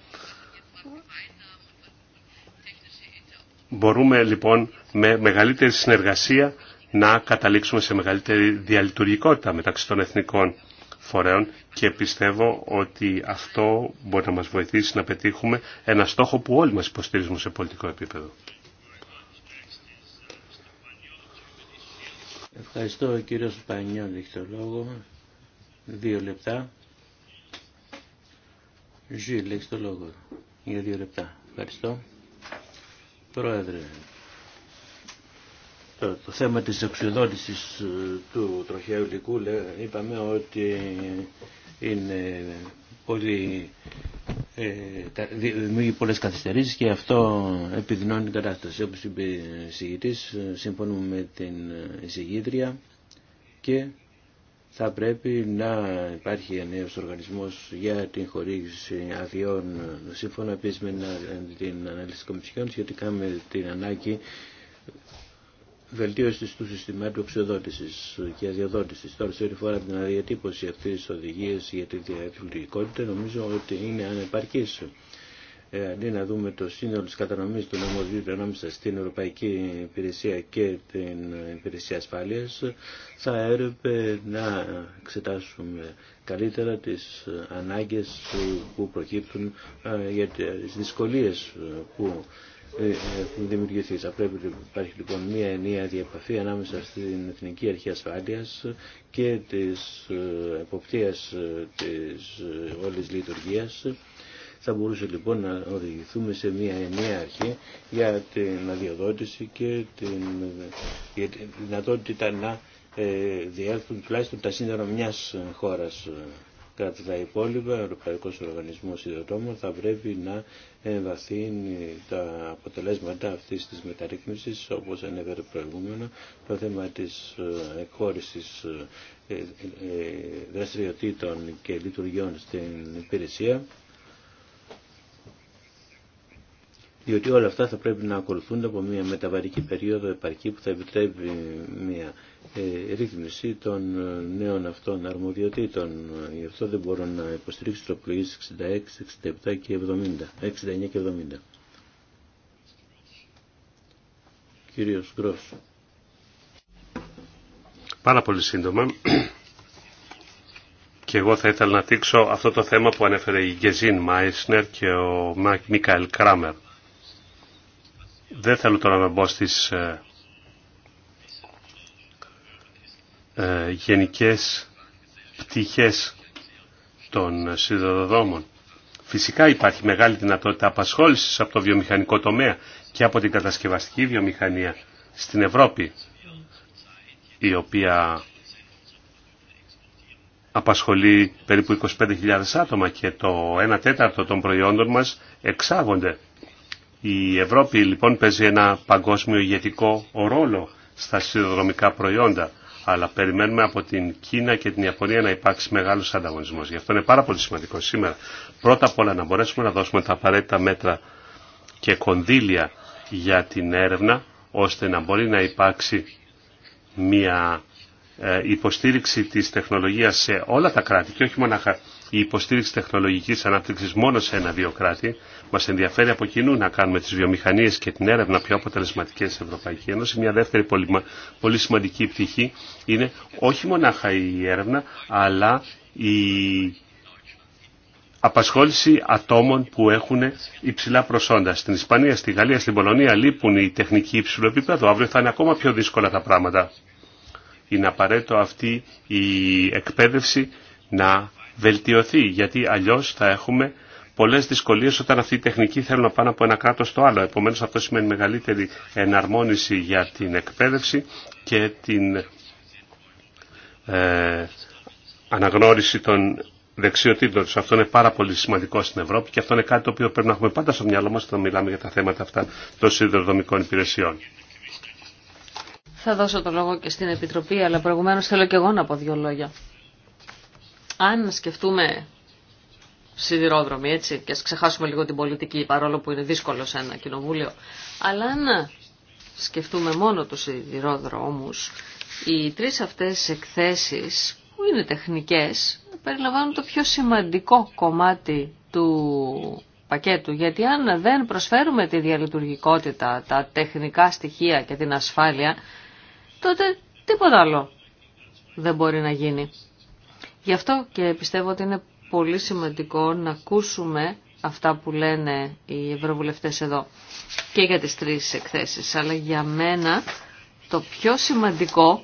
Μπορούμε λοιπόν με μεγαλύτερη συνεργασία να καταλήξουμε σε μεγαλύτερη διαλειτουργικότητα μεταξύ των εθνικών φορέων και πιστεύω ότι αυτό μπορεί να μας βοηθήσει να πετύχουμε ένα στόχο που όλοι μας υποστηρίζουμε σε πολιτικό επίπεδο. Ευχαριστώ κύριο Σουπανιόν, έχει λόγο. Δύο λεπτά. Ζήλ, έχει το λόγο για δύο λεπτά. Ευχαριστώ. Πρόεδρε, το, θέμα της εξουδότησης ε, του τροχαίου λυκού είπαμε ότι είναι πολύ, ε, δημιουργεί πολλές καθυστερήσεις και αυτό επιδεινώνει την κατάσταση. Όπως είπε η εισηγητής, ε, συμφωνούμε με την ε, εισηγήτρια και θα πρέπει να υπάρχει νέος οργανισμός για την χορήγηση αδειών σύμφωνα επίση με την ανάλυση κομισιών σχετικά με την ανάγκη βελτίωσης του συστημάτου αξιοδότηση και αδειοδότησης. Τώρα σε ό,τι φορά την αδιατύπωση αυτής της οδηγίας για τη διαφυλικότητα νομίζω ότι είναι ανεπαρκής. Ε, αντί να δούμε το σύνολο της κατανομής του νομοδιού ανάμεσα στην Ευρωπαϊκή Υπηρεσία και την Υπηρεσία Ασφάλειας, θα έπρεπε να εξετάσουμε καλύτερα τις ανάγκες που προκύπτουν ε, για τις δυσκολίες που ε, έχουν δημιουργηθεί. Θα πρέπει να υπάρχει λοιπόν μια ενιαία διαπαφή ανάμεσα στην Εθνική Αρχή Ασφάλειας και της εποπτείας της όλης λειτουργίας θα μπορούσε λοιπόν να οδηγηθούμε σε μια ενιαία αρχή για την αδειοδότηση και την, για τη δυνατότητα να ε, διέλθουν τουλάχιστον τα σύνορα μιας χώρας. Κατά τα υπόλοιπα, ο Ευρωπαϊκό Οργανισμό Ιδιωτόμων θα πρέπει να εμβαθύνει τα αποτελέσματα αυτή τη μεταρρύθμιση, όπω ανέφερε προηγούμενο, το θέμα τη ε, εκχώρηση ε, ε, δραστηριοτήτων και λειτουργιών στην υπηρεσία. διότι όλα αυτά θα πρέπει να ακολουθούνται από μια μεταβαρική περίοδο επαρκή που θα επιτρέπει μια ε, ρύθμιση των ε, νέων αυτών αρμοδιοτήτων. Γι' αυτό δεν μπορώ να υποστηρίξω πλοίο 66, 67 και 70, 69 και 70. Κύριος Γκρός. Πάρα πολύ σύντομα. Και εγώ θα ήθελα να δείξω αυτό το θέμα που ανέφερε η Γκεζίν Μάισνερ και ο Μικαελ Κράμερ δεν θέλω τώρα να μπω στις ε, ε, γενικές πτυχές των σιδηροδρόμων. Φυσικά υπάρχει μεγάλη δυνατότητα απασχόλησης από το βιομηχανικό τομέα και από την κατασκευαστική βιομηχανία στην Ευρώπη, η οποία απασχολεί περίπου 25.000 άτομα και το 1 τέταρτο των προϊόντων μας εξάγονται. Η Ευρώπη λοιπόν παίζει ένα παγκόσμιο ηγετικό ρόλο στα σιδηροδρομικά προϊόντα, αλλά περιμένουμε από την Κίνα και την Ιαπωνία να υπάρξει μεγάλος ανταγωνισμός. Γι' αυτό είναι πάρα πολύ σημαντικό σήμερα πρώτα απ' όλα να μπορέσουμε να δώσουμε τα απαραίτητα μέτρα και κονδύλια για την έρευνα, ώστε να μπορεί να υπάρξει μια ε, υποστήριξη της τεχνολογίας σε όλα τα κράτη και όχι μόνο η υποστήριξη τεχνολογικής ανάπτυξης μόνο σε ένα-δύο κράτη, Μα ενδιαφέρει από κοινού να κάνουμε τι βιομηχανίε και την έρευνα πιο αποτελεσματικέ στην Ευρωπαϊκή Ένωση. Μια δεύτερη πολύ, πολύ σημαντική πτυχή είναι όχι μονάχα η έρευνα, αλλά η απασχόληση ατόμων που έχουν υψηλά προσόντα. Στην Ισπανία, στη Γαλλία, στην Πολωνία λείπουν οι τεχνικοί υψηλού επίπεδου. Αύριο θα είναι ακόμα πιο δύσκολα τα πράγματα. Είναι απαραίτητο αυτή η εκπαίδευση να βελτιωθεί, γιατί αλλιώ θα έχουμε πολλές δυσκολίες όταν αυτή η τεχνική θέλουν να πάνε από ένα κράτος στο άλλο. Επομένως αυτό σημαίνει μεγαλύτερη εναρμόνιση για την εκπαίδευση και την ε, αναγνώριση των δεξιοτήτων τους. Αυτό είναι πάρα πολύ σημαντικό στην Ευρώπη και αυτό είναι κάτι το οποίο πρέπει να έχουμε πάντα στο μυαλό μας όταν μιλάμε για τα θέματα αυτά των σιδηροδρομικών υπηρεσιών. Θα δώσω το λόγο και στην Επιτροπή, αλλά προηγουμένως θέλω και εγώ να πω δύο λόγια. Αν σκεφτούμε σιδηρόδρομοι, έτσι, και ας ξεχάσουμε λίγο την πολιτική, παρόλο που είναι δύσκολο σε ένα κοινοβούλιο. Αλλά αν σκεφτούμε μόνο τους σιδηρόδρομους, οι τρεις αυτές εκθέσεις, που είναι τεχνικές, περιλαμβάνουν το πιο σημαντικό κομμάτι του πακέτου, γιατί αν δεν προσφέρουμε τη διαλειτουργικότητα, τα τεχνικά στοιχεία και την ασφάλεια, τότε τίποτα άλλο δεν μπορεί να γίνει. Γι' αυτό και πιστεύω ότι είναι πολύ σημαντικό να ακούσουμε αυτά που λένε οι ευρωβουλευτές εδώ και για τις τρεις εκθέσεις. Αλλά για μένα το πιο σημαντικό,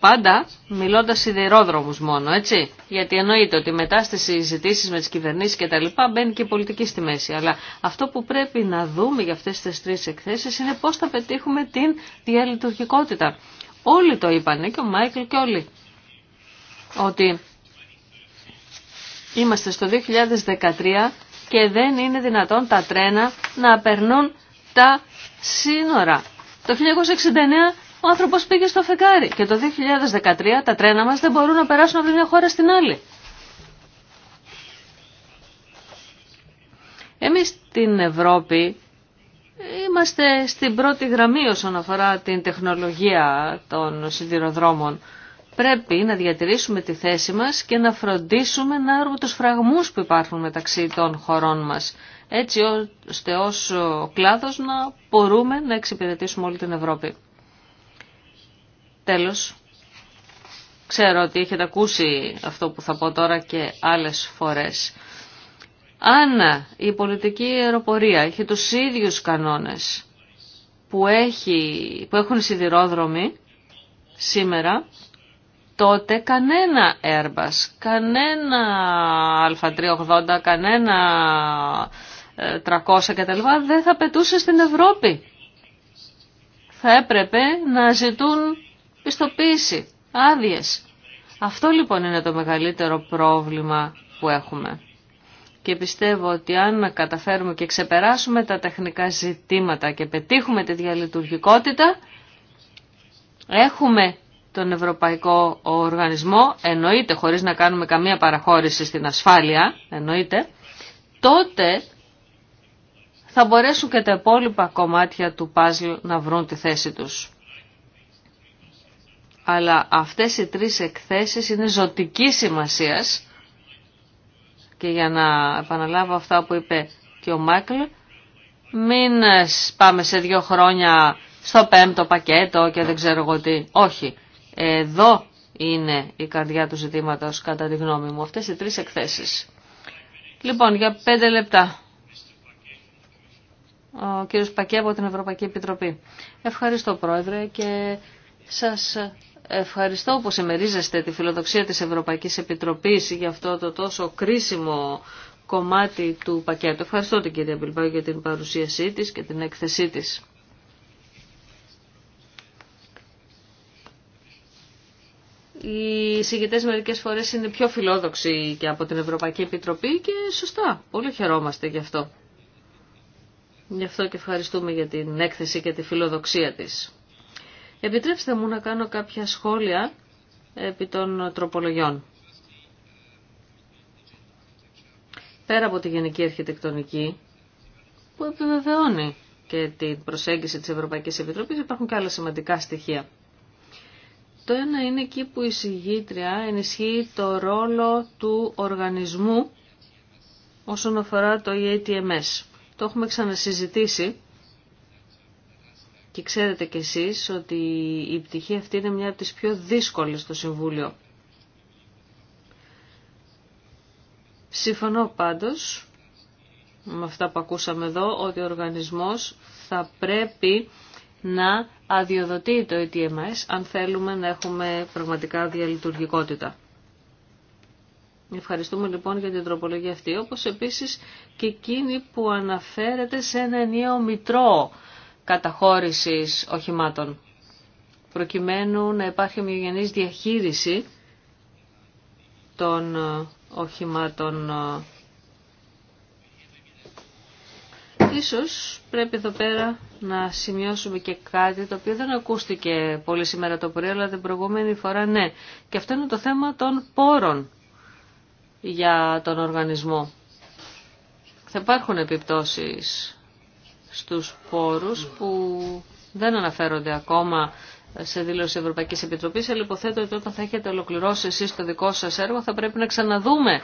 πάντα μιλώντας σιδηρόδρομους μόνο, έτσι, γιατί εννοείται ότι μετά στις συζητήσεις με τις κυβερνήσεις και τα λοιπά μπαίνει και η πολιτική στη μέση. Αλλά αυτό που πρέπει να δούμε για αυτές τις τρεις εκθέσεις είναι πώς θα πετύχουμε την διαλειτουργικότητα. Όλοι το είπανε και ο Μάικλ και όλοι ότι Είμαστε στο 2013 και δεν είναι δυνατόν τα τρένα να περνούν τα σύνορα. Το 1969 ο άνθρωπος πήγε στο φεγγάρι και το 2013 τα τρένα μας δεν μπορούν να περάσουν από μια χώρα στην άλλη. Εμείς στην Ευρώπη είμαστε στην πρώτη γραμμή όσον αφορά την τεχνολογία των σιδηροδρόμων πρέπει να διατηρήσουμε τη θέση μας και να φροντίσουμε να έρουμε τους φραγμούς που υπάρχουν μεταξύ των χωρών μας, έτσι ώστε ως κλάδος να μπορούμε να εξυπηρετήσουμε όλη την Ευρώπη. Τέλος, ξέρω ότι έχετε ακούσει αυτό που θα πω τώρα και άλλες φορές. Αν η πολιτική αεροπορία έχει τους ίδιους κανόνες που, έχει, που έχουν οι σιδηρόδρομοι σήμερα, τότε κανένα Airbus, κανένα Α380, κανένα 300 ε, κτλ. δεν θα πετούσε στην Ευρώπη. Θα έπρεπε να ζητούν πιστοποίηση, άδειε. Αυτό λοιπόν είναι το μεγαλύτερο πρόβλημα που έχουμε. Και πιστεύω ότι αν καταφέρουμε και ξεπεράσουμε τα τεχνικά ζητήματα και πετύχουμε τη διαλειτουργικότητα, έχουμε τον Ευρωπαϊκό Οργανισμό, εννοείται χωρίς να κάνουμε καμία παραχώρηση στην ασφάλεια, εννοείται, τότε θα μπορέσουν και τα υπόλοιπα κομμάτια του παζλ να βρουν τη θέση τους. Αλλά αυτές οι τρεις εκθέσεις είναι ζωτικής σημασίας και για να επαναλάβω αυτά που είπε και ο Μάικλ, μην πάμε σε δύο χρόνια στο πέμπτο πακέτο και δεν ξέρω εγώ τι. Όχι. Εδώ είναι η καρδιά του ζητήματος κατά τη γνώμη μου, αυτές οι τρεις εκθέσεις. Λοιπόν, για πέντε λεπτά. Ο κύριος Πακέ από την Ευρωπαϊκή Επιτροπή. Ευχαριστώ Πρόεδρε και σας ευχαριστώ που συμμερίζεστε τη φιλοδοξία της Ευρωπαϊκής Επιτροπής για αυτό το τόσο κρίσιμο κομμάτι του πακέτου. Ευχαριστώ την κυρία Μπιλμπάου για την παρουσίασή της και την έκθεσή της. οι συγγετές μερικές φορές είναι πιο φιλόδοξοι και από την Ευρωπαϊκή Επιτροπή και σωστά, πολύ χαιρόμαστε γι' αυτό. Γι' αυτό και ευχαριστούμε για την έκθεση και τη φιλοδοξία της. Επιτρέψτε μου να κάνω κάποια σχόλια επί των τροπολογιών. Πέρα από τη γενική αρχιτεκτονική που επιβεβαιώνει και την προσέγγιση της Ευρωπαϊκής Επιτροπής υπάρχουν και άλλα σημαντικά στοιχεία. Το ένα είναι εκεί που η συγγήτρια ενισχύει το ρόλο του οργανισμού όσον αφορά το EATMS. Το έχουμε ξανασυζητήσει και ξέρετε κι εσείς ότι η πτυχή αυτή είναι μια από τις πιο δύσκολες στο Συμβούλιο. Συμφωνώ πάντως με αυτά που ακούσαμε εδώ ότι ο οργανισμός θα πρέπει να αδειοδοτεί το ETMS ε αν θέλουμε να έχουμε πραγματικά διαλειτουργικότητα. Ευχαριστούμε λοιπόν για την τροπολογία αυτή, όπως επίσης και εκείνη που αναφέρεται σε ένα νέο μητρό καταχώρησης οχημάτων, προκειμένου να υπάρχει ομοιογενής διαχείριση των οχημάτων Ίσως πρέπει εδώ πέρα να σημειώσουμε και κάτι το οποίο δεν ακούστηκε πολύ σήμερα το πρωί, αλλά την προηγούμενη φορά ναι. Και αυτό είναι το θέμα των πόρων για τον οργανισμό. Θα υπάρχουν επιπτώσεις στους πόρους που δεν αναφέρονται ακόμα σε δήλωση Ευρωπαϊκής Επιτροπής, αλλά υποθέτω ότι όταν θα έχετε ολοκληρώσει εσείς το δικό σας έργο θα πρέπει να ξαναδούμε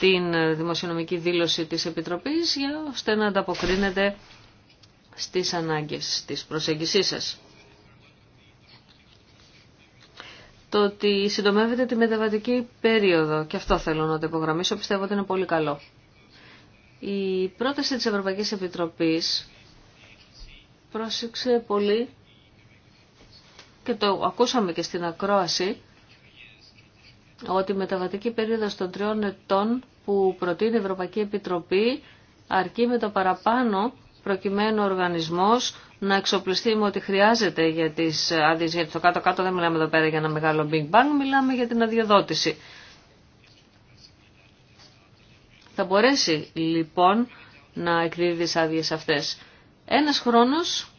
την δημοσιονομική δήλωση της Επιτροπής για ώστε να ανταποκρίνεται στις ανάγκες της προσέγγισής σας. Το ότι συντομεύεται τη μεταβατική περίοδο, και αυτό θέλω να το υπογραμμίσω, πιστεύω ότι είναι πολύ καλό. Η πρόταση της Ευρωπαϊκής Επιτροπής πρόσεξε πολύ και το ακούσαμε και στην ακρόαση ότι η μεταβατική περίοδος των τριών ετών που προτείνει η Ευρωπαϊκή Επιτροπή αρκεί με το παραπάνω προκειμένου ο οργανισμός να εξοπλιστεί με ό,τι χρειάζεται για τις άδειες, γιατί στο κάτω-κάτω δεν μιλάμε εδώ πέρα για ένα μεγάλο Big Bang, μιλάμε για την αδειοδότηση. Θα μπορέσει λοιπόν να εκδίδει τις άδειες αυτές. Ένας χρόνος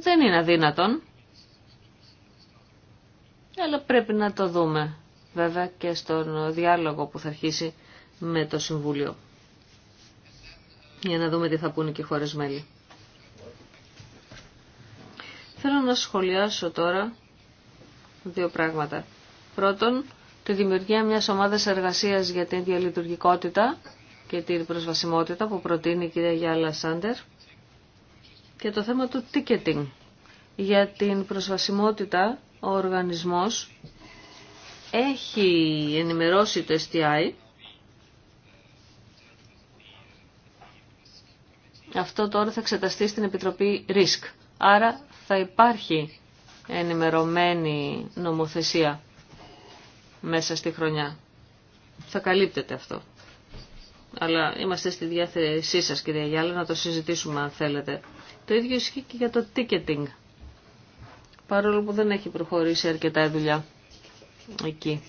δεν είναι αδύνατον αλλά πρέπει να το δούμε βέβαια και στον διάλογο που θα αρχίσει με το Συμβούλιο για να δούμε τι θα πούνε και οι χώρες μέλη. Θέλω να σχολιάσω τώρα δύο πράγματα. Πρώτον, τη δημιουργία μιας ομάδας εργασίας για την διαλειτουργικότητα και την προσβασιμότητα που προτείνει η κυρία Γιάλα Σάντερ και το θέμα του ticketing για την προσβασιμότητα ο οργανισμός έχει ενημερώσει το STI. Αυτό τώρα θα εξεταστεί στην Επιτροπή RISK. Άρα θα υπάρχει ενημερωμένη νομοθεσία μέσα στη χρονιά. Θα καλύπτεται αυτό. Αλλά είμαστε στη διάθεσή σας κυρία Γιάλα να το συζητήσουμε αν θέλετε. Το ίδιο ισχύει και για το ticketing παρόλο που δεν έχει προχωρήσει αρκετά η δουλειά εκεί.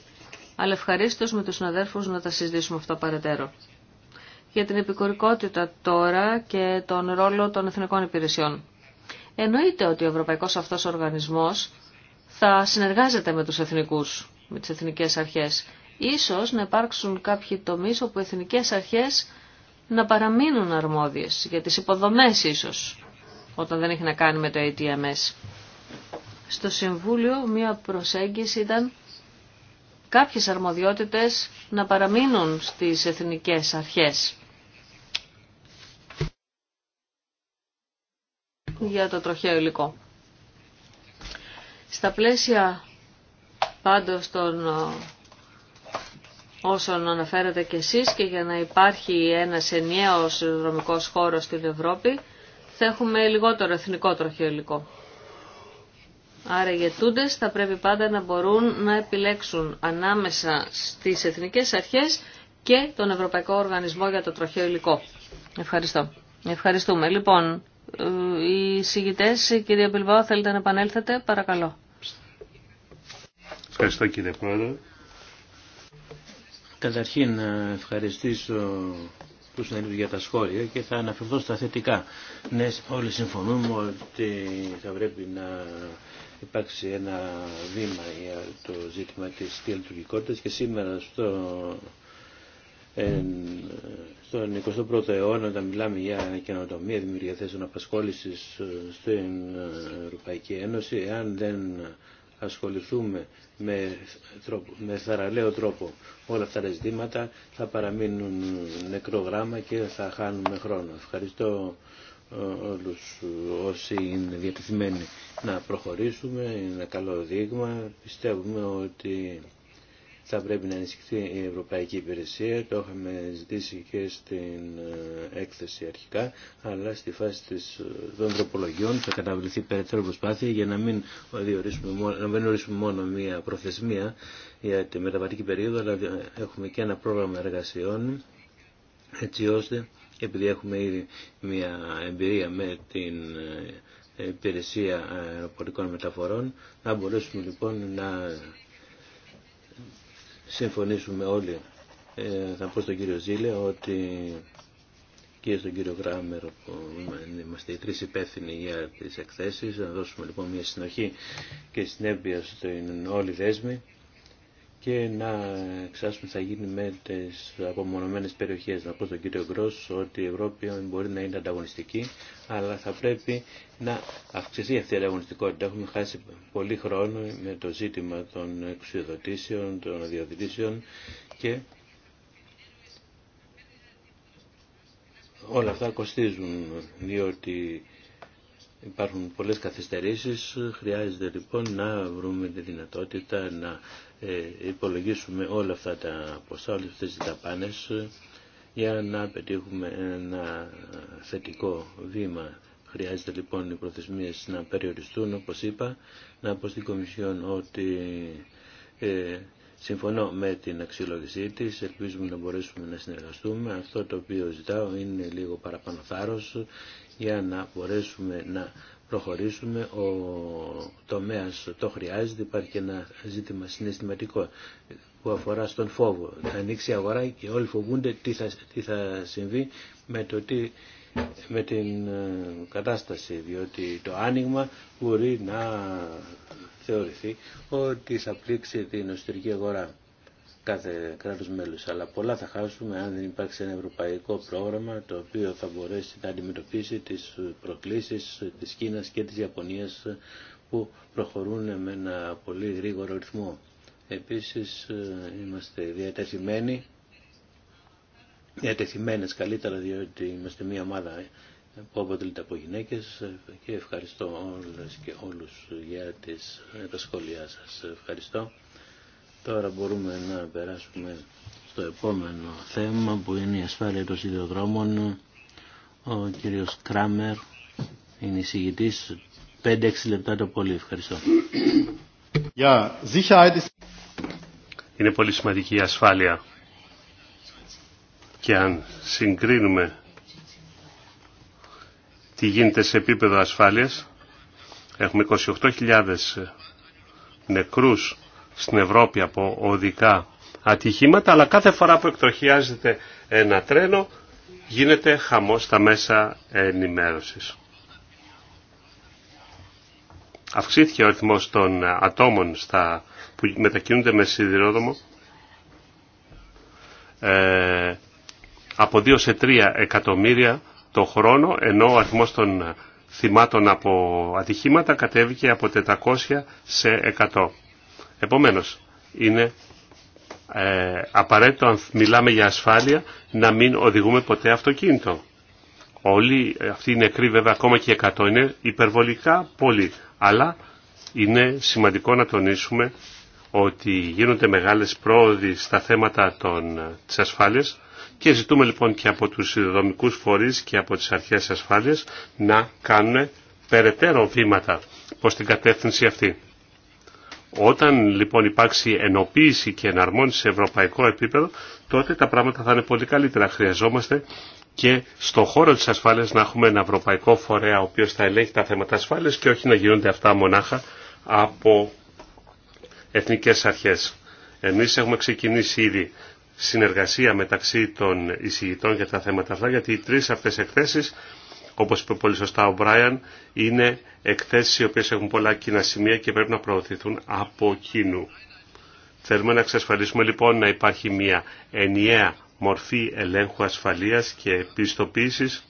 Αλλά ευχαρίστω με τους συναδέρφους να τα συζητήσουμε αυτά παρατέρω. Για την επικορικότητα τώρα και τον ρόλο των εθνικών υπηρεσιών. Εννοείται ότι ο ευρωπαϊκός αυτός οργανισμός θα συνεργάζεται με τους εθνικούς, με τις εθνικές αρχές. Ίσως να υπάρξουν κάποιοι τομείς όπου οι εθνικές αρχές να παραμείνουν αρμόδιες, για τις υποδομές ίσως, όταν δεν έχει να κάνει με το ATMS στο Συμβούλιο μία προσέγγιση ήταν κάποιες αρμοδιότητες να παραμείνουν στις εθνικές αρχές. για το τροχαίο υλικό. Στα πλαίσια πάντως των ε, όσων αναφέρατε και εσείς και για να υπάρχει ένας ενιαίος δρομικός χώρος στην Ευρώπη, θα έχουμε λιγότερο εθνικό τροχαίο υλικό. Άρα οι ετούντες θα πρέπει πάντα να μπορούν να επιλέξουν ανάμεσα στις εθνικές αρχές και τον Ευρωπαϊκό Οργανισμό για το Τροχαίο Υλικό. Ευχαριστώ. Ευχαριστούμε. Λοιπόν, ε, οι συγητές, κύριε Μπιλβάου, θέλετε να επανέλθετε, παρακαλώ. Ευχαριστώ κύριε Πρόεδρε. Καταρχήν να ε, ευχαριστήσω του συναδέλφου για τα σχόλια και θα αναφερθώ στα θετικά. Ναι, όλοι συμφωνούμε ότι θα πρέπει να υπάρξει ένα βήμα για το ζήτημα της διαλειτουργικότητας και σήμερα στο, στον 21ο αιώνα όταν μιλάμε για καινοτομία, δημιουργία θέσεων απασχόλησης ε, στην ε, Ευρωπαϊκή Ένωση, εάν δεν ασχοληθούμε με, τρόπο, με θαραλέο τρόπο όλα αυτά τα ζητήματα θα παραμείνουν νεκρό γράμμα και θα χάνουμε χρόνο. Ευχαριστώ όλους όσοι είναι διατεθειμένοι να προχωρήσουμε, είναι ένα καλό δείγμα. Πιστεύουμε ότι θα πρέπει να ενισχυθεί η Ευρωπαϊκή Υπηρεσία, το είχαμε ζητήσει και στην ε, έκθεση αρχικά, αλλά στη φάση της, ε, των τροπολογιών θα καταβληθεί περαιτέρω προσπάθεια για να μην, ορίσουμε, να μην ορίσουμε μόνο μία προθεσμία για τη μεταβατική περίοδο, αλλά έχουμε και ένα πρόγραμμα εργασιών, έτσι ώστε επειδή έχουμε ήδη μια εμπειρία με την ε, υπηρεσία αεροπορικών μεταφορών, να μπορέσουμε λοιπόν να συμφωνήσουμε όλοι. Ε, θα πω στον κύριο Ζήλε ότι και στον κύριο Γράμερ που είμαστε οι τρεις υπεύθυνοι για τις εκθέσεις, να δώσουμε λοιπόν μια συνοχή και συνέπεια στην όλη δέσμη και να εξάσουν θα γίνει με τις απομονωμένες περιοχές. Να πω στον κύριο Γκρός ότι η Ευρώπη μπορεί να είναι ανταγωνιστική, αλλά θα πρέπει να αυξηθεί αυτή η ανταγωνιστικότητα. Έχουμε χάσει πολύ χρόνο με το ζήτημα των εξουσιοδοτήσεων των αδειοδοτήσεων και όλα αυτά κοστίζουν, διότι Υπάρχουν πολλές καθυστερήσεις, χρειάζεται λοιπόν να βρούμε τη δυνατότητα να ε, υπολογίσουμε όλα αυτά τα ποσά, όλες αυτές τις δαπάνες για να πετύχουμε ένα θετικό βήμα. Χρειάζεται λοιπόν οι προθεσμίες να περιοριστούν, όπως είπα, να πω στην Κομισιόν ότι ε, Συμφωνώ με την αξιολόγησή τη. ελπίζουμε να μπορέσουμε να συνεργαστούμε. Αυτό το οποίο ζητάω είναι λίγο παραπάνω θάρρο για να μπορέσουμε να προχωρήσουμε. Ο τομέα το χρειάζεται, υπάρχει ένα ζήτημα συναισθηματικό που αφορά στον φόβο. Θα ανοίξει η αγορά και όλοι φοβούνται τι θα, τι θα συμβεί με το τι με την ε, κατάσταση, διότι το άνοιγμα μπορεί να θεωρηθεί ότι θα πλήξει την εσωτερική αγορά κάθε κράτος μέλος. Αλλά πολλά θα χάσουμε αν δεν υπάρξει ένα ευρωπαϊκό πρόγραμμα το οποίο θα μπορέσει να αντιμετωπίσει τις προκλήσεις της Κίνας και της Ιαπωνίας που προχωρούν με ένα πολύ γρήγορο ρυθμό. Επίσης ε, είμαστε διατεθειμένοι διατεθειμένες καλύτερα διότι είμαστε μια ομάδα που αποτελείται από γυναίκες ε, και ευχαριστώ όλες και όλους για τις, ε, τα σχόλιά σας. Ευχαριστώ. Τώρα μπορούμε να περάσουμε στο επόμενο θέμα που είναι η ασφάλεια των σιδηροδρόμων. Ο κύριος Κράμερ είναι εισηγητής. 5-6 λεπτά το πολύ. Ευχαριστώ. Είναι πολύ σημαντική η ασφάλεια. Και αν συγκρίνουμε τι γίνεται σε επίπεδο ασφάλειας. Έχουμε 28.000 νεκρούς στην Ευρώπη από οδικά ατυχήματα, αλλά κάθε φορά που εκτροχιάζεται ένα τρένο γίνεται χαμός στα μέσα ενημέρωσης. Αυξήθηκε ο αριθμός των ατόμων στα, που μετακινούνται με σιδηρόδρομο ε, από 2 σε 3 εκατομμύρια το χρόνο, ενώ ο αριθμός των ε, θυμάτων από ατυχήματα κατέβηκε από 400 σε 100. Επομένως, είναι ε, απαραίτητο αν μιλάμε για ασφάλεια να μην οδηγούμε ποτέ αυτοκίνητο. Όλοι ε, αυτοί οι νεκροί βέβαια ακόμα και 100 είναι υπερβολικά πολύ, Αλλά είναι σημαντικό να τονίσουμε ότι γίνονται μεγάλες πρόοδοι στα θέματα των, ε, της ασφάλειας και ζητούμε λοιπόν και από τους συνδεδομικούς φορείς και από τις αρχές ασφάλειας να κάνουν περαιτέρω βήματα προς την κατεύθυνση αυτή. Όταν λοιπόν υπάρξει ενοποίηση και εναρμόνιση σε ευρωπαϊκό επίπεδο, τότε τα πράγματα θα είναι πολύ καλύτερα. Χρειαζόμαστε και στον χώρο της ασφάλειας να έχουμε ένα ευρωπαϊκό φορέα ο οποίος θα ελέγχει τα θέματα ασφάλειας και όχι να γίνονται αυτά μονάχα από εθνικές αρχές. Εμείς έχουμε ξεκινήσει ήδη συνεργασία μεταξύ των εισηγητών για τα θέματα αυτά, γιατί οι τρεις αυτές εκθέσεις, όπως είπε πολύ σωστά ο Μπράιαν, είναι εκθέσεις οι οποίες έχουν πολλά κοινά σημεία και πρέπει να προωθηθούν από κοινού. Θέλουμε να εξασφαλίσουμε λοιπόν να υπάρχει μια ενιαία μορφή ελέγχου ασφαλείας και επιστοποίηση.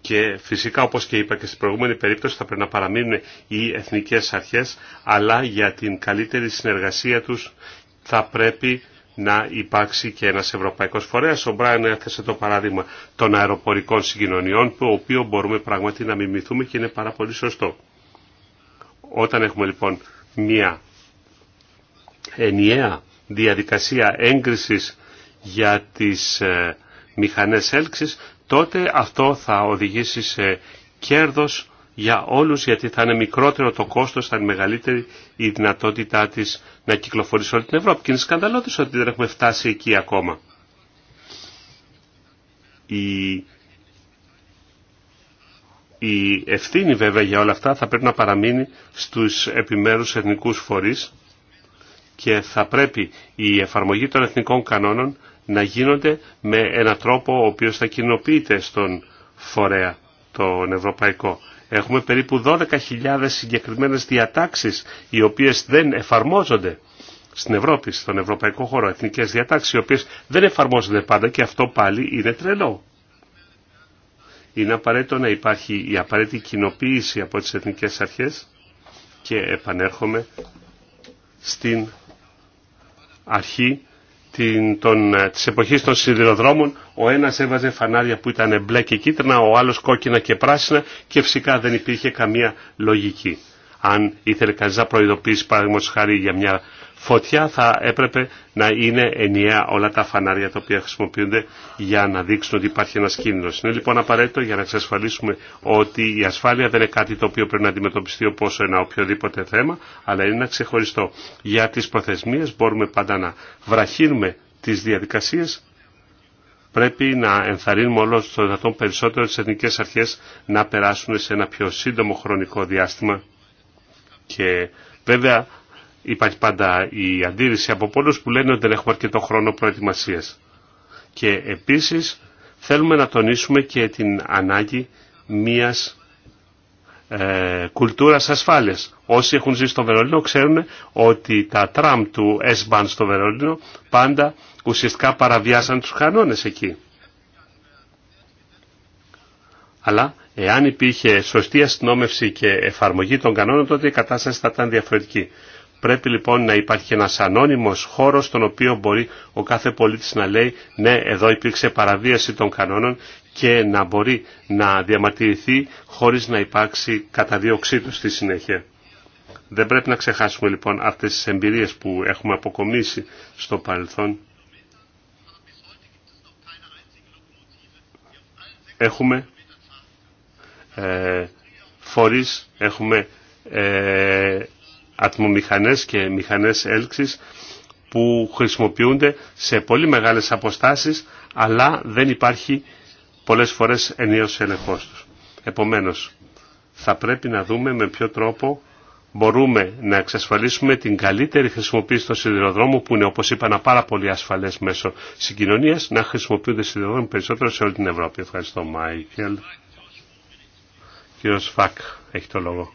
και φυσικά όπως και είπα και στην προηγούμενη περίπτωση θα πρέπει να παραμείνουν οι εθνικές αρχές αλλά για την καλύτερη συνεργασία τους θα πρέπει να υπάρξει και ένας ευρωπαϊκός φορέας. Ο Μπράιν έθεσε το παράδειγμα των αεροπορικών συγκοινωνιών, το οποίο μπορούμε πραγματικά να μιμηθούμε και είναι πάρα πολύ σωστό. Όταν έχουμε λοιπόν μια ενιαία διαδικασία έγκρισης για τις ε, μηχανές έλξης, τότε αυτό θα οδηγήσει σε κέρδος για όλους γιατί θα είναι μικρότερο το κόστος, θα είναι μεγαλύτερη η δυνατότητά της να κυκλοφορήσει όλη την Ευρώπη. Και είναι σκανδαλώτης ότι δεν έχουμε φτάσει εκεί ακόμα. Η... η ευθύνη βέβαια για όλα αυτά θα πρέπει να παραμείνει στους επιμέρους εθνικούς φορείς και θα πρέπει η εφαρμογή των εθνικών κανόνων να γίνονται με έναν τρόπο ο οποίος θα κοινοποιείται στον φορέα, τον ευρωπαϊκό. Έχουμε περίπου 12.000 συγκεκριμένες διατάξεις οι οποίες δεν εφαρμόζονται στην Ευρώπη, στον ευρωπαϊκό χώρο, εθνικές διατάξεις οι οποίες δεν εφαρμόζονται πάντα και αυτό πάλι είναι τρελό. Είναι απαραίτητο να υπάρχει η απαραίτητη κοινοποίηση από τις εθνικές αρχές και επανέρχομαι στην αρχή την, των, ε, της εποχής των σιδηροδρόμων ο ένας έβαζε φανάρια που ήταν μπλε και κίτρινα, ο άλλος κόκκινα και πράσινα και φυσικά δεν υπήρχε καμία λογική. Αν ήθελε κανείς να προειδοποιήσει παραδείγματος χάρη για μια φωτιά θα έπρεπε να είναι ενιαία όλα τα φανάρια τα οποία χρησιμοποιούνται για να δείξουν ότι υπάρχει ένας κίνδυνος. Είναι λοιπόν απαραίτητο για να εξασφαλίσουμε ότι η ασφάλεια δεν είναι κάτι το οποίο πρέπει να αντιμετωπιστεί όπως ένα οποιοδήποτε θέμα, αλλά είναι ένα ξεχωριστό. Για τις προθεσμίες μπορούμε πάντα να βραχύνουμε τις διαδικασίες πρέπει να ενθαρρύνουμε όλο το δυνατόν περισσότερο τις εθνικές αρχές να περάσουν σε ένα πιο σύντομο χρονικό διάστημα και βέβαια Υπάρχει πάντα η αντίρρηση από πολλού που λένε ότι δεν έχουμε αρκετό χρόνο προετοιμασία. Και επίσης θέλουμε να τονίσουμε και την ανάγκη μιας ε, κουλτούρας ασφάλειας. Όσοι έχουν ζήσει στο Βερολίνο ξέρουν ότι τα τραμ του S-Bahn στο Βερολίνο πάντα ουσιαστικά παραβιάσαν τους κανόνες εκεί. Αλλά εάν υπήρχε σωστή αστυνόμευση και εφαρμογή των κανόνων τότε η κατάσταση θα ήταν διαφορετική. Πρέπει λοιπόν να υπάρχει ένας ανώνυμος χώρος στον οποίο μπορεί ο κάθε πολίτης να λέει ναι εδώ υπήρξε παραβίαση των κανόνων και να μπορεί να διαμαρτυρηθεί χωρίς να υπάρξει καταδίωξή του στη συνέχεια. Δεν πρέπει να ξεχάσουμε λοιπόν αυτές τις εμπειρίες που έχουμε αποκομίσει στο παρελθόν. Έχουμε ε, φορείς, έχουμε ε, ατμομηχανές και μηχανές έλξης που χρησιμοποιούνται σε πολύ μεγάλες αποστάσεις αλλά δεν υπάρχει πολλές φορές ενίος ελεγχός τους. Επομένως, θα πρέπει να δούμε με ποιο τρόπο μπορούμε να εξασφαλίσουμε την καλύτερη χρησιμοποίηση των σιδηροδρόμων που είναι όπως είπα ένα πάρα πολύ ασφαλές μέσο συγκοινωνίας να χρησιμοποιούνται σιδηροδρόμοι περισσότερο σε όλη την Ευρώπη. Ευχαριστώ Μάικελ. Κύριος Φακ έχει το λόγο.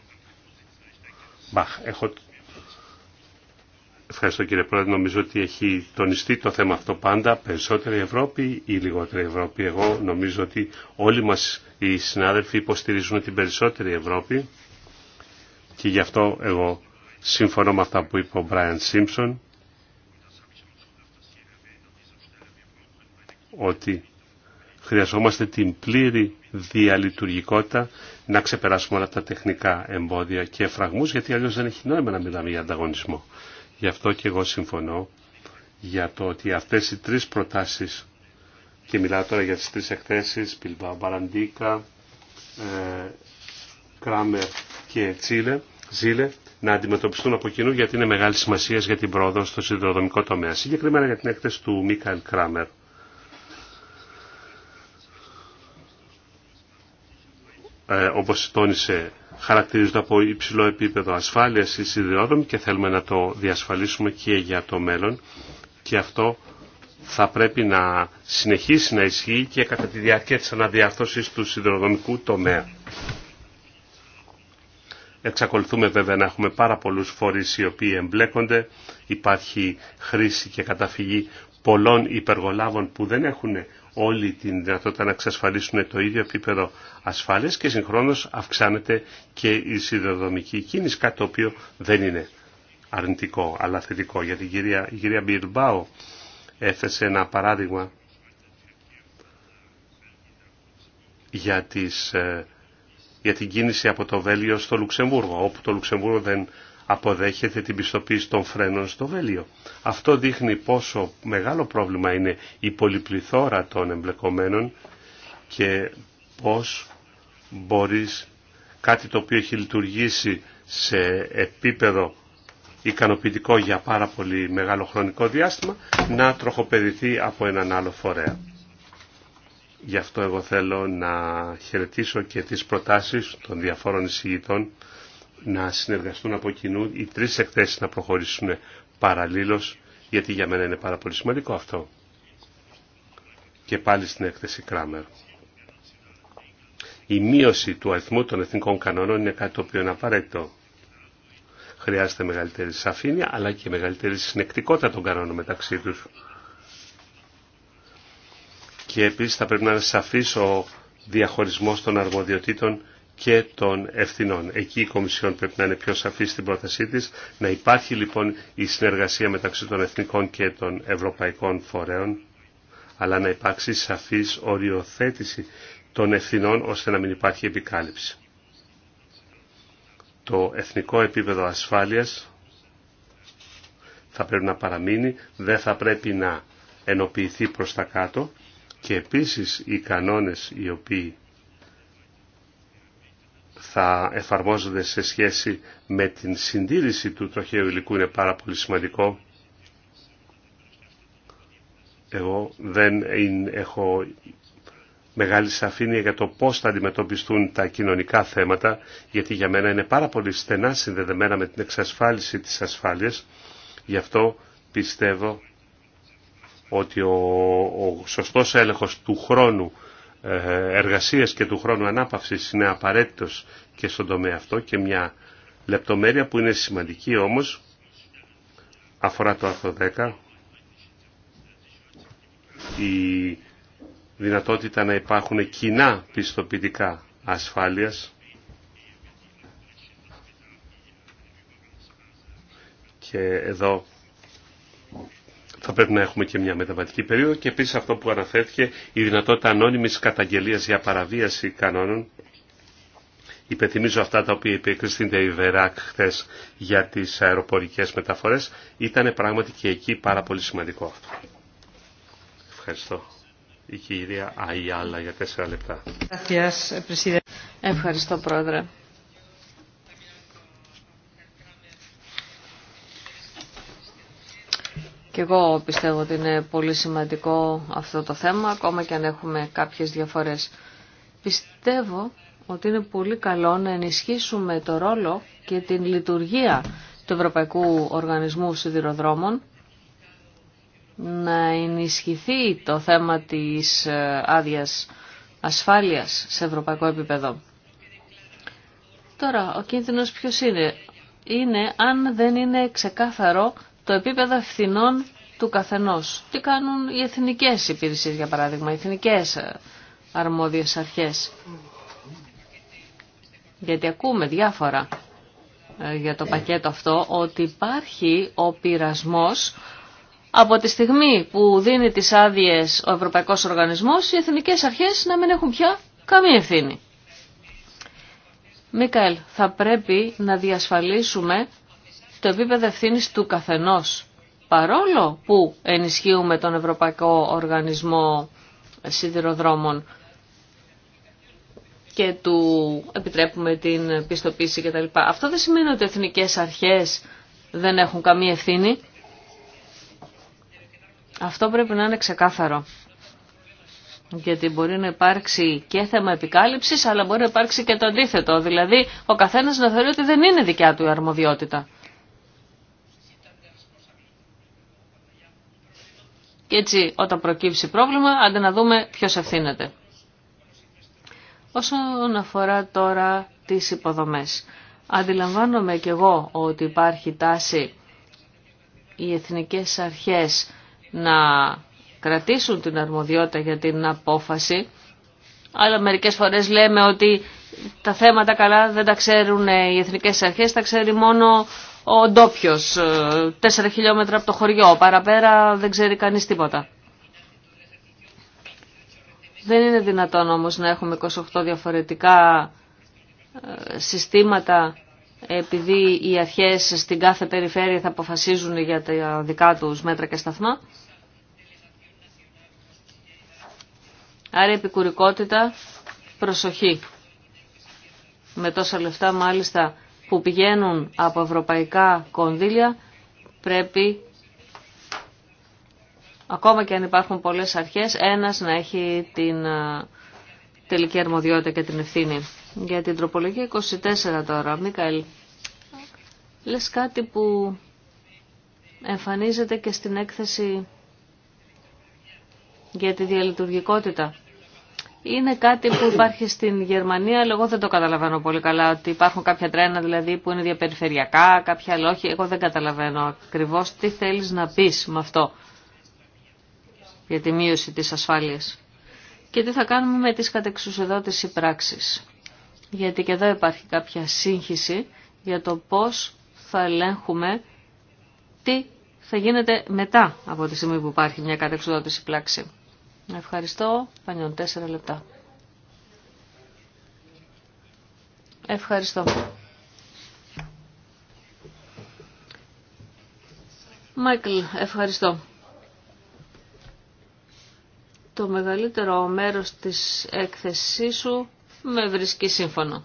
Ευχαριστώ κύριε Πρόεδρε. Νομίζω ότι έχει τονιστεί το θέμα αυτό πάντα. Περισσότερη Ευρώπη ή λιγότερη Ευρώπη. Εγώ νομίζω ότι όλοι μας οι συνάδελφοι υποστηρίζουν την περισσότερη Ευρώπη και γι' αυτό εγώ συμφωνώ με αυτά που είπε ο Μπράιαν Σίμψον ότι χρειαζόμαστε την πλήρη διαλειτουργικότητα να ξεπεράσουμε όλα τα τεχνικά εμπόδια και φραγμούς, γιατί αλλιώς δεν έχει νόημα να μιλάμε για ανταγωνισμό. Γι' αυτό και εγώ συμφωνώ για το ότι αυτές οι τρεις προτάσεις, και μιλάω τώρα για τις τρεις εκθέσεις, Πιλμπά, Μπαραντίκα, ε, Κράμερ και Τσίλε, Ζήλε, να αντιμετωπιστούν από κοινού γιατί είναι μεγάλη σημασία για την πρόοδο στο συνδρομικό τομέα. Συγκεκριμένα για την έκθεση του Μίκαελ Κράμερ. ε, όπως τόνισε χαρακτηρίζονται από υψηλό επίπεδο ασφάλειας ή σιδηρόδρομοι και θέλουμε να το διασφαλίσουμε και για το μέλλον και αυτό θα πρέπει να συνεχίσει να ισχύει και κατά τη διάρκεια της του σιδηροδρομικού τομέα. Εξακολουθούμε βέβαια να έχουμε πάρα πολλούς φορείς οι οποίοι εμπλέκονται. Υπάρχει χρήση και καταφυγή πολλών υπεργολάβων που δεν έχουν όλη την δυνατότητα να εξασφαλίσουν το ίδιο επίπεδο ασφάλεια και συγχρόνως αυξάνεται και η σιδηροδρομική κίνηση, κάτι το οποίο δεν είναι αρνητικό αλλά θετικό. Γιατί η κυρία, η κυρία Μπιρμπάου έθεσε ένα παράδειγμα για, τις, ε, για την κίνηση από το Βέλγιο στο Λουξεμβούργο, όπου το Λουξεμβούργο δεν αποδέχεται την πιστοποίηση των φρένων στο Βέλιο. Αυτό δείχνει πόσο μεγάλο πρόβλημα είναι η πολυπληθώρα των εμπλεκομένων και πώς μπορείς κάτι το οποίο έχει λειτουργήσει σε επίπεδο ικανοποιητικό για πάρα πολύ μεγάλο χρονικό διάστημα να τροχοπεδηθεί από έναν άλλο φορέα. Γι' αυτό εγώ θέλω να χαιρετήσω και τις προτάσεις των διαφόρων εισηγητών να συνεργαστούν από κοινού οι τρεις εκθέσεις να προχωρήσουν παραλλήλως, γιατί για μένα είναι πάρα πολύ σημαντικό αυτό. Και πάλι στην έκθεση Κράμερ. Η μείωση του αριθμού των εθνικών κανόνων είναι κάτι το οποίο είναι απαραίτητο. Χρειάζεται μεγαλύτερη σαφήνεια, αλλά και μεγαλύτερη συνεκτικότητα των κανόνων μεταξύ τους. Και επίσης θα πρέπει να είναι σαφής ο διαχωρισμός των αρμοδιοτήτων και των ευθυνών. Εκεί η Κομισιόν πρέπει να είναι πιο σαφή στην πρότασή της. Να υπάρχει λοιπόν η συνεργασία μεταξύ των εθνικών και των ευρωπαϊκών φορέων, αλλά να υπάρξει σαφής οριοθέτηση των ευθυνών ώστε να μην υπάρχει επικάλυψη. Το εθνικό επίπεδο ασφάλειας θα πρέπει να παραμείνει, δεν θα πρέπει να ενοποιηθεί προς τα κάτω και επίσης οι κανόνες οι οποίοι θα εφαρμόζονται σε σχέση με την συντήρηση του τροχαίου υλικού είναι πάρα πολύ σημαντικό. Εγώ δεν έχω μεγάλη σαφήνεια για το πώς θα αντιμετωπιστούν τα κοινωνικά θέματα, γιατί για μένα είναι πάρα πολύ στενά συνδεδεμένα με την εξασφάλιση της ασφάλειας. Γι' αυτό πιστεύω ότι ο, ο σωστός έλεγχος του χρόνου ε, εργασίας και του χρόνου ανάπαυσης είναι απαραίτητος και στον τομέα αυτό και μια λεπτομέρεια που είναι σημαντική όμως αφορά το άρθρο 10 η δυνατότητα να υπάρχουν κοινά πιστοποιητικά ασφάλειας και εδώ θα πρέπει να έχουμε και μια μεταβατική περίοδο και επίσης αυτό που αναφέρθηκε η δυνατότητα ανώνυμης καταγγελίας για παραβίαση κανόνων. Υπενθυμίζω αυτά τα οποία είπε η Κριστίντα Ιβεράκ χθε για τις αεροπορικές μεταφορές. Ήταν πράγματι και εκεί πάρα πολύ σημαντικό αυτό. Ευχαριστώ. Η κυρία Αϊάλα για τέσσερα λεπτά. Ευχαριστώ πρόεδρε. Και εγώ πιστεύω ότι είναι πολύ σημαντικό αυτό το θέμα, ακόμα και αν έχουμε κάποιες διαφορές. Πιστεύω ότι είναι πολύ καλό να ενισχύσουμε το ρόλο και την λειτουργία του Ευρωπαϊκού Οργανισμού Σιδηροδρόμων, να ενισχυθεί το θέμα της ε, άδεια ασφάλειας σε ευρωπαϊκό επίπεδο. Τώρα, ο κίνδυνος ποιος είναι. Είναι αν δεν είναι ξεκάθαρο το επίπεδο ευθυνών του καθενός. Τι κάνουν οι εθνικές υπηρεσίες, για παράδειγμα, οι εθνικές ε, αρμόδιες αρχές. Γιατί ακούμε διάφορα ε, για το πακέτο αυτό, ότι υπάρχει ο πειρασμός από τη στιγμή που δίνει τις άδειες ο Ευρωπαϊκός Οργανισμός, οι εθνικές αρχές να μην έχουν πια καμία ευθύνη. Μίκαελ, θα πρέπει να διασφαλίσουμε το επίπεδο ευθύνη του καθενό. Παρόλο που ενισχύουμε τον Ευρωπαϊκό Οργανισμό Σιδηροδρόμων και του επιτρέπουμε την πιστοποίηση κτλ. Αυτό δεν σημαίνει ότι οι εθνικές αρχές δεν έχουν καμία ευθύνη. Αυτό πρέπει να είναι ξεκάθαρο. Γιατί μπορεί να υπάρξει και θέμα επικάλυψης, αλλά μπορεί να υπάρξει και το αντίθετο. Δηλαδή, ο καθένας να θεωρεί ότι δεν είναι δικιά του η αρμοδιότητα. Και έτσι όταν προκύψει πρόβλημα, αντί να δούμε ποιος ευθύνεται. Όσον αφορά τώρα τις υποδομές. Αντιλαμβάνομαι και εγώ ότι υπάρχει τάση οι εθνικές αρχές να κρατήσουν την αρμοδιότητα για την απόφαση, αλλά μερικές φορές λέμε ότι τα θέματα καλά δεν τα ξέρουν οι εθνικές αρχές, τα ξέρει μόνο ο ντόπιο, ε, τέσσερα χιλιόμετρα από το χωριό, παραπέρα δεν ξέρει κανείς τίποτα. Δεν είναι δυνατόν όμως να έχουμε 28 διαφορετικά ε, συστήματα επειδή οι αρχές στην κάθε περιφέρεια θα αποφασίζουν για τα δικά τους μέτρα και σταθμά. Άρα επικουρικότητα, προσοχή. Με τόσα λεφτά μάλιστα που πηγαίνουν από ευρωπαϊκά κονδύλια πρέπει ακόμα και αν υπάρχουν πολλές αρχές ένας να έχει την ε, τελική αρμοδιότητα και την ευθύνη. Για την τροπολογία 24 τώρα, Μίκαελ, λες κάτι που εμφανίζεται και στην έκθεση για τη διαλειτουργικότητα είναι κάτι που υπάρχει στην Γερμανία, αλλά εγώ δεν το καταλαβαίνω πολύ καλά. Ότι υπάρχουν κάποια τρένα δηλαδή που είναι διαπεριφερειακά, κάποια λόγια. Εγώ δεν καταλαβαίνω ακριβώ τι θέλει να πει με αυτό για τη μείωση τη ασφάλεια. Και τι θα κάνουμε με τις κατεξουσιοδότηση πράξεις. Γιατί και εδώ υπάρχει κάποια σύγχυση για το πώ θα ελέγχουμε τι θα γίνεται μετά από τη στιγμή που υπάρχει μια κατεξουσιοδότηση πράξη. Ευχαριστώ. Πανιόν, τέσσερα λεπτά. Ευχαριστώ. Μάικλ, ευχαριστώ. Το μεγαλύτερο μέρος της έκθεσής σου με βρίσκει σύμφωνο.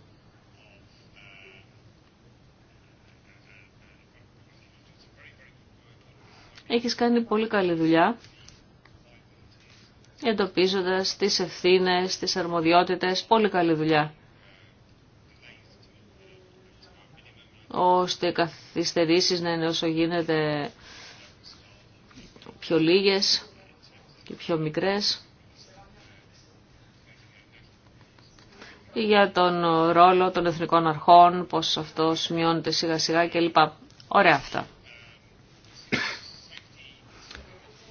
Έχεις κάνει πολύ καλή δουλειά εντοπίζοντας τις ευθύνες, τις αρμοδιότητες, πολύ καλή δουλειά. Ώστε οι καθυστερήσεις να είναι όσο γίνεται πιο λίγες και πιο μικρές. για τον ρόλο των εθνικών αρχών, πως αυτός μειώνεται σιγά σιγά κλπ. Ωραία αυτά.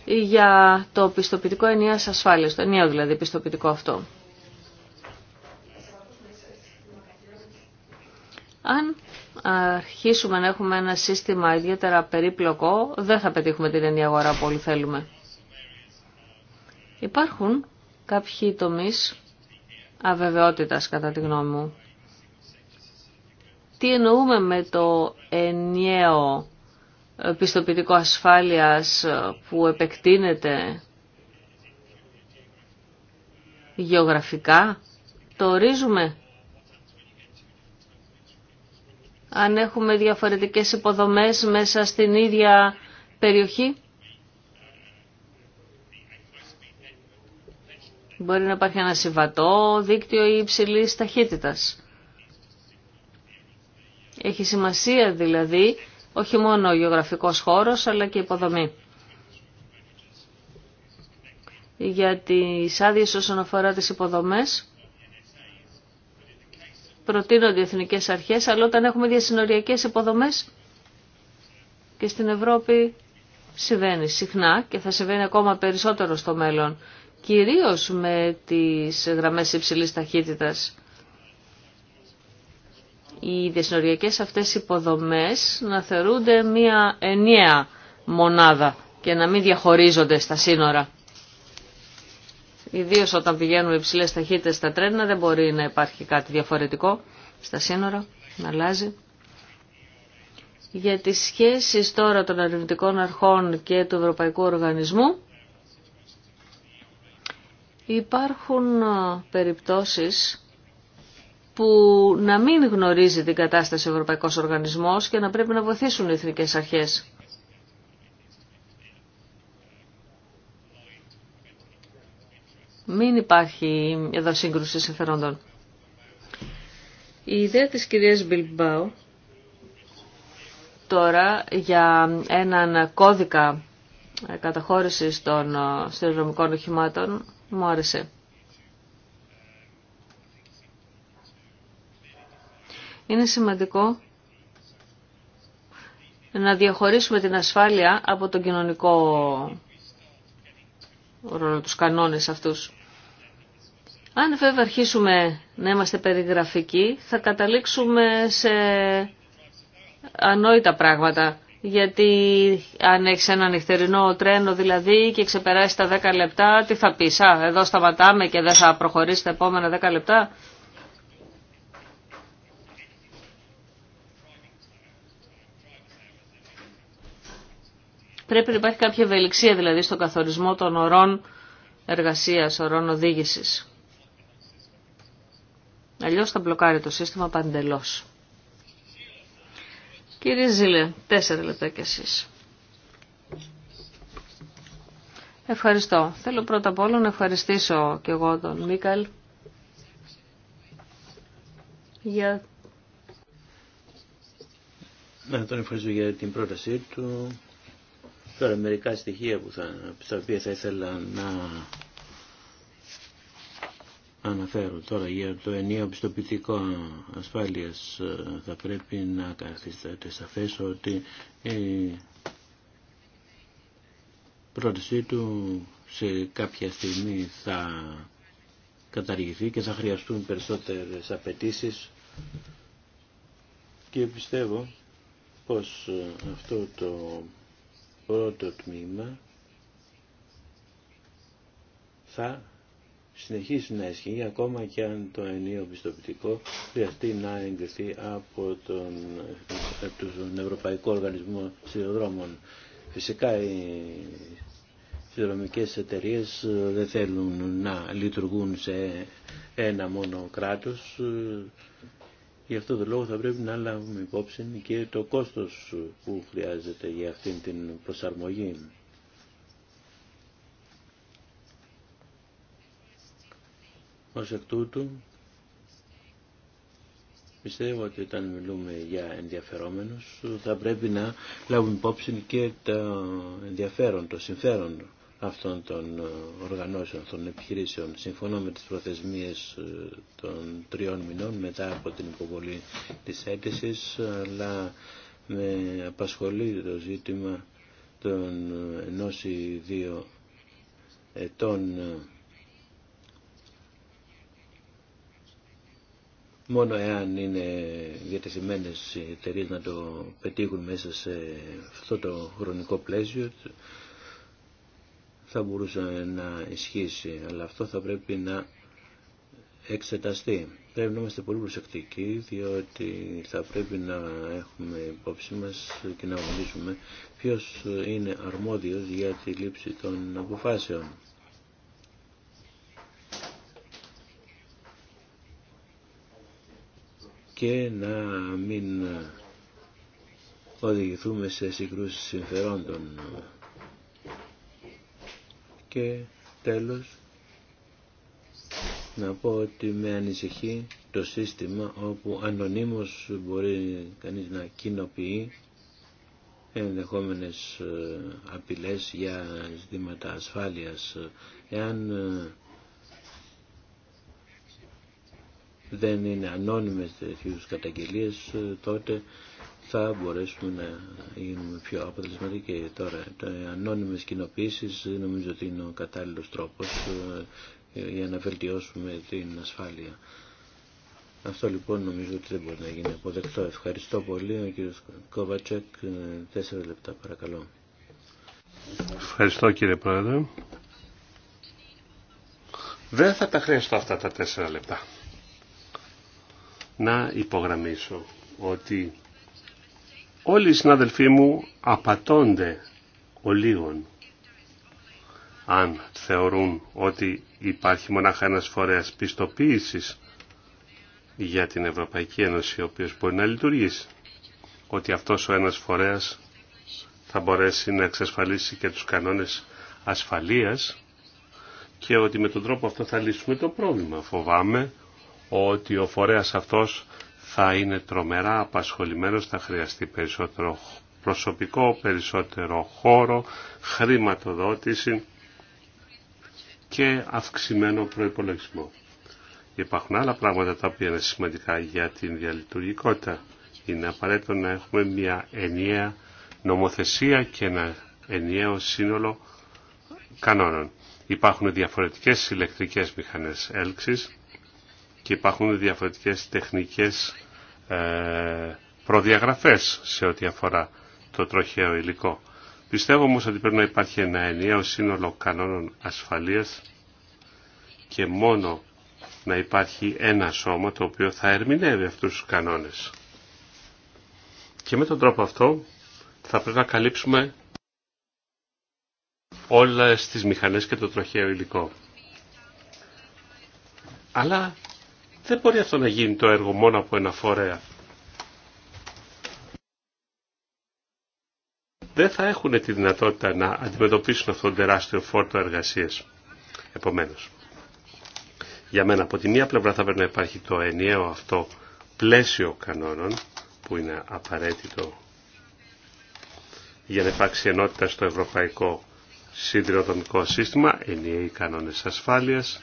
για το πιστοποιητικό ενιαίας ασφάλειας, το ενιαίο δηλαδή πιστοποιητικό αυτό. Αν αρχίσουμε να έχουμε ένα σύστημα ιδιαίτερα περίπλοκο, δεν θα πετύχουμε την ενιαία αγορά που όλοι θέλουμε. Υπάρχουν κάποιοι τομείς αβεβαιότητας κατά τη γνώμη μου. Τι εννοούμε με το ενιαίο πιστοποιητικό ασφάλειας ε, που επεκτείνεται γεωγραφικά. Το ορίζουμε. Αν έχουμε διαφορετικές υποδομές μέσα στην ίδια περιοχή. Μπορεί να υπάρχει ένα συμβατό δίκτυο ή υψηλής ταχύτητας. Έχει σημασία δηλαδή όχι μόνο ο γεωγραφικός χώρος αλλά και η υποδομή. Για τις άδειε όσον αφορά τις υποδομές προτείνονται οι εθνικές αρχές αλλά όταν έχουμε διασυνοριακές υποδομές και στην Ευρώπη συμβαίνει συχνά και θα συμβαίνει ακόμα περισσότερο στο μέλλον κυρίως με τις γραμμές υψηλής ταχύτητας οι διασυνοριακές αυτές υποδομές να θεωρούνται μια ενιαία μονάδα και να μην διαχωρίζονται στα σύνορα. Ιδίω όταν πηγαίνουν υψηλέ ταχύτητε στα τρένα δεν μπορεί να υπάρχει κάτι διαφορετικό στα σύνορα, να αλλάζει. Για τις σχέσεις τώρα των ερευνητικών αρχών και του Ευρωπαϊκού Οργανισμού υπάρχουν περιπτώσεις που να μην γνωρίζει την κατάσταση ο Ευρωπαϊκός Οργανισμός και να πρέπει να βοηθήσουν οι εθνικές αρχές. Μην υπάρχει εδώ σύγκρουση συμφερόντων. Η ιδέα της κυρίας Μπιλμπάου τώρα για έναν κώδικα καταχώρησης των στερεοδρομικών οχημάτων μου άρεσε. είναι σημαντικό να διαχωρίσουμε την ασφάλεια από τον κοινωνικό ρόλο, τους κανόνες αυτούς. Αν βέβαια αρχίσουμε να είμαστε περιγραφικοί, θα καταλήξουμε σε ανόητα πράγματα. Γιατί αν έχει ένα νυχτερινό τρένο δηλαδή και ξεπεράσει τα 10 λεπτά, τι θα πεις. Α, εδώ σταματάμε και δεν θα προχωρήσει τα επόμενα 10 λεπτά. Πρέπει να υπάρχει κάποια ευελιξία δηλαδή στο καθορισμό των ορών εργασίας, ορών οδήγησης. Αλλιώς θα μπλοκάρει το σύστημα παντελώς. Κύριε Ζήλε, τέσσερα λεπτά κι εσείς. Ευχαριστώ. Θέλω πρώτα απ' όλα να ευχαριστήσω και εγώ τον Μίκαλ για... Να τον ευχαριστώ για την πρότασή του Τώρα μερικά στοιχεία που θα, στα οποία θα ήθελα να αναφέρω τώρα για το ενίο πιστοποιητικό ασφάλειας ε, θα πρέπει να καθίσταται σαφές ότι η πρότασή του σε κάποια στιγμή θα καταργηθεί και θα χρειαστούν περισσότερες απαιτήσει και πιστεύω πως ε, αυτό το πρώτο τμήμα θα συνεχίσει να ισχύει ακόμα και αν το ενίο πιστοποιητικό χρειαστεί να εγκριθεί από τον, από τον Ευρωπαϊκό Οργανισμό Σιδηροδρόμων. Φυσικά οι σιδηροδρομικές εταιρείε δεν θέλουν να λειτουργούν σε ένα μόνο κράτος. Γι' αυτό το λόγο θα πρέπει να λάβουμε υπόψη και το κόστος που χρειάζεται για αυτήν την προσαρμογή. Ως εκ τούτου, πιστεύω ότι όταν μιλούμε για ενδιαφερόμενους θα πρέπει να λάβουμε υπόψη και το ενδιαφέρον, το συμφέρον αυτών των ε, οργανώσεων, των επιχειρήσεων. Συμφωνώ με τις προθεσμίες ε, των τριών μηνών μετά από την υποβολή της αίτησης, αλλά με απασχολεί το ζήτημα των ε, ενός ή δύο ετών μόνο εάν είναι διατεθειμένες οι εταιρείε να το πετύχουν μέσα σε αυτό το χρονικό πλαίσιο θα μπορούσε να ισχύσει, αλλά αυτό θα πρέπει να εξεταστεί. Πρέπει να είμαστε πολύ προσεκτικοί, διότι θα πρέπει να έχουμε υπόψη μας και να γνωρίζουμε ποιος είναι αρμόδιος για τη λήψη των αποφάσεων. και να μην οδηγηθούμε σε συγκρούσεις συμφερόντων. Και τέλος, να πω ότι με ανησυχεί το σύστημα όπου ανωνύμως μπορεί κανείς να κοινοποιεί ενδεχόμενες ε, απειλές για ζητήματα ασφάλειας. Εάν ε, δεν είναι ανώνυμες τέτοιους καταγγελίες, ε, τότε θα μπορέσουμε να γίνουμε πιο αποτελεσματικοί. Τώρα, Το ε, ανώνυμες κοινοποίησεις ε, νομίζω ότι είναι ο κατάλληλος τρόπος ε, για να βελτιώσουμε την ασφάλεια. Αυτό λοιπόν νομίζω ότι δεν μπορεί να γίνει αποδεκτό. Ευχαριστώ πολύ. Ο κύριος Κόβατσεκ, τέσσερα λεπτά παρακαλώ. Ευχαριστώ κύριε Πρόεδρε. Δεν θα τα χρειαστώ αυτά τα τέσσερα λεπτά. Να υπογραμμίσω ότι Όλοι οι συναδελφοί μου απατώνται ολίγων αν θεωρούν ότι υπάρχει μονάχα ένας φορέας πιστοποίησης για την Ευρωπαϊκή Ένωση ο οποίος μπορεί να λειτουργήσει ότι αυτός ο ένας φορέας θα μπορέσει να εξασφαλίσει και τους κανόνες ασφαλείας και ότι με τον τρόπο αυτό θα λύσουμε το πρόβλημα. Φοβάμαι ότι ο φορέας αυτός θα είναι τρομερά απασχολημένος, θα χρειαστεί περισσότερο προσωπικό, περισσότερο χώρο, χρηματοδότηση και αυξημένο προϋπολογισμό. Υπάρχουν άλλα πράγματα τα οποία είναι σημαντικά για την διαλειτουργικότητα. Είναι απαραίτητο να έχουμε μια ενιαία νομοθεσία και ένα ενιαίο σύνολο κανόνων. Υπάρχουν διαφορετικές ηλεκτρικές μηχανές έλξης και υπάρχουν διαφορετικές τεχνικές ε, προδιαγραφές σε ό,τι αφορά το τροχαίο υλικό. Πιστεύω όμως ότι πρέπει να υπάρχει ένα ενιαίο σύνολο κανόνων ασφαλείας και μόνο να υπάρχει ένα σώμα το οποίο θα ερμηνεύει αυτούς τους κανόνες. Και με τον τρόπο αυτό θα πρέπει να καλύψουμε όλες τις μηχανές και το τροχαίο υλικό. Αλλά δεν μπορεί αυτό να γίνει το έργο μόνο από ένα φορέα. Δεν θα έχουν τη δυνατότητα να αντιμετωπίσουν αυτόν τον τεράστιο φόρτο εργασίες. Επομένως, για μένα από τη μία πλευρά θα πρέπει να υπάρχει το ενιαίο αυτό πλαίσιο κανόνων που είναι απαραίτητο για να υπάρξει ενότητα στο ευρωπαϊκό συνδυοδομικό σύστημα, ενιαίοι κανόνες ασφάλειας,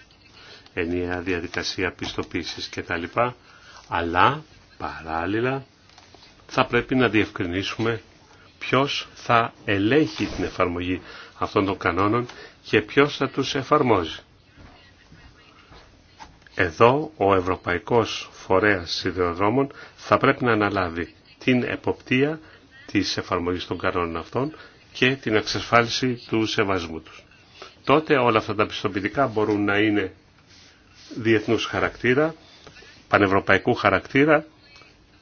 ενιαία διαδικασία πιστοποίησης κτλ. Αλλά παράλληλα θα πρέπει να διευκρινίσουμε ποιος θα ελέγχει την εφαρμογή αυτών των κανόνων και ποιος θα τους εφαρμόζει. Εδώ ο Ευρωπαϊκός Φορέας Σιδηροδρόμων θα πρέπει να αναλάβει την εποπτεία της εφαρμογής των κανόνων αυτών και την εξασφάλιση του σεβασμού τους. Τότε όλα αυτά τα πιστοποιητικά μπορούν να είναι διεθνούς χαρακτήρα, πανευρωπαϊκού χαρακτήρα,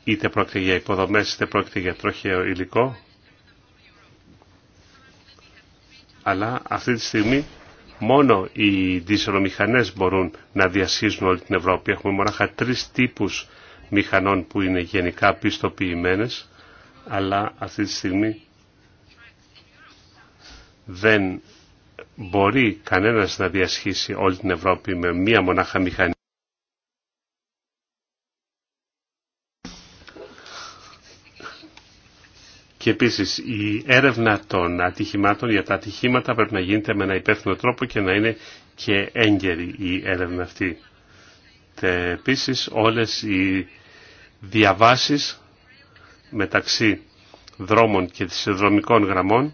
είτε πρόκειται για υποδομές, είτε πρόκειται για τροχαίο υλικό. Αλλά αυτή τη στιγμή μόνο οι δισελομηχανές μπορούν να διασχίζουν όλη την Ευρώπη. Έχουμε μονάχα τρεις τύπους μηχανών που είναι γενικά πιστοποιημένες, αλλά αυτή τη στιγμή δεν μπορεί κανένας να διασχίσει όλη την Ευρώπη με μία μονάχα μηχανή. Και επίσης η έρευνα των ατυχημάτων για τα ατυχήματα πρέπει να γίνεται με ένα υπεύθυνο τρόπο και να είναι και έγκαιρη η έρευνα αυτή. Επίση, επίσης όλες οι διαβάσεις μεταξύ δρόμων και δρομικών γραμμών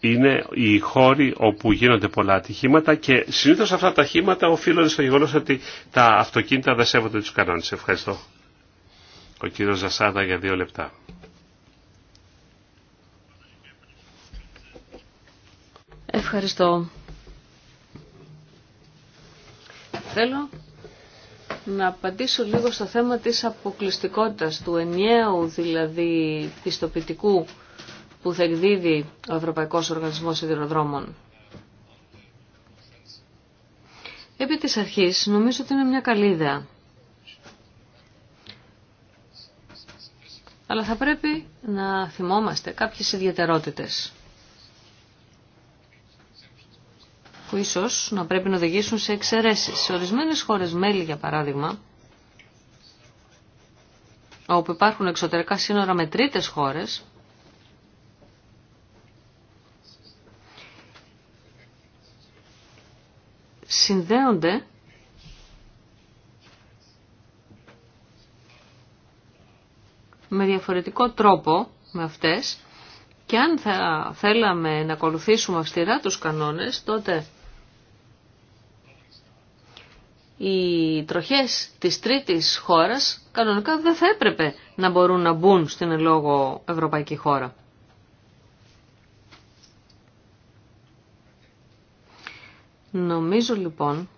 είναι οι χώροι όπου γίνονται πολλά ατυχήματα και συνήθως αυτά τα ατυχήματα οφείλονται στο γεγονός ότι τα αυτοκίνητα δεν σέβονται τους κανόνες. Ευχαριστώ. Ο κύριος Ζασάδα για δύο λεπτά. Ευχαριστώ. Θέλω να απαντήσω λίγο στο θέμα της αποκλειστικότητας του ενιαίου δηλαδή πιστοποιητικού που θα εκδίδει ο Ευρωπαϊκός Οργανισμός Σιδηροδρόμων. Επί της αρχής νομίζω ότι είναι μια καλή ιδέα. Αλλά θα πρέπει να θυμόμαστε κάποιες ιδιαιτερότητες που ίσως να πρέπει να οδηγήσουν σε εξαιρέσεις. Σε ορισμένες χώρες μέλη, για παράδειγμα, όπου υπάρχουν εξωτερικά σύνορα με τρίτες χώρες, συνδέονται με διαφορετικό τρόπο με αυτές και αν θα θέλαμε να ακολουθήσουμε αυστηρά τους κανόνες, τότε οι τροχές της τρίτης χώρας κανονικά δεν θα έπρεπε να μπορούν να μπουν στην λόγο ευρωπαϊκή χώρα. Νομίζω λοιπόν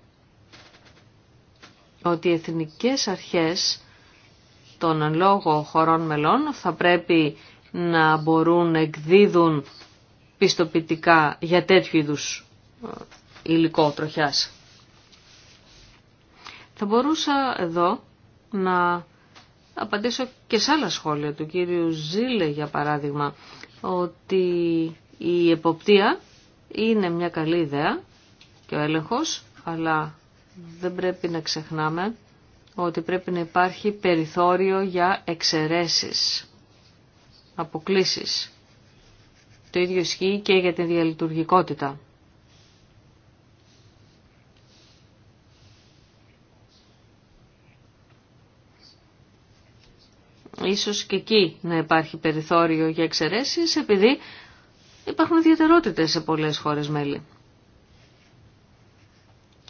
ότι οι εθνικές αρχές των λόγω χωρών μελών θα πρέπει να μπορούν να εκδίδουν πιστοποιητικά για τέτοιου είδους ε, υλικό τροχιάς. Θα μπορούσα εδώ να απαντήσω και σε άλλα σχόλια του κύριου Ζήλε για παράδειγμα ότι η εποπτεία είναι μια καλή ιδέα και ο έλεγχος, αλλά δεν πρέπει να ξεχνάμε ότι πρέπει να υπάρχει περιθώριο για εξαιρέσεις, αποκλήσεις. Το ίδιο ισχύει και για τη διαλειτουργικότητα. Ίσως και εκεί να υπάρχει περιθώριο για εξαιρέσεις επειδή υπάρχουν ιδιαιτερότητες σε πολλές χώρες μέλη.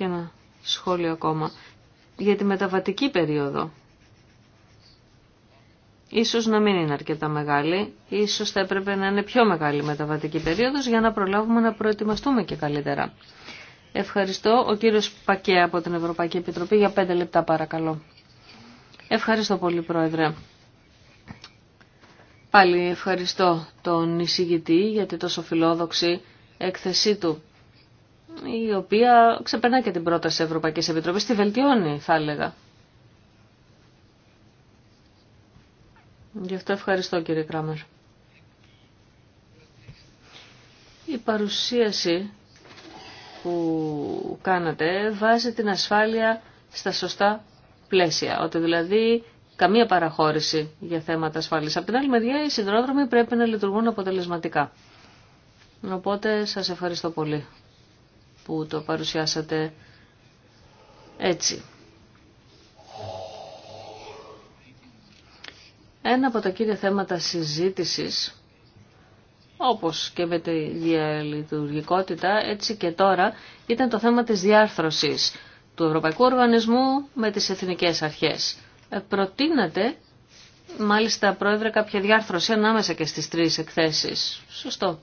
Και ένα σχόλιο ακόμα. Για τη μεταβατική περίοδο. Ίσως να μην είναι αρκετά μεγάλη, ίσως θα έπρεπε να είναι πιο μεγάλη μεταβατική περίοδος για να προλάβουμε να προετοιμαστούμε και καλύτερα. Ευχαριστώ. Ο κύριος Πακέ από την Ευρωπαϊκή Επιτροπή για πέντε λεπτά παρακαλώ. Ευχαριστώ πολύ Πρόεδρε. Πάλι ευχαριστώ τον εισηγητή για τη τόσο φιλόδοξη έκθεσή του η οποία ξεπερνά και την πρόταση Ευρωπαϊκής Επιτροπής, τη βελτιώνει θα έλεγα. Γι' αυτό ευχαριστώ κύριε Κράμερ. Η παρουσίαση που κάνατε βάζει την ασφάλεια στα σωστά πλαίσια, ότι δηλαδή καμία παραχώρηση για θέματα ασφάλειας. Από την άλλη μεριά οι συνδρόδρομοι πρέπει να λειτουργούν αποτελεσματικά. Οπότε σας ευχαριστώ πολύ που το παρουσιάσατε έτσι. Ένα από τα κύρια θέματα συζήτησης, όπως και με τη διαλειτουργικότητα, έτσι και τώρα, ήταν το θέμα της διάρθρωσης του Ευρωπαϊκού Οργανισμού με τις Εθνικές Αρχές. Ε, προτείνατε, μάλιστα, Πρόεδρε, κάποια διάρθρωση ανάμεσα και στις τρεις εκθέσεις. Σωστό.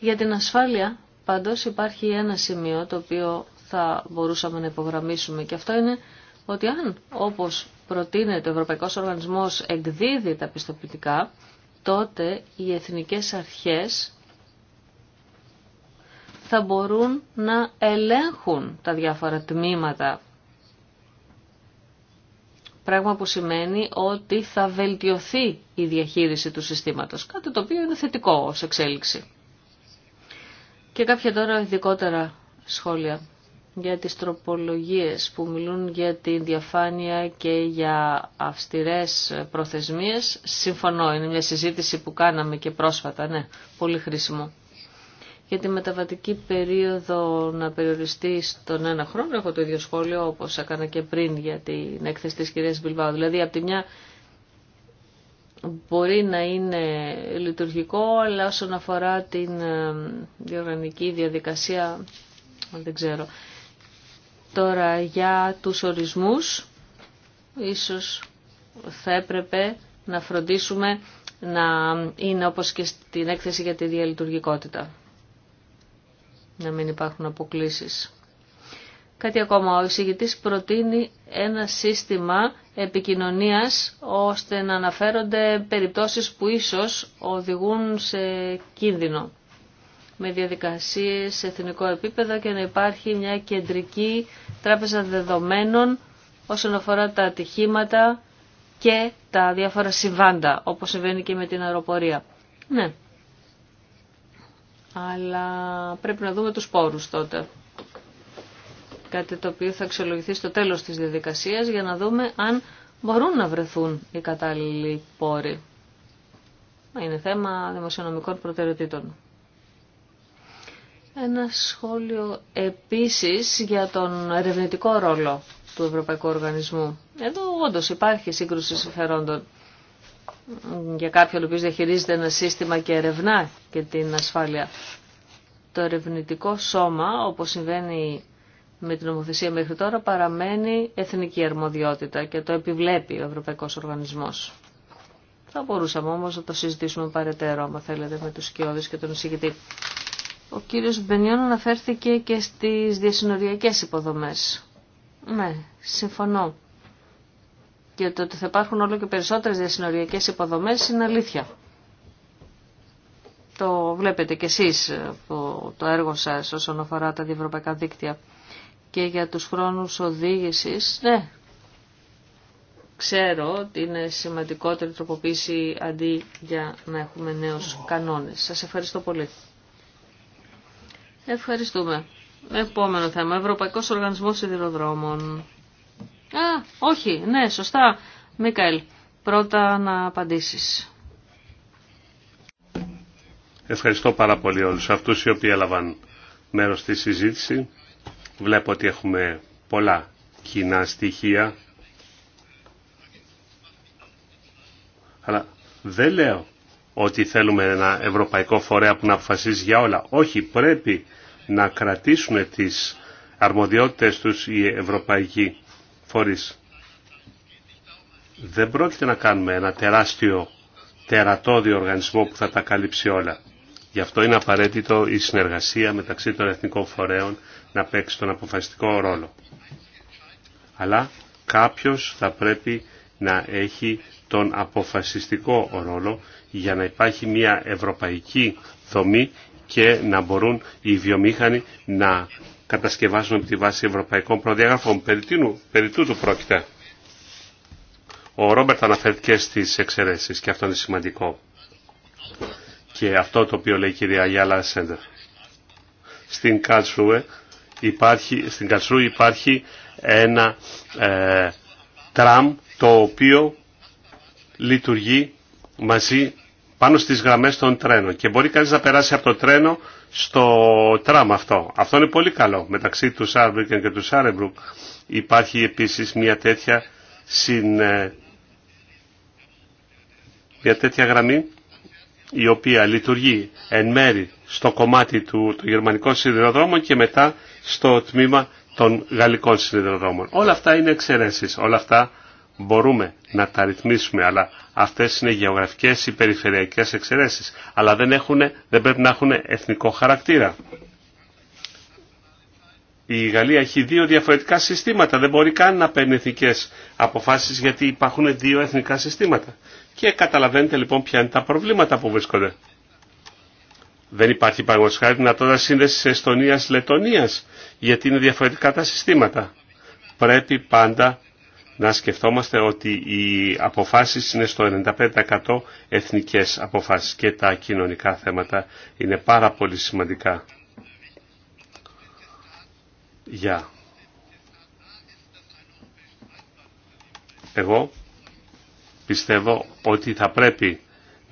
Για την ασφάλεια Πάντως υπάρχει ένα σημείο το οποίο θα μπορούσαμε να υπογραμμίσουμε και αυτό είναι ότι αν όπως προτείνεται ο Ευρωπαϊκός Οργανισμός εκδίδει τα πιστοποιητικά, τότε οι εθνικές αρχές θα μπορούν να ελέγχουν τα διάφορα τμήματα. Πράγμα που σημαίνει ότι θα βελτιωθεί η διαχείριση του συστήματος, κάτι το οποίο είναι θετικό ως εξέλιξη. Και κάποια τώρα ειδικότερα σχόλια για τις τροπολογίες που μιλούν για την διαφάνεια και για αυστηρές προθεσμίες. Συμφωνώ, είναι μια συζήτηση που κάναμε και πρόσφατα, ναι, πολύ χρήσιμο. Για τη μεταβατική περίοδο να περιοριστεί στον ένα χρόνο, έχω το ίδιο σχόλιο όπως έκανα και πριν για την έκθεση της κυρίας Μπιλβάου. Δηλαδή, από μπορεί να είναι λειτουργικό, αλλά όσον αφορά την ε, διοργανική διαδικασία, δεν ξέρω. Τώρα για τους ορισμούς, ίσως θα έπρεπε να φροντίσουμε να είναι όπως και στην έκθεση για τη διαλειτουργικότητα. Να μην υπάρχουν αποκλήσεις. Κάτι ακόμα, ο εισηγητής προτείνει ένα σύστημα επικοινωνίας ώστε να αναφέρονται περιπτώσεις που ίσως οδηγούν σε κίνδυνο με διαδικασίες σε εθνικό επίπεδο και να υπάρχει μια κεντρική τράπεζα δεδομένων όσον αφορά τα ατυχήματα και τα διάφορα συμβάντα, όπως συμβαίνει και με την αεροπορία. Ναι, αλλά πρέπει να δούμε τους πόρους τότε κάτι το οποίο θα αξιολογηθεί στο τέλος της διαδικασίας για να δούμε αν μπορούν να βρεθούν οι κατάλληλοι πόροι. Είναι θέμα δημοσιονομικών προτεραιοτήτων. Ένα σχόλιο επίσης για τον ερευνητικό ρόλο του Ευρωπαϊκού Οργανισμού. Εδώ όντως υπάρχει σύγκρουση συμφερόντων για κάποιον ο οποίος διαχειρίζεται ένα σύστημα και ερευνά και την ασφάλεια. Το ερευνητικό σώμα, όπως συμβαίνει με την νομοθεσία μέχρι τώρα παραμένει εθνική αρμοδιότητα και το επιβλέπει ο Ευρωπαϊκός Οργανισμός. Θα μπορούσαμε όμως να το συζητήσουμε παρετέρω, άμα θέλετε, με τους σκιώδες και τον εισηγητή. Ο κύριος Μπενιόν αναφέρθηκε και στις διασυνοριακές υποδομές. Ναι, συμφωνώ. Και το ότι θα υπάρχουν όλο και περισσότερες διασυνοριακές υποδομές είναι αλήθεια. Το βλέπετε κι εσείς το έργο σας όσον αφορά τα διευρωπαϊκά δίκτυα και για τους χρόνους οδήγησης, ναι, ξέρω ότι είναι σημαντικότερη τροποποίηση αντί για να έχουμε νέους κανόνες. Σας ευχαριστώ πολύ. Ευχαριστούμε. Επόμενο θέμα. Ευρωπαϊκός Οργανισμός Σιδηροδρόμων. Α, όχι. Ναι, σωστά. Μίκαελ, πρώτα να απαντήσεις. Ευχαριστώ πάρα πολύ όλους αυτούς οι οποίοι έλαβαν μέρος στη συζήτηση. Βλέπω ότι έχουμε πολλά κοινά στοιχεία. Αλλά δεν λέω ότι θέλουμε ένα ευρωπαϊκό φορέα που να αποφασίζει για όλα. Όχι, πρέπει να κρατήσουμε τις αρμοδιότητες τους οι ευρωπαϊκοί φορείς. Δεν πρόκειται να κάνουμε ένα τεράστιο τερατώδιο οργανισμό που θα τα καλύψει όλα. Γι' αυτό είναι απαραίτητο η συνεργασία μεταξύ των εθνικών φορέων να παίξει τον αποφασιστικό ρόλο. Αλλά κάποιος θα πρέπει να έχει τον αποφασιστικό ρόλο για να υπάρχει μια ευρωπαϊκή δομή και να μπορούν οι βιομήχανοι να κατασκευάσουν από τη βάση ευρωπαϊκών προδιαγραφών. Περί, του τούτου πρόκειται. Ο Ρόμπερτ αναφέρθηκε στις εξαιρέσεις και αυτό είναι σημαντικό. Και αυτό το οποίο λέει η κυρία Γιάλα Σέντερ. Στην Κάτσρουε υπάρχει, στην Κατσού υπάρχει ένα ε, τραμ το οποίο λειτουργεί μαζί πάνω στις γραμμές των τρένων και μπορεί κανείς να περάσει από το τρένο στο τραμ αυτό. Αυτό είναι πολύ καλό. Μεταξύ του Σάρμπρουκ και του Σάρεμπρουκ υπάρχει επίσης μια τέτοια, συν, ε, μια τέτοια γραμμή η οποία λειτουργεί εν μέρη στο κομμάτι του, του γερμανικού σιδηροδρόμου και μετά στο τμήμα των γαλλικών συνδεδρομών. Όλα αυτά είναι εξαιρέσεις, όλα αυτά μπορούμε να τα ρυθμίσουμε, αλλά αυτές είναι γεωγραφικές ή περιφερειακές εξαιρέσεις, αλλά δεν, έχουν, δεν πρέπει να έχουν εθνικό χαρακτήρα. Η Γαλλία έχει δύο διαφορετικά συστήματα, δεν μπορεί καν να παίρνει εθνικές αποφάσεις γιατί υπάρχουν δύο εθνικά συστήματα. Και καταλαβαίνετε λοιπόν ποια είναι τα προβλήματα που βρίσκονται. Δεν υπάρχει παραγωγικά δυνατότητα σύνδεση Εστονία-Λετωνία γιατί είναι διαφορετικά τα συστήματα. Πρέπει πάντα να σκεφτόμαστε ότι οι αποφάσεις είναι στο 95% εθνικές αποφάσεις και τα κοινωνικά θέματα είναι πάρα πολύ σημαντικά. Για. Εγώ πιστεύω ότι θα πρέπει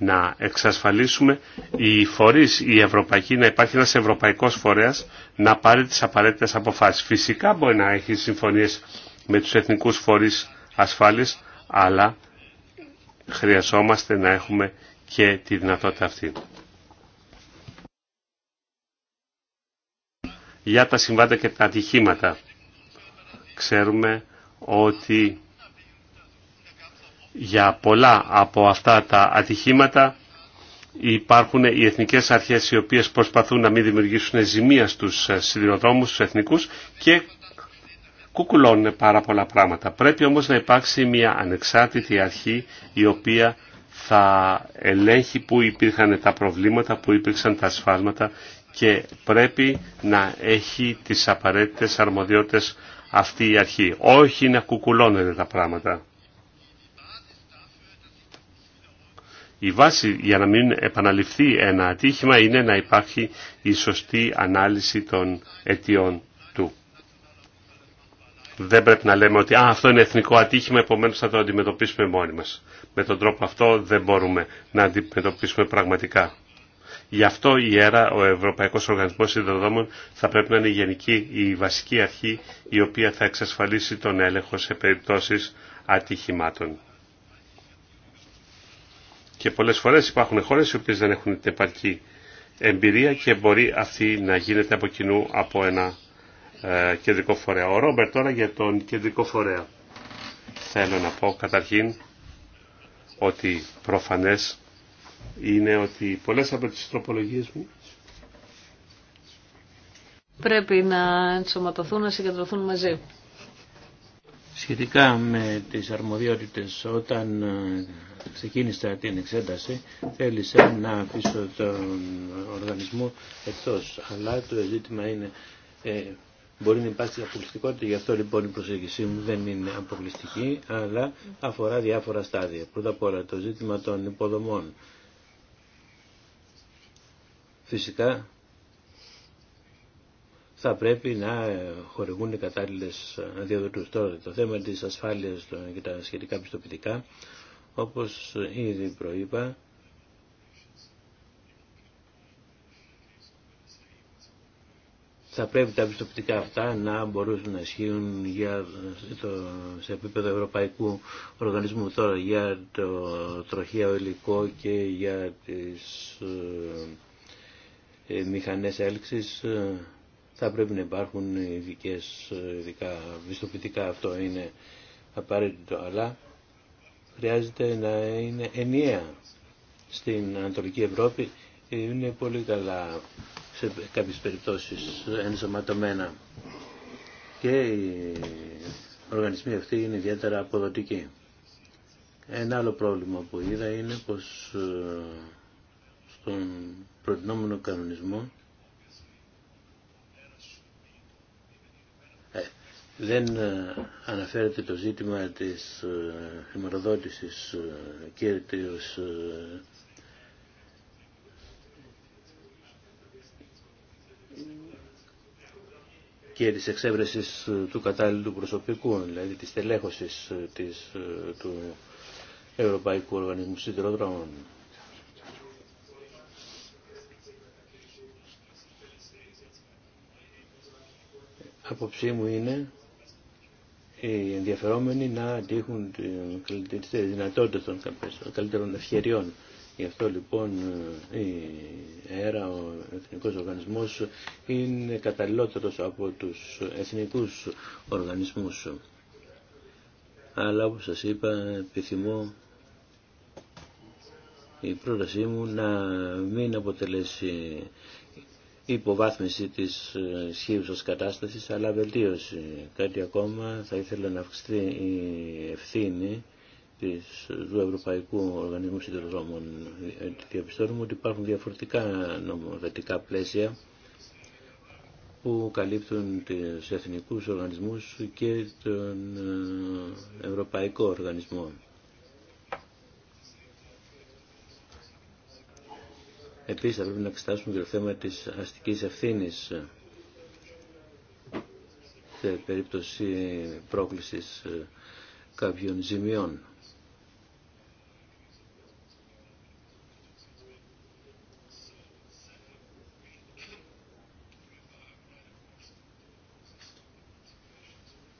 να εξασφαλίσουμε οι φορείς, η Ευρωπαϊκή, να υπάρχει ένας ευρωπαϊκός φορέας να πάρει τις απαραίτητες αποφάσεις. Φυσικά μπορεί να έχει συμφωνίες με τους εθνικούς φορείς ασφάλειας, αλλά χρειαζόμαστε να έχουμε και τη δυνατότητα αυτή. Για τα συμβάντα και τα ατυχήματα. Ξέρουμε ότι για πολλά από αυτά τα ατυχήματα υπάρχουν οι εθνικές αρχές οι οποίες προσπαθούν να μην δημιουργήσουν ζημία στους ε, σιδηροδρόμους, στους εθνικούς και κουκουλώνουν πάρα πολλά πράγματα. Πρέπει όμως να υπάρξει μια ανεξάρτητη αρχή η οποία θα ελέγχει που υπήρχαν τα προβλήματα, που υπήρξαν τα ασφάλματα και πρέπει να έχει τις απαραίτητες αρμοδιότητες αυτή η αρχή. Όχι να κουκουλώνεται τα πράγματα. η βάση για να μην επαναληφθεί ένα ατύχημα είναι να υπάρχει η σωστή ανάλυση των αιτιών του. Δεν πρέπει να λέμε ότι Α, αυτό είναι εθνικό ατύχημα, επομένω θα το αντιμετωπίσουμε μόνοι μας. Με τον τρόπο αυτό δεν μπορούμε να αντιμετωπίσουμε πραγματικά. Γι' αυτό η ΕΡΑ, ο Ευρωπαϊκός Οργανισμός Ιδροδόμων, θα πρέπει να είναι η γενική, η βασική αρχή η οποία θα εξασφαλίσει τον έλεγχο σε περιπτώσεις ατυχημάτων. Και πολλές φορές υπάρχουν χώρες οι οποίες δεν έχουν την επαρκή εμπειρία και μπορεί αυτή να γίνεται από κοινού από ένα ε, κεντρικό φορέα. Ο Ρόμπερ τώρα για τον κεντρικό φορέα. Θέλω να πω καταρχήν ότι προφανές είναι ότι πολλές από τις τροπολογίες μου πρέπει να ενσωματωθούν, να συγκεντρωθούν μαζί. Σχετικά με τις αρμοδιότητες, όταν ε, ξεκίνησα την εξέταση, θέλησα να αφήσω τον οργανισμό εκτός. Αλλά το ζήτημα είναι, ε, μπορεί να υπάρξει αποκλειστικότητα, γι' αυτό λοιπόν η προσέγγιση μου δεν είναι αποκλειστική, αλλά αφορά διάφορα στάδια. Πρώτα απ' όλα το ζήτημα των υποδομών. Φυσικά θα πρέπει να χορηγούν οι κατάλληλες Τώρα το θέμα της ασφάλειας και τα σχετικά πιστοποιητικά, όπως ήδη προείπα, θα πρέπει τα πιστοποιητικά αυτά να μπορούν να ισχύουν για το, σε επίπεδο ευρωπαϊκού οργανισμού τώρα για το τροχαίο υλικό και για τις ε, ε, μηχανές έλξης ε, θα πρέπει να υπάρχουν ειδικέ ειδικά βιστοποιητικά. Αυτό είναι απαραίτητο, αλλά χρειάζεται να είναι ενιαία. Στην Ανατολική Ευρώπη είναι πολύ καλά σε κάποιες περιπτώσεις ενσωματωμένα και οι οργανισμοί αυτοί είναι ιδιαίτερα αποδοτικοί. Ένα άλλο πρόβλημα που είδα είναι πως ε, στον προτινόμενο κανονισμό δεν ε, αναφέρεται το ζήτημα της ε, χρηματοδότησης ε, και της και του κατάλληλου προσωπικού, δηλαδή της τελέχωσης της, του Ευρωπαϊκού Οργανισμού Συντηροδρόμων. Απόψή μου είναι οι ενδιαφερόμενοι να αντίχουν τις δυνατότητες των καλύτερων ευκαιριών. Γι' αυτό λοιπόν η ΕΡΑ, ο Εθνικός Οργανισμός, είναι καταλληλότερος από τους εθνικούς οργανισμούς. Αλλά όπως σας είπα επιθυμώ η πρότασή μου να μην αποτελέσει υποβάθμιση της ε, ισχύουσας κατάστασης αλλά βελτίωση. Κάτι ακόμα θα ήθελα να αυξηθεί η ευθύνη της, του Ευρωπαϊκού Οργανισμού Συντεροδρόμων. Διαπιστώνουμε ότι υπάρχουν διαφορετικά νομοθετικά πλαίσια που καλύπτουν τους εθνικούς οργανισμούς και τον ε, Ευρωπαϊκό Οργανισμό. Επίσης θα πρέπει να εξετάσουμε και το θέμα της αστικής ευθύνης σε περίπτωση πρόκλησης ε, κάποιων ζημιών.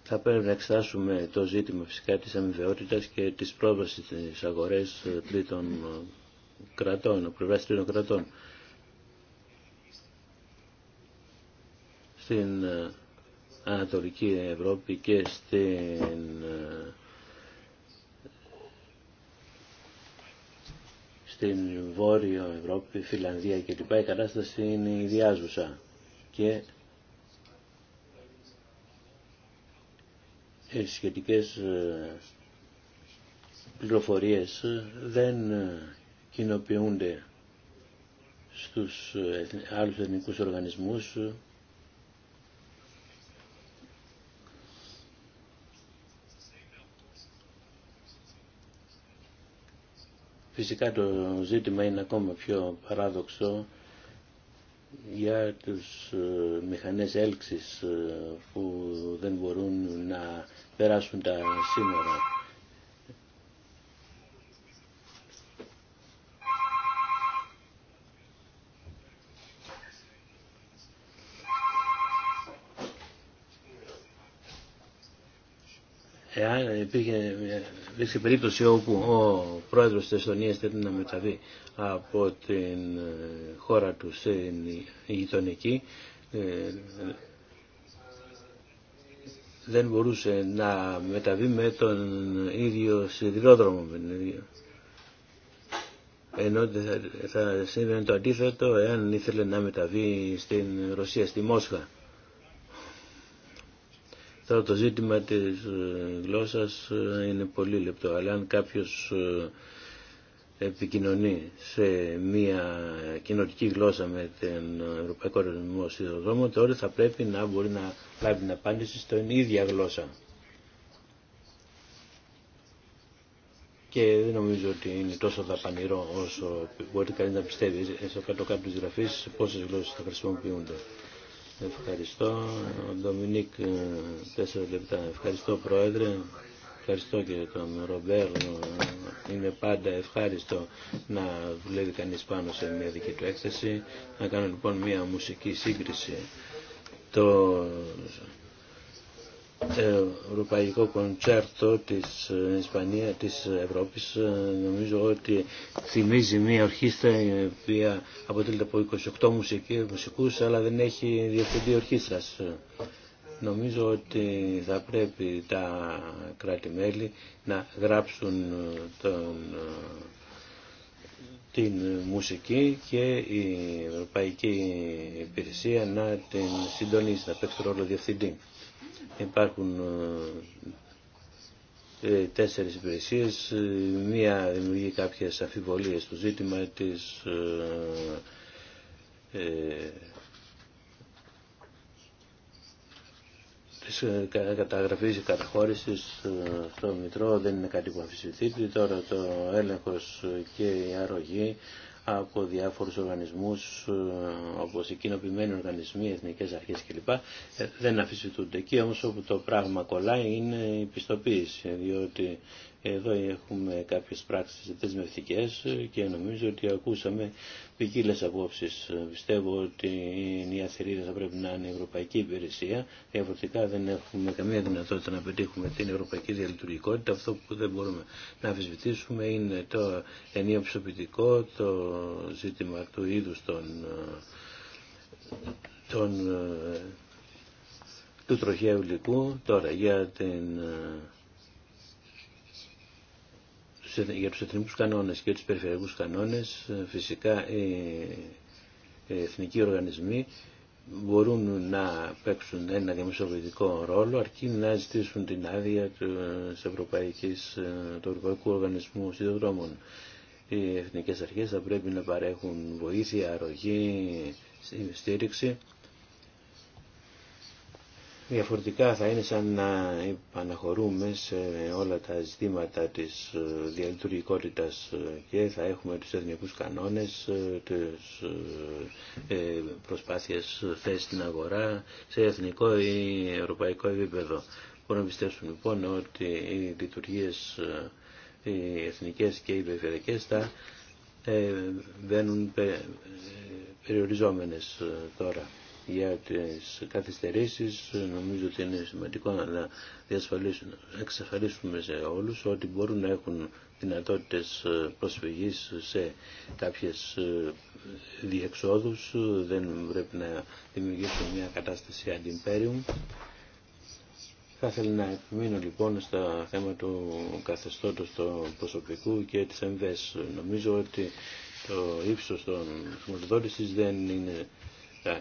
θα πρέπει να εξετάσουμε το ζήτημα φυσικά της αμοιβαιότητας και της πρόβασης της αγορές ε, τρίτων ε, κρατών, ο πλευράς τρίτων κρατών. Στην ε, Ανατολική Ευρώπη και στην ε, στην Βόρειο Ευρώπη, Φιλανδία λοιπά, Η κατάσταση είναι ιδιάζουσα και οι σχετικές ε, πληροφορίες δεν κοινοποιούνται στους άλλους εθνικούς οργανισμούς Φυσικά το ζήτημα είναι ακόμα πιο παράδοξο για τους ε, μηχανές έλξης ε, που δεν μπορούν να περάσουν τα σύνορα. εάν υπήρχε, υπήρχε περίπτωση όπου ο πρόεδρος της Εστονίας θέλει να μεταβεί από την ε, χώρα του στην γειτονική ε, δεν μπορούσε να μεταβεί με τον ίδιο σιδηρόδρομο ενώ θα, θα το αντίθετο εάν ήθελε να μεταβεί στην Ρωσία, στη Μόσχα. Τώρα το ζήτημα της ε, γλώσσας ε, είναι πολύ λεπτό, αλλά αν κάποιος ε, επικοινωνεί σε μια κοινωτική γλώσσα με τον Ευρωπαϊκό Οργανισμό Σιδηροδρόμο, τώρα θα πρέπει να μπορεί να λάβει την απάντηση στην ίδια γλώσσα. Και δεν νομίζω ότι είναι τόσο δαπανηρό όσο μπορεί κανείς να πιστεύει. Σε κάτω κάτω της γραφής πόσες γλώσσες θα χρησιμοποιούνται. Ευχαριστώ. Ντομινίκ, ε, τέσσερα λεπτά. Ευχαριστώ, Πρόεδρε. Ευχαριστώ και τον Ρομπέρ. Ε, είναι πάντα ευχάριστο να δουλεύει κανείς πάνω σε μια δική του έκθεση. Να κάνω λοιπόν μια μουσική σύγκριση. Το ευρωπαϊκό κοντσέρτο της ε, Ισπανίας, της Ευρώπης ε, νομίζω ότι θυμίζει μια ορχήστρα η οποία αποτελείται από 28 μουσικούς αλλά δεν έχει διευθυντή ορχήστρας. Νομίζω ότι θα πρέπει τα κράτη-μέλη να γράψουν ε, τον, την μουσική και η Ευρωπαϊκή Υπηρεσία να την συντονίσει, να παίξει το ρόλο διευθυντή. Υπάρχουν ε, ε, τέσσερις υπηρεσίες. Ε, μία δημιουργεί κάποιες αφιβολίες στο ζήτημα της της καταγραφής και καταχώρησης στο Μητρό δεν είναι κάτι που αμφισβητείται. Τώρα το έλεγχος και η αρρωγή από διάφορους οργανισμούς ε, όπως οι κοινοποιημένοι οργανισμοί, οι εθνικές αρχές κλπ. Ε, δεν αφισβητούνται εκεί όμως όπου το πράγμα κολλάει είναι η πιστοποίηση διότι εδώ έχουμε κάποιες πράξεις δεσμευτικές και νομίζω ότι ακούσαμε ποικίλε απόψεις. Πιστεύω ότι η αθερίδα θα πρέπει να είναι η ευρωπαϊκή υπηρεσία. Διαφορετικά δεν έχουμε καμία δυνατότητα να πετύχουμε την ευρωπαϊκή διαλειτουργικότητα. Αυτό που δεν μπορούμε να αφισβητήσουμε είναι το ενίο ψωπητικό, το ζήτημα του είδου του τροχαίου υλικού. Τώρα για την για τους εθνικούς κανόνες και τους περιφερειακούς κανόνες ε, φυσικά οι εθνικοί οργανισμοί μπορούν να παίξουν ένα διαμεσολογητικό ρόλο αρκεί να ζητήσουν την άδεια της Ευρωπαϊκής, ε, του Ευρωπαϊκού Οργανισμού Σιδηροδρόμων. Οι εθνικές αρχές θα πρέπει να παρέχουν βοήθεια, αρρωγή, στήριξη Διαφορετικά θα είναι σαν να επαναχωρούμε σε όλα τα ζητήματα της ε, διαλειτουργικότητας ε, και θα έχουμε τους εθνικούς κανόνες, ε, τις προσπάθειες θέσης στην αγορά σε εθνικό ή ευρωπαϊκό επίπεδο. Μπορούμε να πιστέψουμε λοιπόν ότι οι λειτουργίες οι εθνικές και οι περιφερειακές θα μπαίνουν περιοριζόμενες τώρα για τις καθυστερήσεις νομίζω ότι είναι σημαντικό να διασφαλίσουμε, σε όλους ότι μπορούν να έχουν δυνατότητες προσφυγής σε κάποιες ε, διεξόδους, δεν πρέπει να δημιουργήσουν μια κατάσταση αντιμπέριου. Θα ήθελα να επιμείνω λοιπόν στα θέμα του καθεστώτος του προσωπικού και της ΕΜΒΕΣ. Νομίζω ότι το ύψος των χρηματοδότησης δεν είναι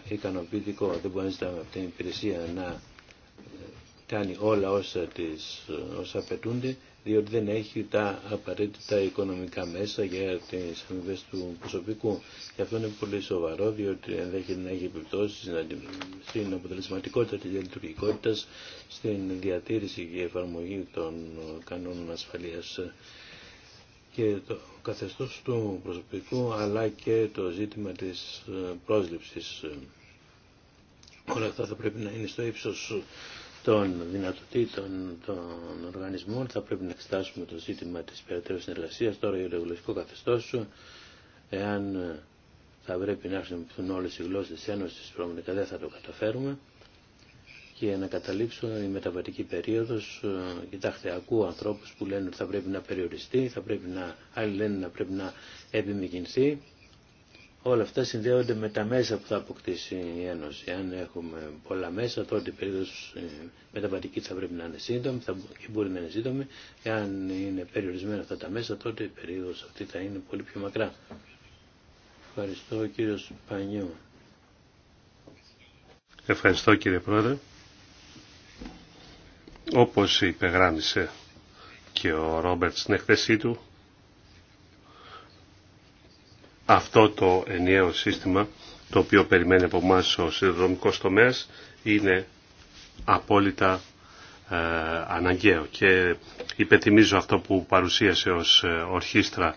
ικανοποιητικό. Δεν μπορεί να ζητάμε από την υπηρεσία να ε, κάνει όλα όσα, τις, όσα απαιτούνται, διότι δεν έχει τα απαραίτητα οικονομικά μέσα για τις αμοιβέ του προσωπικού. Και αυτό είναι πολύ σοβαρό, διότι ενδέχεται να έχει επιπτώσει στην αποτελεσματικότητα τη λειτουργικότητα, στην διατήρηση και εφαρμογή των κανόνων ασφαλείας και το καθεστώς του προσωπικού αλλά και το ζήτημα της ε, πρόσληψης. Όλα αυτά θα πρέπει να είναι στο ύψος των δυνατοτήτων των οργανισμών. Θα πρέπει να εξετάσουμε το ζήτημα της περαιτέρω συνεργασίας. Τώρα για το γλωσσικό καθεστώς, εάν θα πρέπει να χρησιμοποιηθούν όλες οι γλώσσες της Ένωσης, δεν θα το καταφέρουμε και να καταλήξω η μεταβατική περίοδος. Ε, κοιτάξτε, ακούω ανθρώπους που λένε ότι θα πρέπει να περιοριστεί, θα πρέπει να, άλλοι λένε να πρέπει να επιμηκυνθεί. Όλα αυτά συνδέονται με τα μέσα που θα αποκτήσει η Ένωση. Αν έχουμε πολλά μέσα, τότε η περίοδος ε, μεταβατική θα πρέπει να είναι σύντομη θα, και μπορεί να είναι σύντομη. Εάν είναι περιορισμένα αυτά τα μέσα, τότε η περίοδος αυτή θα είναι πολύ πιο μακρά. Ευχαριστώ κύριο Πανιού. Ευχαριστώ κύριε Πρόεδρε. Όπως υπεγράμισε και ο Ρόμπερτ στην έκθεσή του, αυτό το ενιαίο σύστημα το οποίο περιμένει από εμά ο συνδρομικός τομέας είναι απόλυτα ε, αναγκαίο και υπενθυμίζω αυτό που παρουσίασε ως ε, ορχήστρα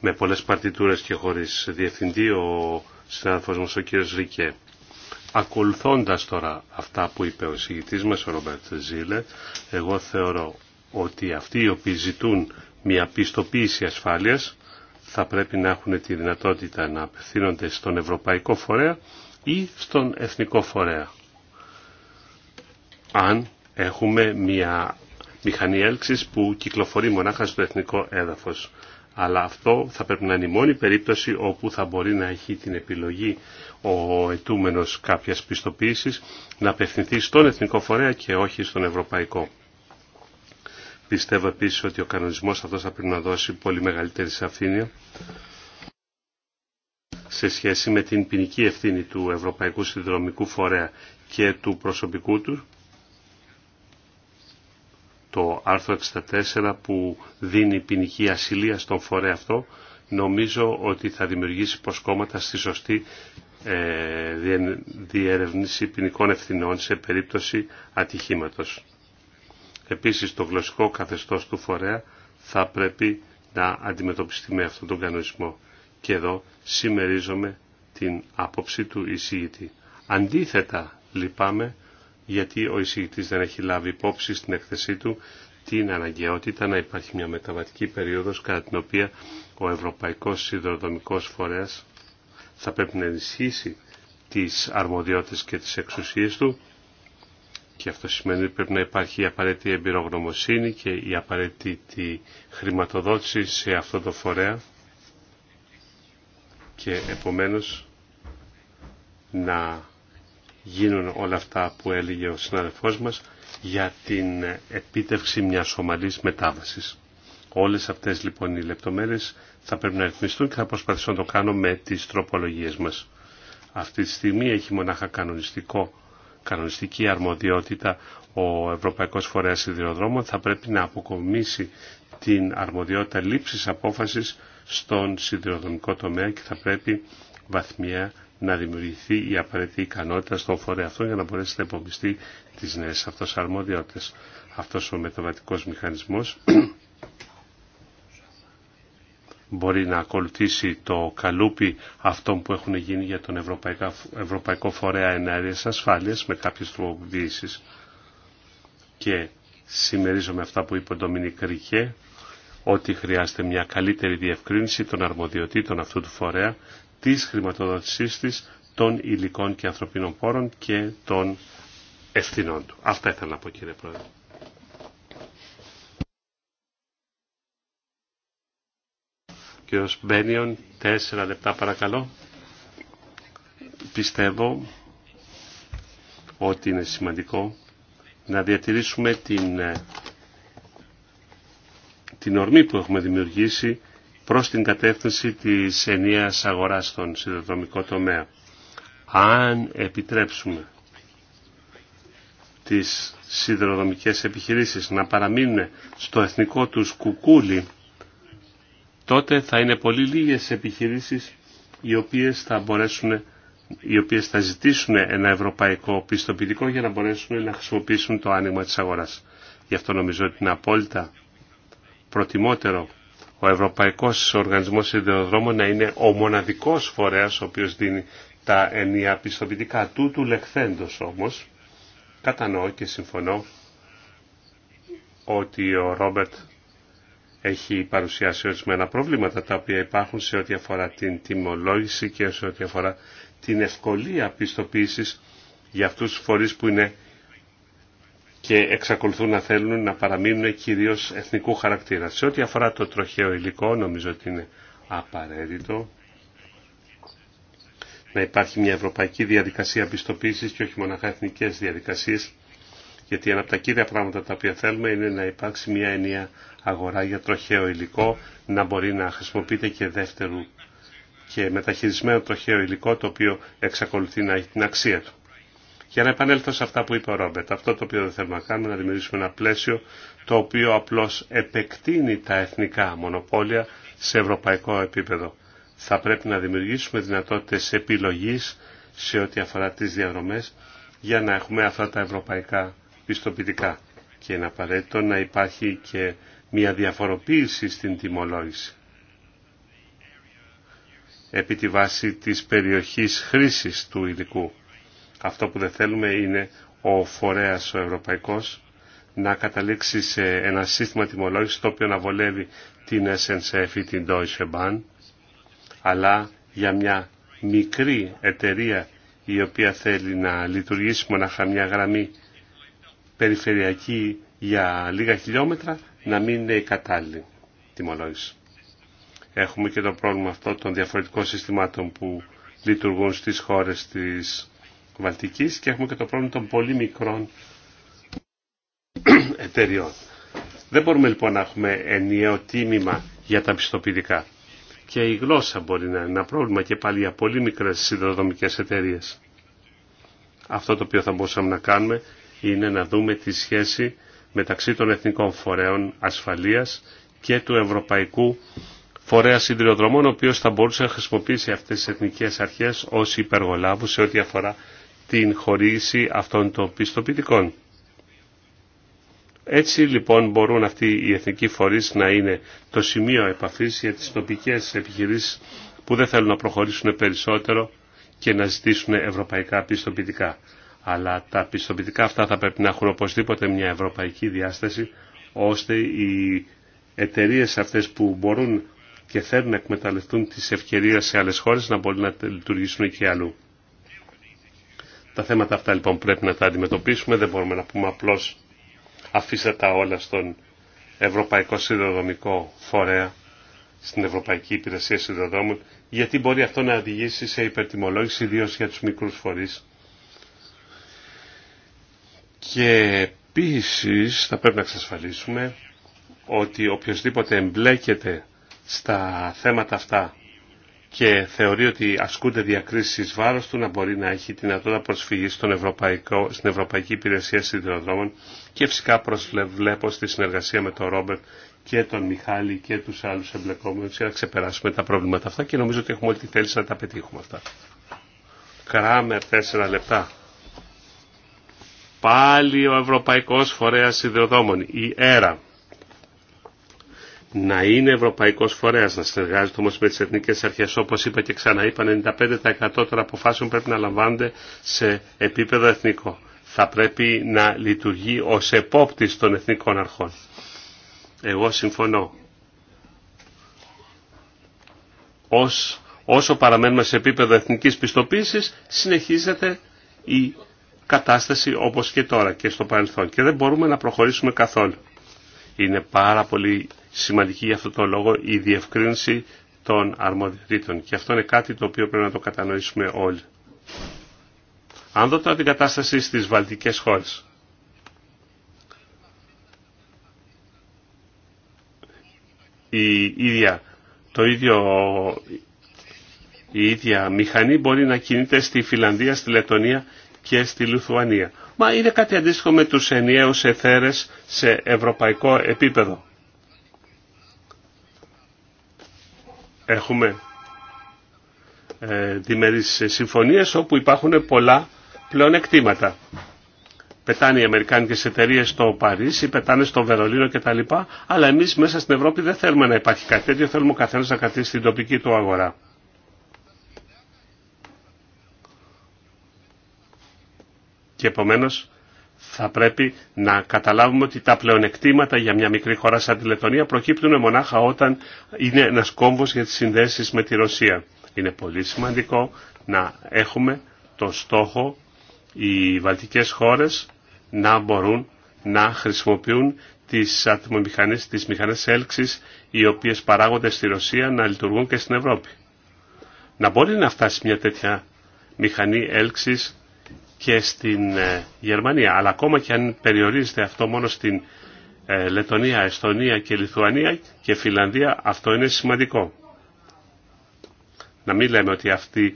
με πολλές παρτιτούρες και χωρίς διευθυντή ο συνάδελφος μας ο κύριος Ρίκε Ακολουθώντας τώρα αυτά που είπε ο συγητής μας, ο Ρομπέρτ Ζήλε, εγώ θεωρώ ότι αυτοί οι οποίοι ζητούν μια πιστοποίηση ασφάλειας θα πρέπει να έχουν τη δυνατότητα να απευθύνονται στον Ευρωπαϊκό Φορέα ή στον Εθνικό Φορέα. Αν έχουμε μια μηχανή έλξης που κυκλοφορεί μονάχα στο εθνικό έδαφος αλλά αυτό θα πρέπει να είναι η μόνη περίπτωση όπου θα μπορεί να έχει την επιλογή ο ετούμενος κάποιας πιστοποίησης να απευθυνθεί στον εθνικό φορέα και όχι στον ευρωπαϊκό. Πιστεύω επίσης ότι ο κανονισμός αυτός θα πρέπει να δώσει πολύ μεγαλύτερη σαφήνεια σε σχέση με την ποινική ευθύνη του Ευρωπαϊκού Συνδρομικού Φορέα και του προσωπικού του το άρθρο 64 που δίνει ποινική ασυλία στον φορέα αυτό, νομίζω ότι θα δημιουργήσει προσκόμματα στη σωστή ε, διερευνήση ποινικών ευθυνών σε περίπτωση ατυχήματος. Επίσης το γλωσσικό καθεστώς του φορέα θα πρέπει να αντιμετωπιστεί με αυτόν τον κανονισμό. Και εδώ συμμερίζομαι την άποψη του εισηγητή. Αντίθετα λυπάμαι γιατί ο εισηγητής δεν έχει λάβει υπόψη στην εκθεσή του την αναγκαιότητα να υπάρχει μια μεταβατική περίοδος κατά την οποία ο Ευρωπαϊκός ιδροδομικός Φορέας θα πρέπει να ενισχύσει τις αρμοδιότητες και τις εξουσίες του και αυτό σημαίνει ότι πρέπει να υπάρχει η απαραίτητη εμπειρογνωμοσύνη και η απαραίτητη χρηματοδότηση σε αυτό το φορέα και επομένως να γίνουν όλα αυτά που έλεγε ο συναδελφός μας για την επίτευξη μιας ομαλής μετάβασης. Όλες αυτές λοιπόν οι λεπτομέρειες θα πρέπει να ρυθμιστούν και θα προσπαθήσω να το κάνω με τις τροπολογίες μας. Αυτή τη στιγμή έχει μονάχα κανονιστικό, κανονιστική αρμοδιότητα ο Ευρωπαϊκός Φορέας Σιδηροδρόμων θα πρέπει να αποκομίσει την αρμοδιότητα λήψης απόφασης στον σιδηροδρομικό τομέα και θα πρέπει βαθμία να δημιουργηθεί η απαραίτητη ικανότητα στον φορέα αυτό για να μπορέσει να υπομπιστεί τις νέες αυτός αρμοδιότητες. Αυτός ο μεταβατικός μηχανισμός μπορεί να ακολουθήσει το καλούπι αυτών που έχουν γίνει για τον Ευρωπαϊκό, Ευρωπαϊκό Φορέα Ενέργειας ασφάλεια με κάποιες τροποποιήσεις. Και συμμερίζομαι αυτά που είπε ο Ντομινίκ Ρικέ, ότι χρειάζεται μια καλύτερη διευκρίνηση των αρμοδιοτήτων αυτού του φορέα της χρηματοδότησής της των υλικών και ανθρωπίνων πόρων και των ευθυνών του. Αυτά ήθελα να πω κύριε Πρόεδρε. Κύριος Μπένιον, τέσσερα λεπτά παρακαλώ. Πιστεύω ότι είναι σημαντικό να διατηρήσουμε την, ε, την ορμή που έχουμε δημιουργήσει προς την κατεύθυνση της ενιαίας αγοράς στον σιδηροδρομικό τομέα. Αν επιτρέψουμε τις σιδηροδρομικές επιχειρήσεις να παραμείνουν στο εθνικό τους κουκούλι, τότε θα είναι πολύ λίγες επιχειρήσεις οι οποίες θα μπορέσουν οι οποίες θα ζητήσουν ένα ευρωπαϊκό πιστοποιητικό για να μπορέσουν να χρησιμοποιήσουν το άνοιγμα της αγοράς. Γι' αυτό νομίζω ότι είναι απόλυτα προτιμότερο ο Ευρωπαϊκός Οργανισμός Σιδηροδρόμων να είναι ο μοναδικός φορέας ο οποίος δίνει τα ενία πιστοποιητικά του του λεχθέντος όμως. Κατανοώ και συμφωνώ ότι ο Ρόμπερτ έχει παρουσιάσει ορισμένα προβλήματα τα οποία υπάρχουν σε ό,τι αφορά την τιμολόγηση και σε ό,τι αφορά την ευκολία πιστοποίησης για αυτούς τους φορείς που είναι και εξακολουθούν να θέλουν να παραμείνουν κυρίως εθνικού χαρακτήρα. Σε ό,τι αφορά το τροχαίο υλικό, νομίζω ότι είναι απαραίτητο να υπάρχει μια ευρωπαϊκή διαδικασία πιστοποίηση και όχι μοναχά εθνικές διαδικασίες, γιατί ένα από τα κύρια πράγματα τα οποία θέλουμε είναι να υπάρξει μια ενιαία αγορά για τροχαίο υλικό, να μπορεί να χρησιμοποιείται και δεύτερου και μεταχειρισμένο τροχαίο υλικό το οποίο εξακολουθεί να έχει την αξία του. Για να επανέλθω σε αυτά που είπε ο Ρόμπετ, αυτό το οποίο δεν θέλουμε να κάνουμε, να δημιουργήσουμε ένα πλαίσιο το οποίο απλώς επεκτείνει τα εθνικά μονοπόλια σε ευρωπαϊκό επίπεδο. Θα πρέπει να δημιουργήσουμε δυνατότητες επιλογής σε ό,τι αφορά τις διαδρομές για να έχουμε αυτά τα ευρωπαϊκά πιστοποιητικά. Και είναι απαραίτητο να υπάρχει και μια διαφοροποίηση στην τιμολόγηση επί τη βάση της περιοχής χρήσης του υλικού. Αυτό που δεν θέλουμε είναι ο φορέας ο ευρωπαϊκός να καταλήξει σε ένα σύστημα τιμολόγησης το οποίο να βολεύει την SNCF ή την Deutsche Bahn αλλά για μια μικρή εταιρεία η οποία θέλει να λειτουργήσει μονάχα μια γραμμή περιφερειακή για λίγα χιλιόμετρα να μην είναι η κατάλληλη τιμολόγηση. Έχουμε και το πρόβλημα αυτό των διαφορετικών συστημάτων που λειτουργούν στις χώρες της Βαλτικής και έχουμε και το πρόβλημα των πολύ μικρών εταιριών. Δεν μπορούμε λοιπόν να έχουμε ενιαίο τίμημα για τα πιστοποιητικά. Και η γλώσσα μπορεί να είναι ένα πρόβλημα και πάλι για πολύ μικρές συνδροδομικές εταιρείε. Αυτό το οποίο θα μπορούσαμε να κάνουμε είναι να δούμε τη σχέση μεταξύ των Εθνικών Φορέων Ασφαλείας και του Ευρωπαϊκού Φορέα Σιδηροδρομών, ο οποίος θα μπορούσε να χρησιμοποιήσει αυτές τις εθνικές αρχές ως υπεργολάβου σε ό,τι αφορά την χορήγηση αυτών των πιστοποιητικών. Έτσι λοιπόν μπορούν αυτοί οι εθνικοί φορείς να είναι το σημείο επαφής για τις τοπικές επιχειρήσεις που δεν θέλουν να προχωρήσουν περισσότερο και να ζητήσουν ευρωπαϊκά πιστοποιητικά. Αλλά τα πιστοποιητικά αυτά θα πρέπει να έχουν οπωσδήποτε μια ευρωπαϊκή διάσταση ώστε οι εταιρείε αυτές που μπορούν και θέλουν να εκμεταλλευτούν τις ευκαιρίες σε άλλες χώρες να μπορούν να λειτουργήσουν και αλλού. Τα θέματα αυτά λοιπόν πρέπει να τα αντιμετωπίσουμε, δεν μπορούμε να πούμε απλώς αφήστε τα όλα στον Ευρωπαϊκό Συνδρομικό Φορέα, στην Ευρωπαϊκή Υπηρεσία Σιδηροδρόμων, γιατί μπορεί αυτό να οδηγήσει σε υπερτιμολόγηση, ιδίω για τους μικρούς φορείς. Και επίση θα πρέπει να εξασφαλίσουμε ότι οποιοδήποτε εμπλέκεται στα θέματα αυτά και θεωρεί ότι ασκούνται διακρίσει εις βάρος του να μπορεί να έχει την δυνατότητα προσφυγή στον Ευρωπαϊκό, στην Ευρωπαϊκή Υπηρεσία Σιδηροδρόμων και φυσικά προσβλέπω στη συνεργασία με τον Ρόμπερτ και τον Μιχάλη και τους άλλους εμπλεκόμενους για να ξεπεράσουμε τα προβλήματα αυτά και νομίζω ότι έχουμε όλη τη θέληση να τα πετύχουμε αυτά. Κράμε τέσσερα λεπτά. Πάλι ο Ευρωπαϊκός Φορέας Σιδηροδρόμων, η ΕΡΑ να είναι ευρωπαϊκός φορέας, να συνεργάζεται όμω με τι εθνικέ αρχέ, όπω είπα και ξαναείπα, 95% των αποφάσεων πρέπει να λαμβάνονται σε επίπεδο εθνικό. Θα πρέπει να λειτουργεί ως επόπτης των εθνικών αρχών. Εγώ συμφωνώ. Ως, όσο παραμένουμε σε επίπεδο εθνικής πιστοποίησης, συνεχίζεται η κατάσταση όπως και τώρα και στο παρελθόν. Και δεν μπορούμε να προχωρήσουμε καθόλου. Είναι πάρα πολύ σημαντική για αυτό το λόγο η διευκρίνηση των αρμοδιοτήτων. Και αυτό είναι κάτι το οποίο πρέπει να το κατανοήσουμε όλοι. Αν δω τώρα την κατάσταση στις βαλτικές χώρες. Η ίδια, το ίδιο, η ίδια μηχανή μπορεί να κινείται στη Φιλανδία, στη Λετωνία και στη Λουθουανία. Μα είναι κάτι αντίστοιχο με τους ενιαίους εθέρες σε ευρωπαϊκό επίπεδο. Έχουμε ε, διμερείς συμφωνίες όπου υπάρχουν πολλά πλεονεκτήματα. Πετάνε οι Αμερικάνικες εταιρείες στο Παρίσι, πετάνε στο Βερολίνο κτλ. Αλλά εμείς μέσα στην Ευρώπη δεν θέλουμε να υπάρχει κάτι τέτοιο, θέλουμε ο καθένας να κρατήσει την τοπική του αγορά. Και επομένως θα πρέπει να καταλάβουμε ότι τα πλεονεκτήματα για μια μικρή χώρα σαν τη Λετωνία προκύπτουν μονάχα όταν είναι ένας κόμβος για τις συνδέσεις με τη Ρωσία. Είναι πολύ σημαντικό να έχουμε το στόχο οι βαλτικές χώρες να μπορούν να χρησιμοποιούν τις ατμομηχανές, τις μηχανές έλξης οι οποίες παράγονται στη Ρωσία να λειτουργούν και στην Ευρώπη. Να μπορεί να φτάσει μια τέτοια μηχανή έλξης και στην ε, Γερμανία. Αλλά ακόμα και αν περιορίζεται αυτό μόνο στην ε, Λετωνία, Εστονία και Λιθουανία και Φιλανδία, αυτό είναι σημαντικό. Να μην λέμε ότι αυτοί,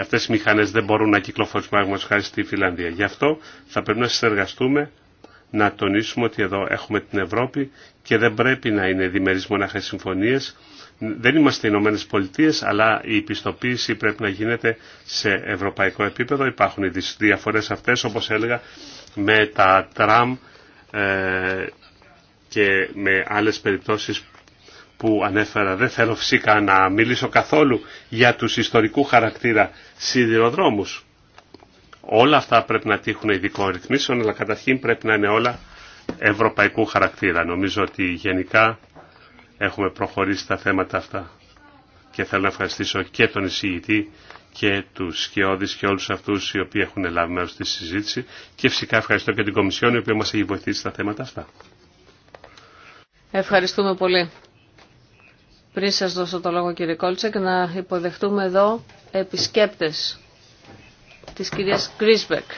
αυτές οι μηχανές δεν μπορούν να κυκλοφορήσουν πράγματος χάρη στη Φιλανδία. Γι' αυτό θα πρέπει να συνεργαστούμε να τονίσουμε ότι εδώ έχουμε την Ευρώπη και δεν πρέπει να είναι διμερείς μονάχα συμφωνίες δεν είμαστε οι Ηνωμένε Πολιτείε, αλλά η πιστοποίηση πρέπει να γίνεται σε ευρωπαϊκό επίπεδο. Υπάρχουν οι διαφορές αυτές, όπως έλεγα, με τα τραμ ε, και με άλλες περιπτώσεις που ανέφερα. Δεν θέλω φυσικά να μιλήσω καθόλου για τους ιστορικού χαρακτήρα σιδηροδρόμους. Όλα αυτά πρέπει να τύχουν ειδικών ρυθμίσεων, αλλά καταρχήν πρέπει να είναι όλα ευρωπαϊκού χαρακτήρα. Νομίζω ότι γενικά έχουμε προχωρήσει τα θέματα αυτά. Και θέλω να ευχαριστήσω και τον εισηγητή και τους Σκιώδη και όλους αυτούς οι οποίοι έχουν λάβει μέρο στη συζήτηση και φυσικά ευχαριστώ και την Κομισιόν η οποία μας έχει βοηθήσει στα θέματα αυτά. Ευχαριστούμε πολύ. Πριν σα δώσω το λόγο κύριε Κόλτσεκ να υποδεχτούμε εδώ επισκέπτε τη κυρία Κρίσμπεκ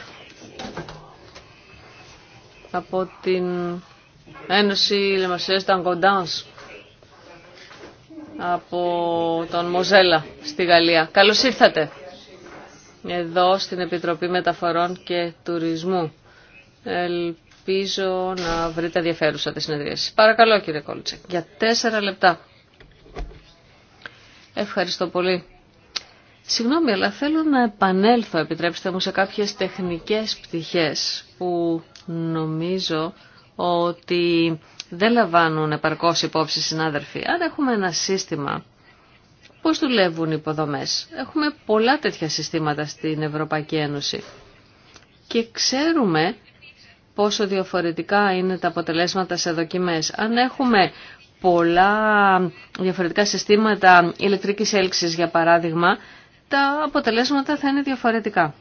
από την Ένωση των Ταγκοντάνς από τον Μοζέλα στη Γαλλία. Καλώς ήρθατε εδώ στην Επιτροπή Μεταφορών και Τουρισμού. Ελπίζω να βρείτε ενδιαφέρουσα τη συνεδρίαση. Παρακαλώ κύριε Κόλτσεκ, για τέσσερα λεπτά. Ευχαριστώ πολύ. Συγγνώμη, αλλά θέλω να επανέλθω, επιτρέψτε μου, σε κάποιες τεχνικές πτυχές που νομίζω ότι δεν λαμβάνουν επαρκώς υπόψη συνάδελφοι. Αν έχουμε ένα σύστημα. Πώς δουλεύουν οι υποδομές. Έχουμε πολλά τέτοια συστήματα στην Ευρωπαϊκή Ένωση. Και ξέρουμε πόσο διαφορετικά είναι τα αποτελέσματα σε δοκιμές. Αν έχουμε πολλά διαφορετικά συστήματα ηλεκτρικής έλξης, για παράδειγμα, τα αποτελέσματα θα είναι διαφορετικά.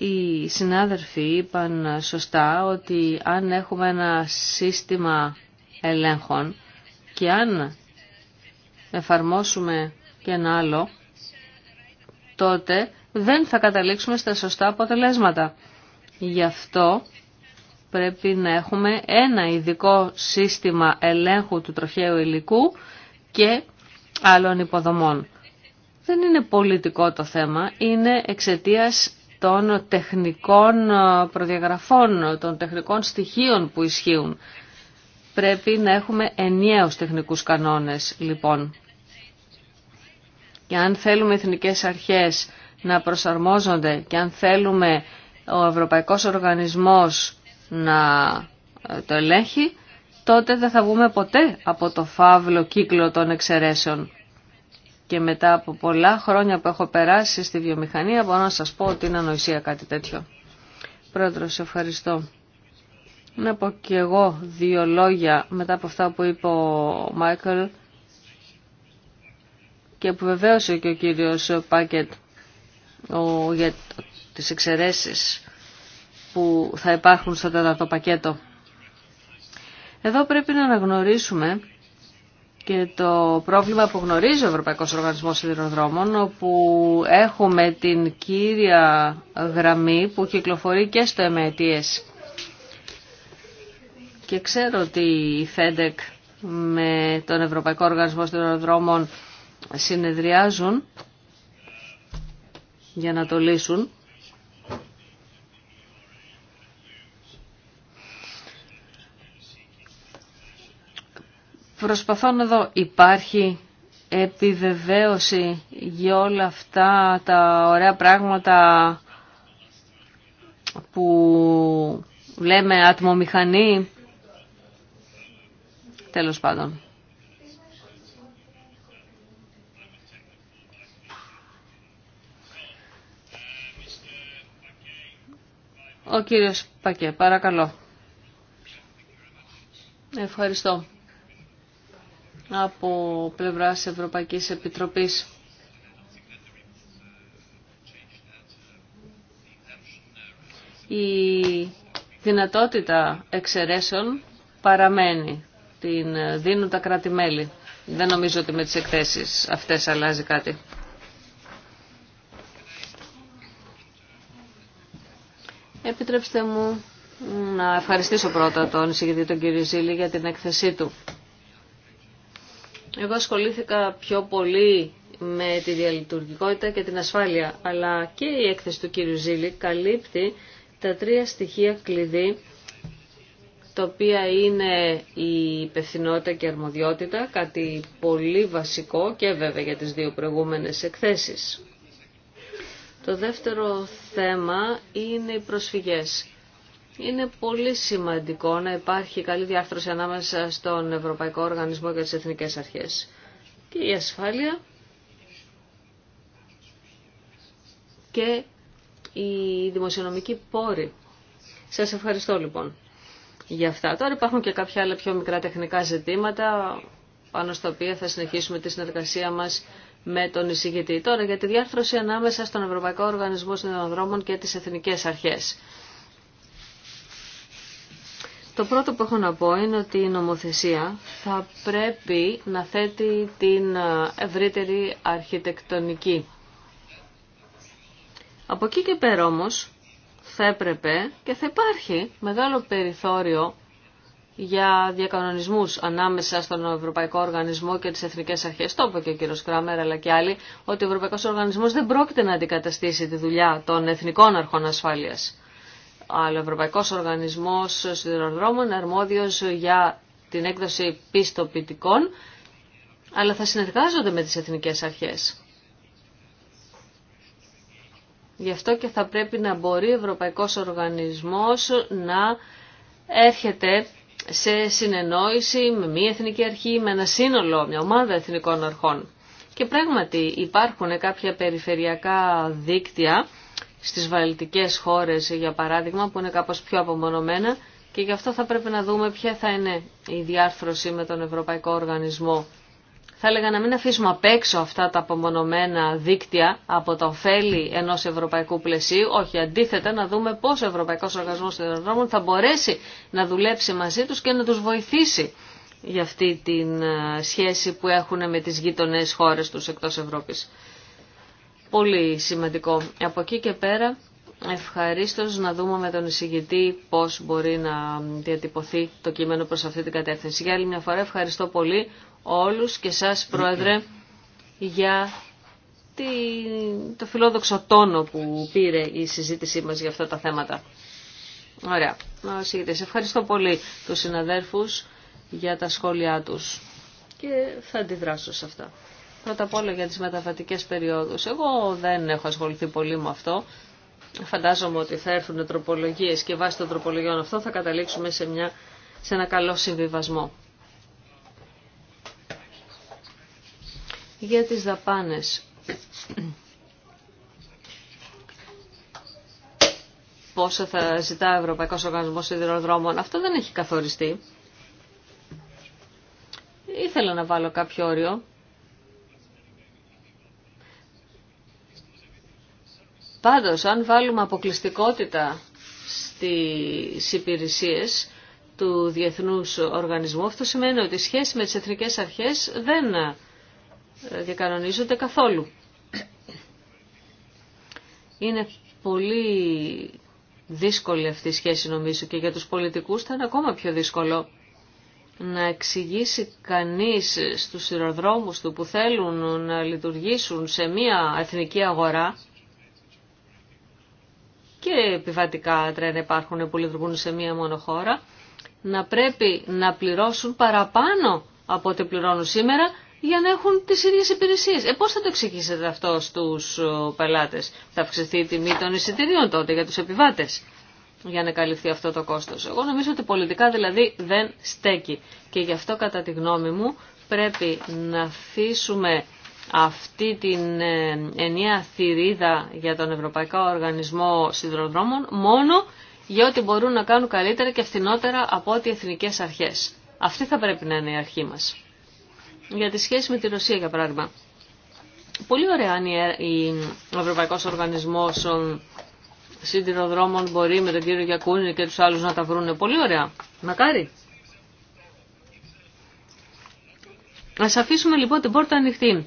Οι συνάδελφοι είπαν σωστά ότι αν έχουμε ένα σύστημα ελέγχων και αν εφαρμόσουμε και ένα άλλο, τότε δεν θα καταλήξουμε στα σωστά αποτελέσματα. Γι' αυτό πρέπει να έχουμε ένα ειδικό σύστημα ελέγχου του τροχαίου υλικού και άλλων υποδομών. Δεν είναι πολιτικό το θέμα, είναι εξαιτίας των τεχνικών ε, προδιαγραφών, των τεχνικών στοιχείων που ισχύουν. Πρέπει να έχουμε ενιαίους τεχνικούς κανόνες, λοιπόν. Και αν θέλουμε εθνικές αρχές να προσαρμόζονται και αν θέλουμε ο Ευρωπαϊκός Οργανισμός να ε, το ελέγχει, τότε δεν θα βγούμε ποτέ από το φαύλο κύκλο των εξαιρέσεων και μετά από πολλά χρόνια που έχω περάσει στη βιομηχανία μπορώ να σας πω ότι είναι ανοησία κάτι τέτοιο. Πρόεδρος, ευχαριστώ. Να πω και εγώ δύο λόγια μετά από αυτά που είπε ο Μάικλ και που βεβαίωσε και ο κύριος Πάκετ ο, για τις εξαιρεσει που θα υπάρχουν στο τέταρτο πακέτο. Εδώ πρέπει να αναγνωρίσουμε και το πρόβλημα που γνωρίζει ο Ευρωπαϊκός Οργανισμός Σιδηροδρόμων, όπου έχουμε την κύρια γραμμή που κυκλοφορεί και στο ΕΜΕΤΙΕΣ. Και ξέρω ότι η ΦΕΝΤΕΚ με τον Ευρωπαϊκό Οργανισμό Σιδηροδρόμων συνεδριάζουν για να το λύσουν. Προσπαθώ να δω, υπάρχει επιβεβαίωση για όλα αυτά τα ωραία πράγματα που λέμε ατμομηχανή. Τέλος πάντων. Ο κύριος Πακέ, παρακαλώ. Ευχαριστώ από πλευράς Ευρωπαϊκής Επιτροπής. Η δυνατότητα εξαιρέσεων παραμένει. Την δίνουν τα κράτη-μέλη. Δεν νομίζω ότι με τις εκθέσεις αυτές αλλάζει κάτι. Επιτρέψτε μου να ευχαριστήσω πρώτα τον εισηγητή τον κύριο Ζήλη για την έκθεσή του. Εγώ ασχολήθηκα πιο πολύ με τη διαλειτουργικότητα και την ασφάλεια, αλλά και η έκθεση του κύριου Ζήλη καλύπτει τα τρία στοιχεία κλειδί, τα οποία είναι η υπευθυνότητα και η αρμοδιότητα, κάτι πολύ βασικό και βέβαια για τις δύο προηγούμενες εκθέσεις. Το δεύτερο θέμα είναι οι προσφυγές. Είναι πολύ σημαντικό να υπάρχει καλή διάρθρωση ανάμεσα στον Ευρωπαϊκό Οργανισμό και τις Εθνικές Αρχές. Και η ασφάλεια και η δημοσιονομική πόροι. Σας ευχαριστώ λοιπόν για αυτά. Τώρα υπάρχουν και κάποια άλλα πιο μικρά τεχνικά ζητήματα πάνω στα οποία θα συνεχίσουμε τη συνεργασία μας με τον εισηγητή. Τώρα για τη διάρθρωση ανάμεσα στον Ευρωπαϊκό Οργανισμό Συνδρομών και τις Εθνικές Αρχές. Το πρώτο που έχω να πω είναι ότι η νομοθεσία θα πρέπει να θέτει την ευρύτερη αρχιτεκτονική. Από εκεί και πέρα όμως θα έπρεπε και θα υπάρχει μεγάλο περιθώριο για διακανονισμούς ανάμεσα στον Ευρωπαϊκό Οργανισμό και τις Εθνικές Αρχές. Το είπε και ο κ. Κράμερ αλλά και άλλοι ότι ο Ευρωπαϊκός Οργανισμός δεν πρόκειται να αντικαταστήσει τη δουλειά των Εθνικών Αρχών Ασφάλειας αλλά ο Ευρωπαϊκός Οργανισμός Σιδηροδρόμων αρμόδιος για την έκδοση πιστοποιητικών, αλλά θα συνεργάζονται με τις εθνικές αρχές. Γι' αυτό και θα πρέπει να μπορεί ο Ευρωπαϊκός Οργανισμός να έρχεται σε συνεννόηση με μια εθνική αρχή, με ένα σύνολο, μια ομάδα εθνικών αρχών. Και πράγματι υπάρχουν κάποια περιφερειακά δίκτυα στις βαλτικές χώρες για παράδειγμα που είναι κάπως πιο απομονωμένα και γι' αυτό θα πρέπει να δούμε ποια θα είναι η διάρθρωση με τον Ευρωπαϊκό Οργανισμό. Θα έλεγα να μην αφήσουμε απ' έξω αυτά τα απομονωμένα δίκτυα από τα ωφέλη ενός ευρωπαϊκού πλαισίου, όχι αντίθετα να δούμε πώς ο Ευρωπαϊκός Οργανισμός των θα μπορέσει να δουλέψει μαζί τους και να τους βοηθήσει για αυτή τη ε, σχέση που έχουν με τις γείτονες χώρες τους εκτός Ευρώπης πολύ σημαντικό. Από εκεί και πέρα ευχαριστώ να δούμε με τον εισηγητή πώς μπορεί να διατυπωθεί το κείμενο προς αυτή την κατεύθυνση. Για άλλη μια φορά ευχαριστώ πολύ όλους και σας Πρόεδρε για το φιλόδοξο τόνο που πήρε η συζήτησή μας για αυτά τα θέματα. Ωραία. Ευχαριστώ πολύ τους συναδέρφους για τα σχόλιά τους και θα αντιδράσω σε αυτά. Πρώτα απ' όλα για τις μεταβατικές περιόδους. Εγώ δεν έχω ασχοληθεί πολύ με αυτό. Φαντάζομαι ότι θα έρθουν τροπολογίες και βάσει των τροπολογιών αυτό θα καταλήξουμε σε, ένα καλό συμβιβασμό. Για τις δαπάνες. Πόσο θα ζητά ο Ευρωπαϊκός Οργανισμός Σιδηροδρόμων. Αυτό δεν έχει καθοριστεί. Ήθελα να βάλω κάποιο όριο Πάντως, αν βάλουμε αποκλειστικότητα στις υπηρεσίες του Διεθνούς Οργανισμού, αυτό σημαίνει ότι οι σχέσεις με τις εθνικές αρχές δεν ε, διακανονίζονται καθόλου. Είναι πολύ δύσκολη αυτή η σχέση νομίζω και για τους πολιτικούς θα είναι ακόμα πιο δύσκολο να εξηγήσει κανείς στους σειροδρόμους του που θέλουν να λειτουργήσουν σε μια εθνική αγορά και επιβατικά τρένα υπάρχουν που λειτουργούν σε μία μόνο χώρα, να πρέπει να πληρώσουν παραπάνω από ό,τι πληρώνουν σήμερα για να έχουν τις ίδιες υπηρεσίες. Ε, πώς θα το εξηγήσετε αυτό στους πελάτες. Θα αυξηθεί η τιμή των εισιτηρίων τότε για τους επιβάτες για να καλυφθεί αυτό το κόστος. Εγώ νομίζω ότι πολιτικά δηλαδή δεν στέκει. Και γι' αυτό κατά τη γνώμη μου πρέπει να αφήσουμε αυτή την ε, ενιαία θηρίδα για τον Ευρωπαϊκό Οργανισμό Σιδηροδρόμων μόνο για ό,τι μπορούν να κάνουν καλύτερα και φθηνότερα από ό,τι οι εθνικές αρχές. Αυτή θα πρέπει να είναι η αρχή μας. Για τη σχέση με τη Ρωσία, για παράδειγμα. Πολύ ωραία αν ε, ο Ευρωπαϊκός Οργανισμός Σιδηροδρόμων μπορεί με τον κύριο Γιακούνη και τους άλλους να τα βρούνε. Πολύ ωραία. Μακάρι. Ας αφήσουμε λοιπόν την πόρτα ανοιχτή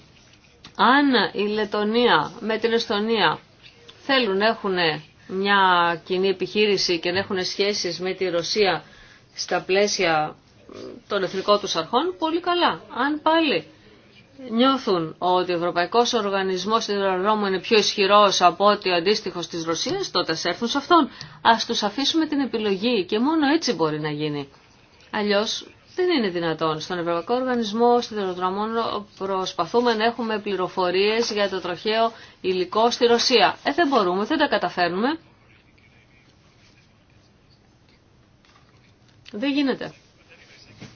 αν η Λετωνία με την Εστονία θέλουν να έχουν μια κοινή επιχείρηση και να έχουν σχέσεις με τη Ρωσία στα πλαίσια των εθνικών τους αρχών, πολύ καλά. Αν πάλι νιώθουν ότι ο Ευρωπαϊκός Οργανισμός Ρώμα είναι πιο ισχυρός από ότι ο αντίστοιχος της Ρωσίας, τότε σε έρθουν σε αυτόν. Ας τους αφήσουμε την επιλογή και μόνο έτσι μπορεί να γίνει. Αλλιώς δεν είναι δυνατόν. Στον Ευρωπαϊκό Οργανισμό Σιδηροδρομών προσπαθούμε να έχουμε πληροφορίε για το τροχαίο υλικό στη Ρωσία. Ε, δεν μπορούμε, δεν τα καταφέρνουμε. Δεν γίνεται.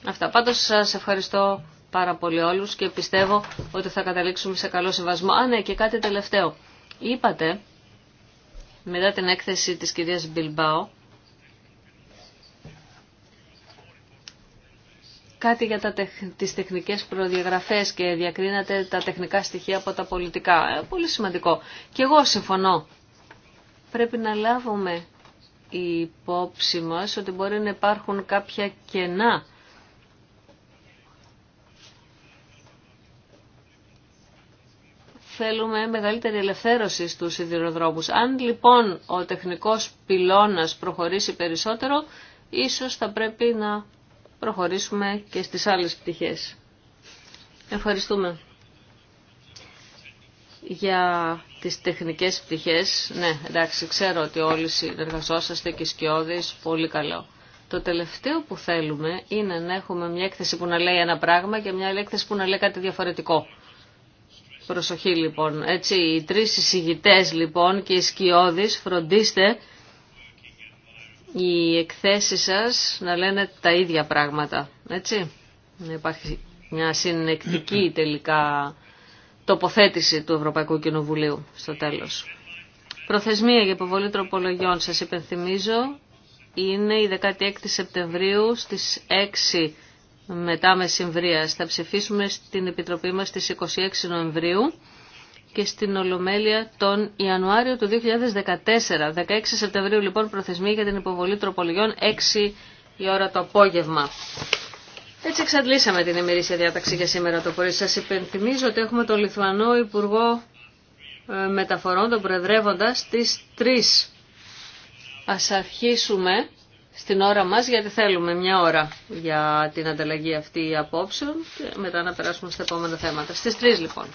Αυτά. Πάντω σας ευχαριστώ πάρα πολύ όλου και πιστεύω ότι θα καταλήξουμε σε καλό συμβασμό. Α, ναι, και κάτι τελευταίο. Είπατε, μετά την έκθεση της κυρίας Μπιλμπάου, κάτι για τα, τις τεχνικές προδιαγραφές και διακρίνατε τα τεχνικά στοιχεία από τα πολιτικά. Ε, πολύ σημαντικό. Και εγώ συμφωνώ. Πρέπει να λάβουμε υπόψη μας ότι μπορεί να υπάρχουν κάποια κενά θέλουμε μεγαλύτερη ελευθέρωση στους σιδηροδρόμους. Αν λοιπόν ο τεχνικός πυλώνας προχωρήσει περισσότερο, ίσως θα πρέπει να προχωρήσουμε και στις άλλες πτυχές. Ευχαριστούμε. Για τις τεχνικές πτυχές, ναι, εντάξει, ξέρω ότι όλοι συνεργαζόσαστε και σκιώδεις, πολύ καλό. Το τελευταίο που θέλουμε είναι να έχουμε μια έκθεση που να λέει ένα πράγμα και μια έκθεση που να λέει κάτι διαφορετικό. Προσοχή λοιπόν. Έτσι, οι τρεις εισηγητές λοιπόν και οι σκιώδεις φροντίστε οι εκθέσεις σας να λένε τα ίδια πράγματα, έτσι. Να υπάρχει μια συνεκτική τελικά τοποθέτηση του Ευρωπαϊκού Κοινοβουλίου στο τέλος. Προθεσμία για υποβολή τροπολογιών, σας υπενθυμίζω, είναι η 16 Σεπτεμβρίου στις 6 μετά μεσημβρίας. Θα ψηφίσουμε στην Επιτροπή μας στις 26 Νοεμβρίου και στην Ολομέλεια τον Ιανουάριο του 2014. 16 Σεπτεμβρίου λοιπόν προθεσμία για την υποβολή τροπολογιών 6 η ώρα το απόγευμα. Έτσι εξαντλήσαμε την ημερήσια διάταξη για σήμερα το πρωί. Σας υπενθυμίζω ότι έχουμε τον Λιθουανό Υπουργό ε, Μεταφορών, τον Προεδρεύοντα, στις 3. Ας αρχίσουμε στην ώρα μας γιατί θέλουμε μια ώρα για την ανταλλαγή αυτή απόψεων και μετά να περάσουμε στα επόμενα θέματα. Στις 3 λοιπόν.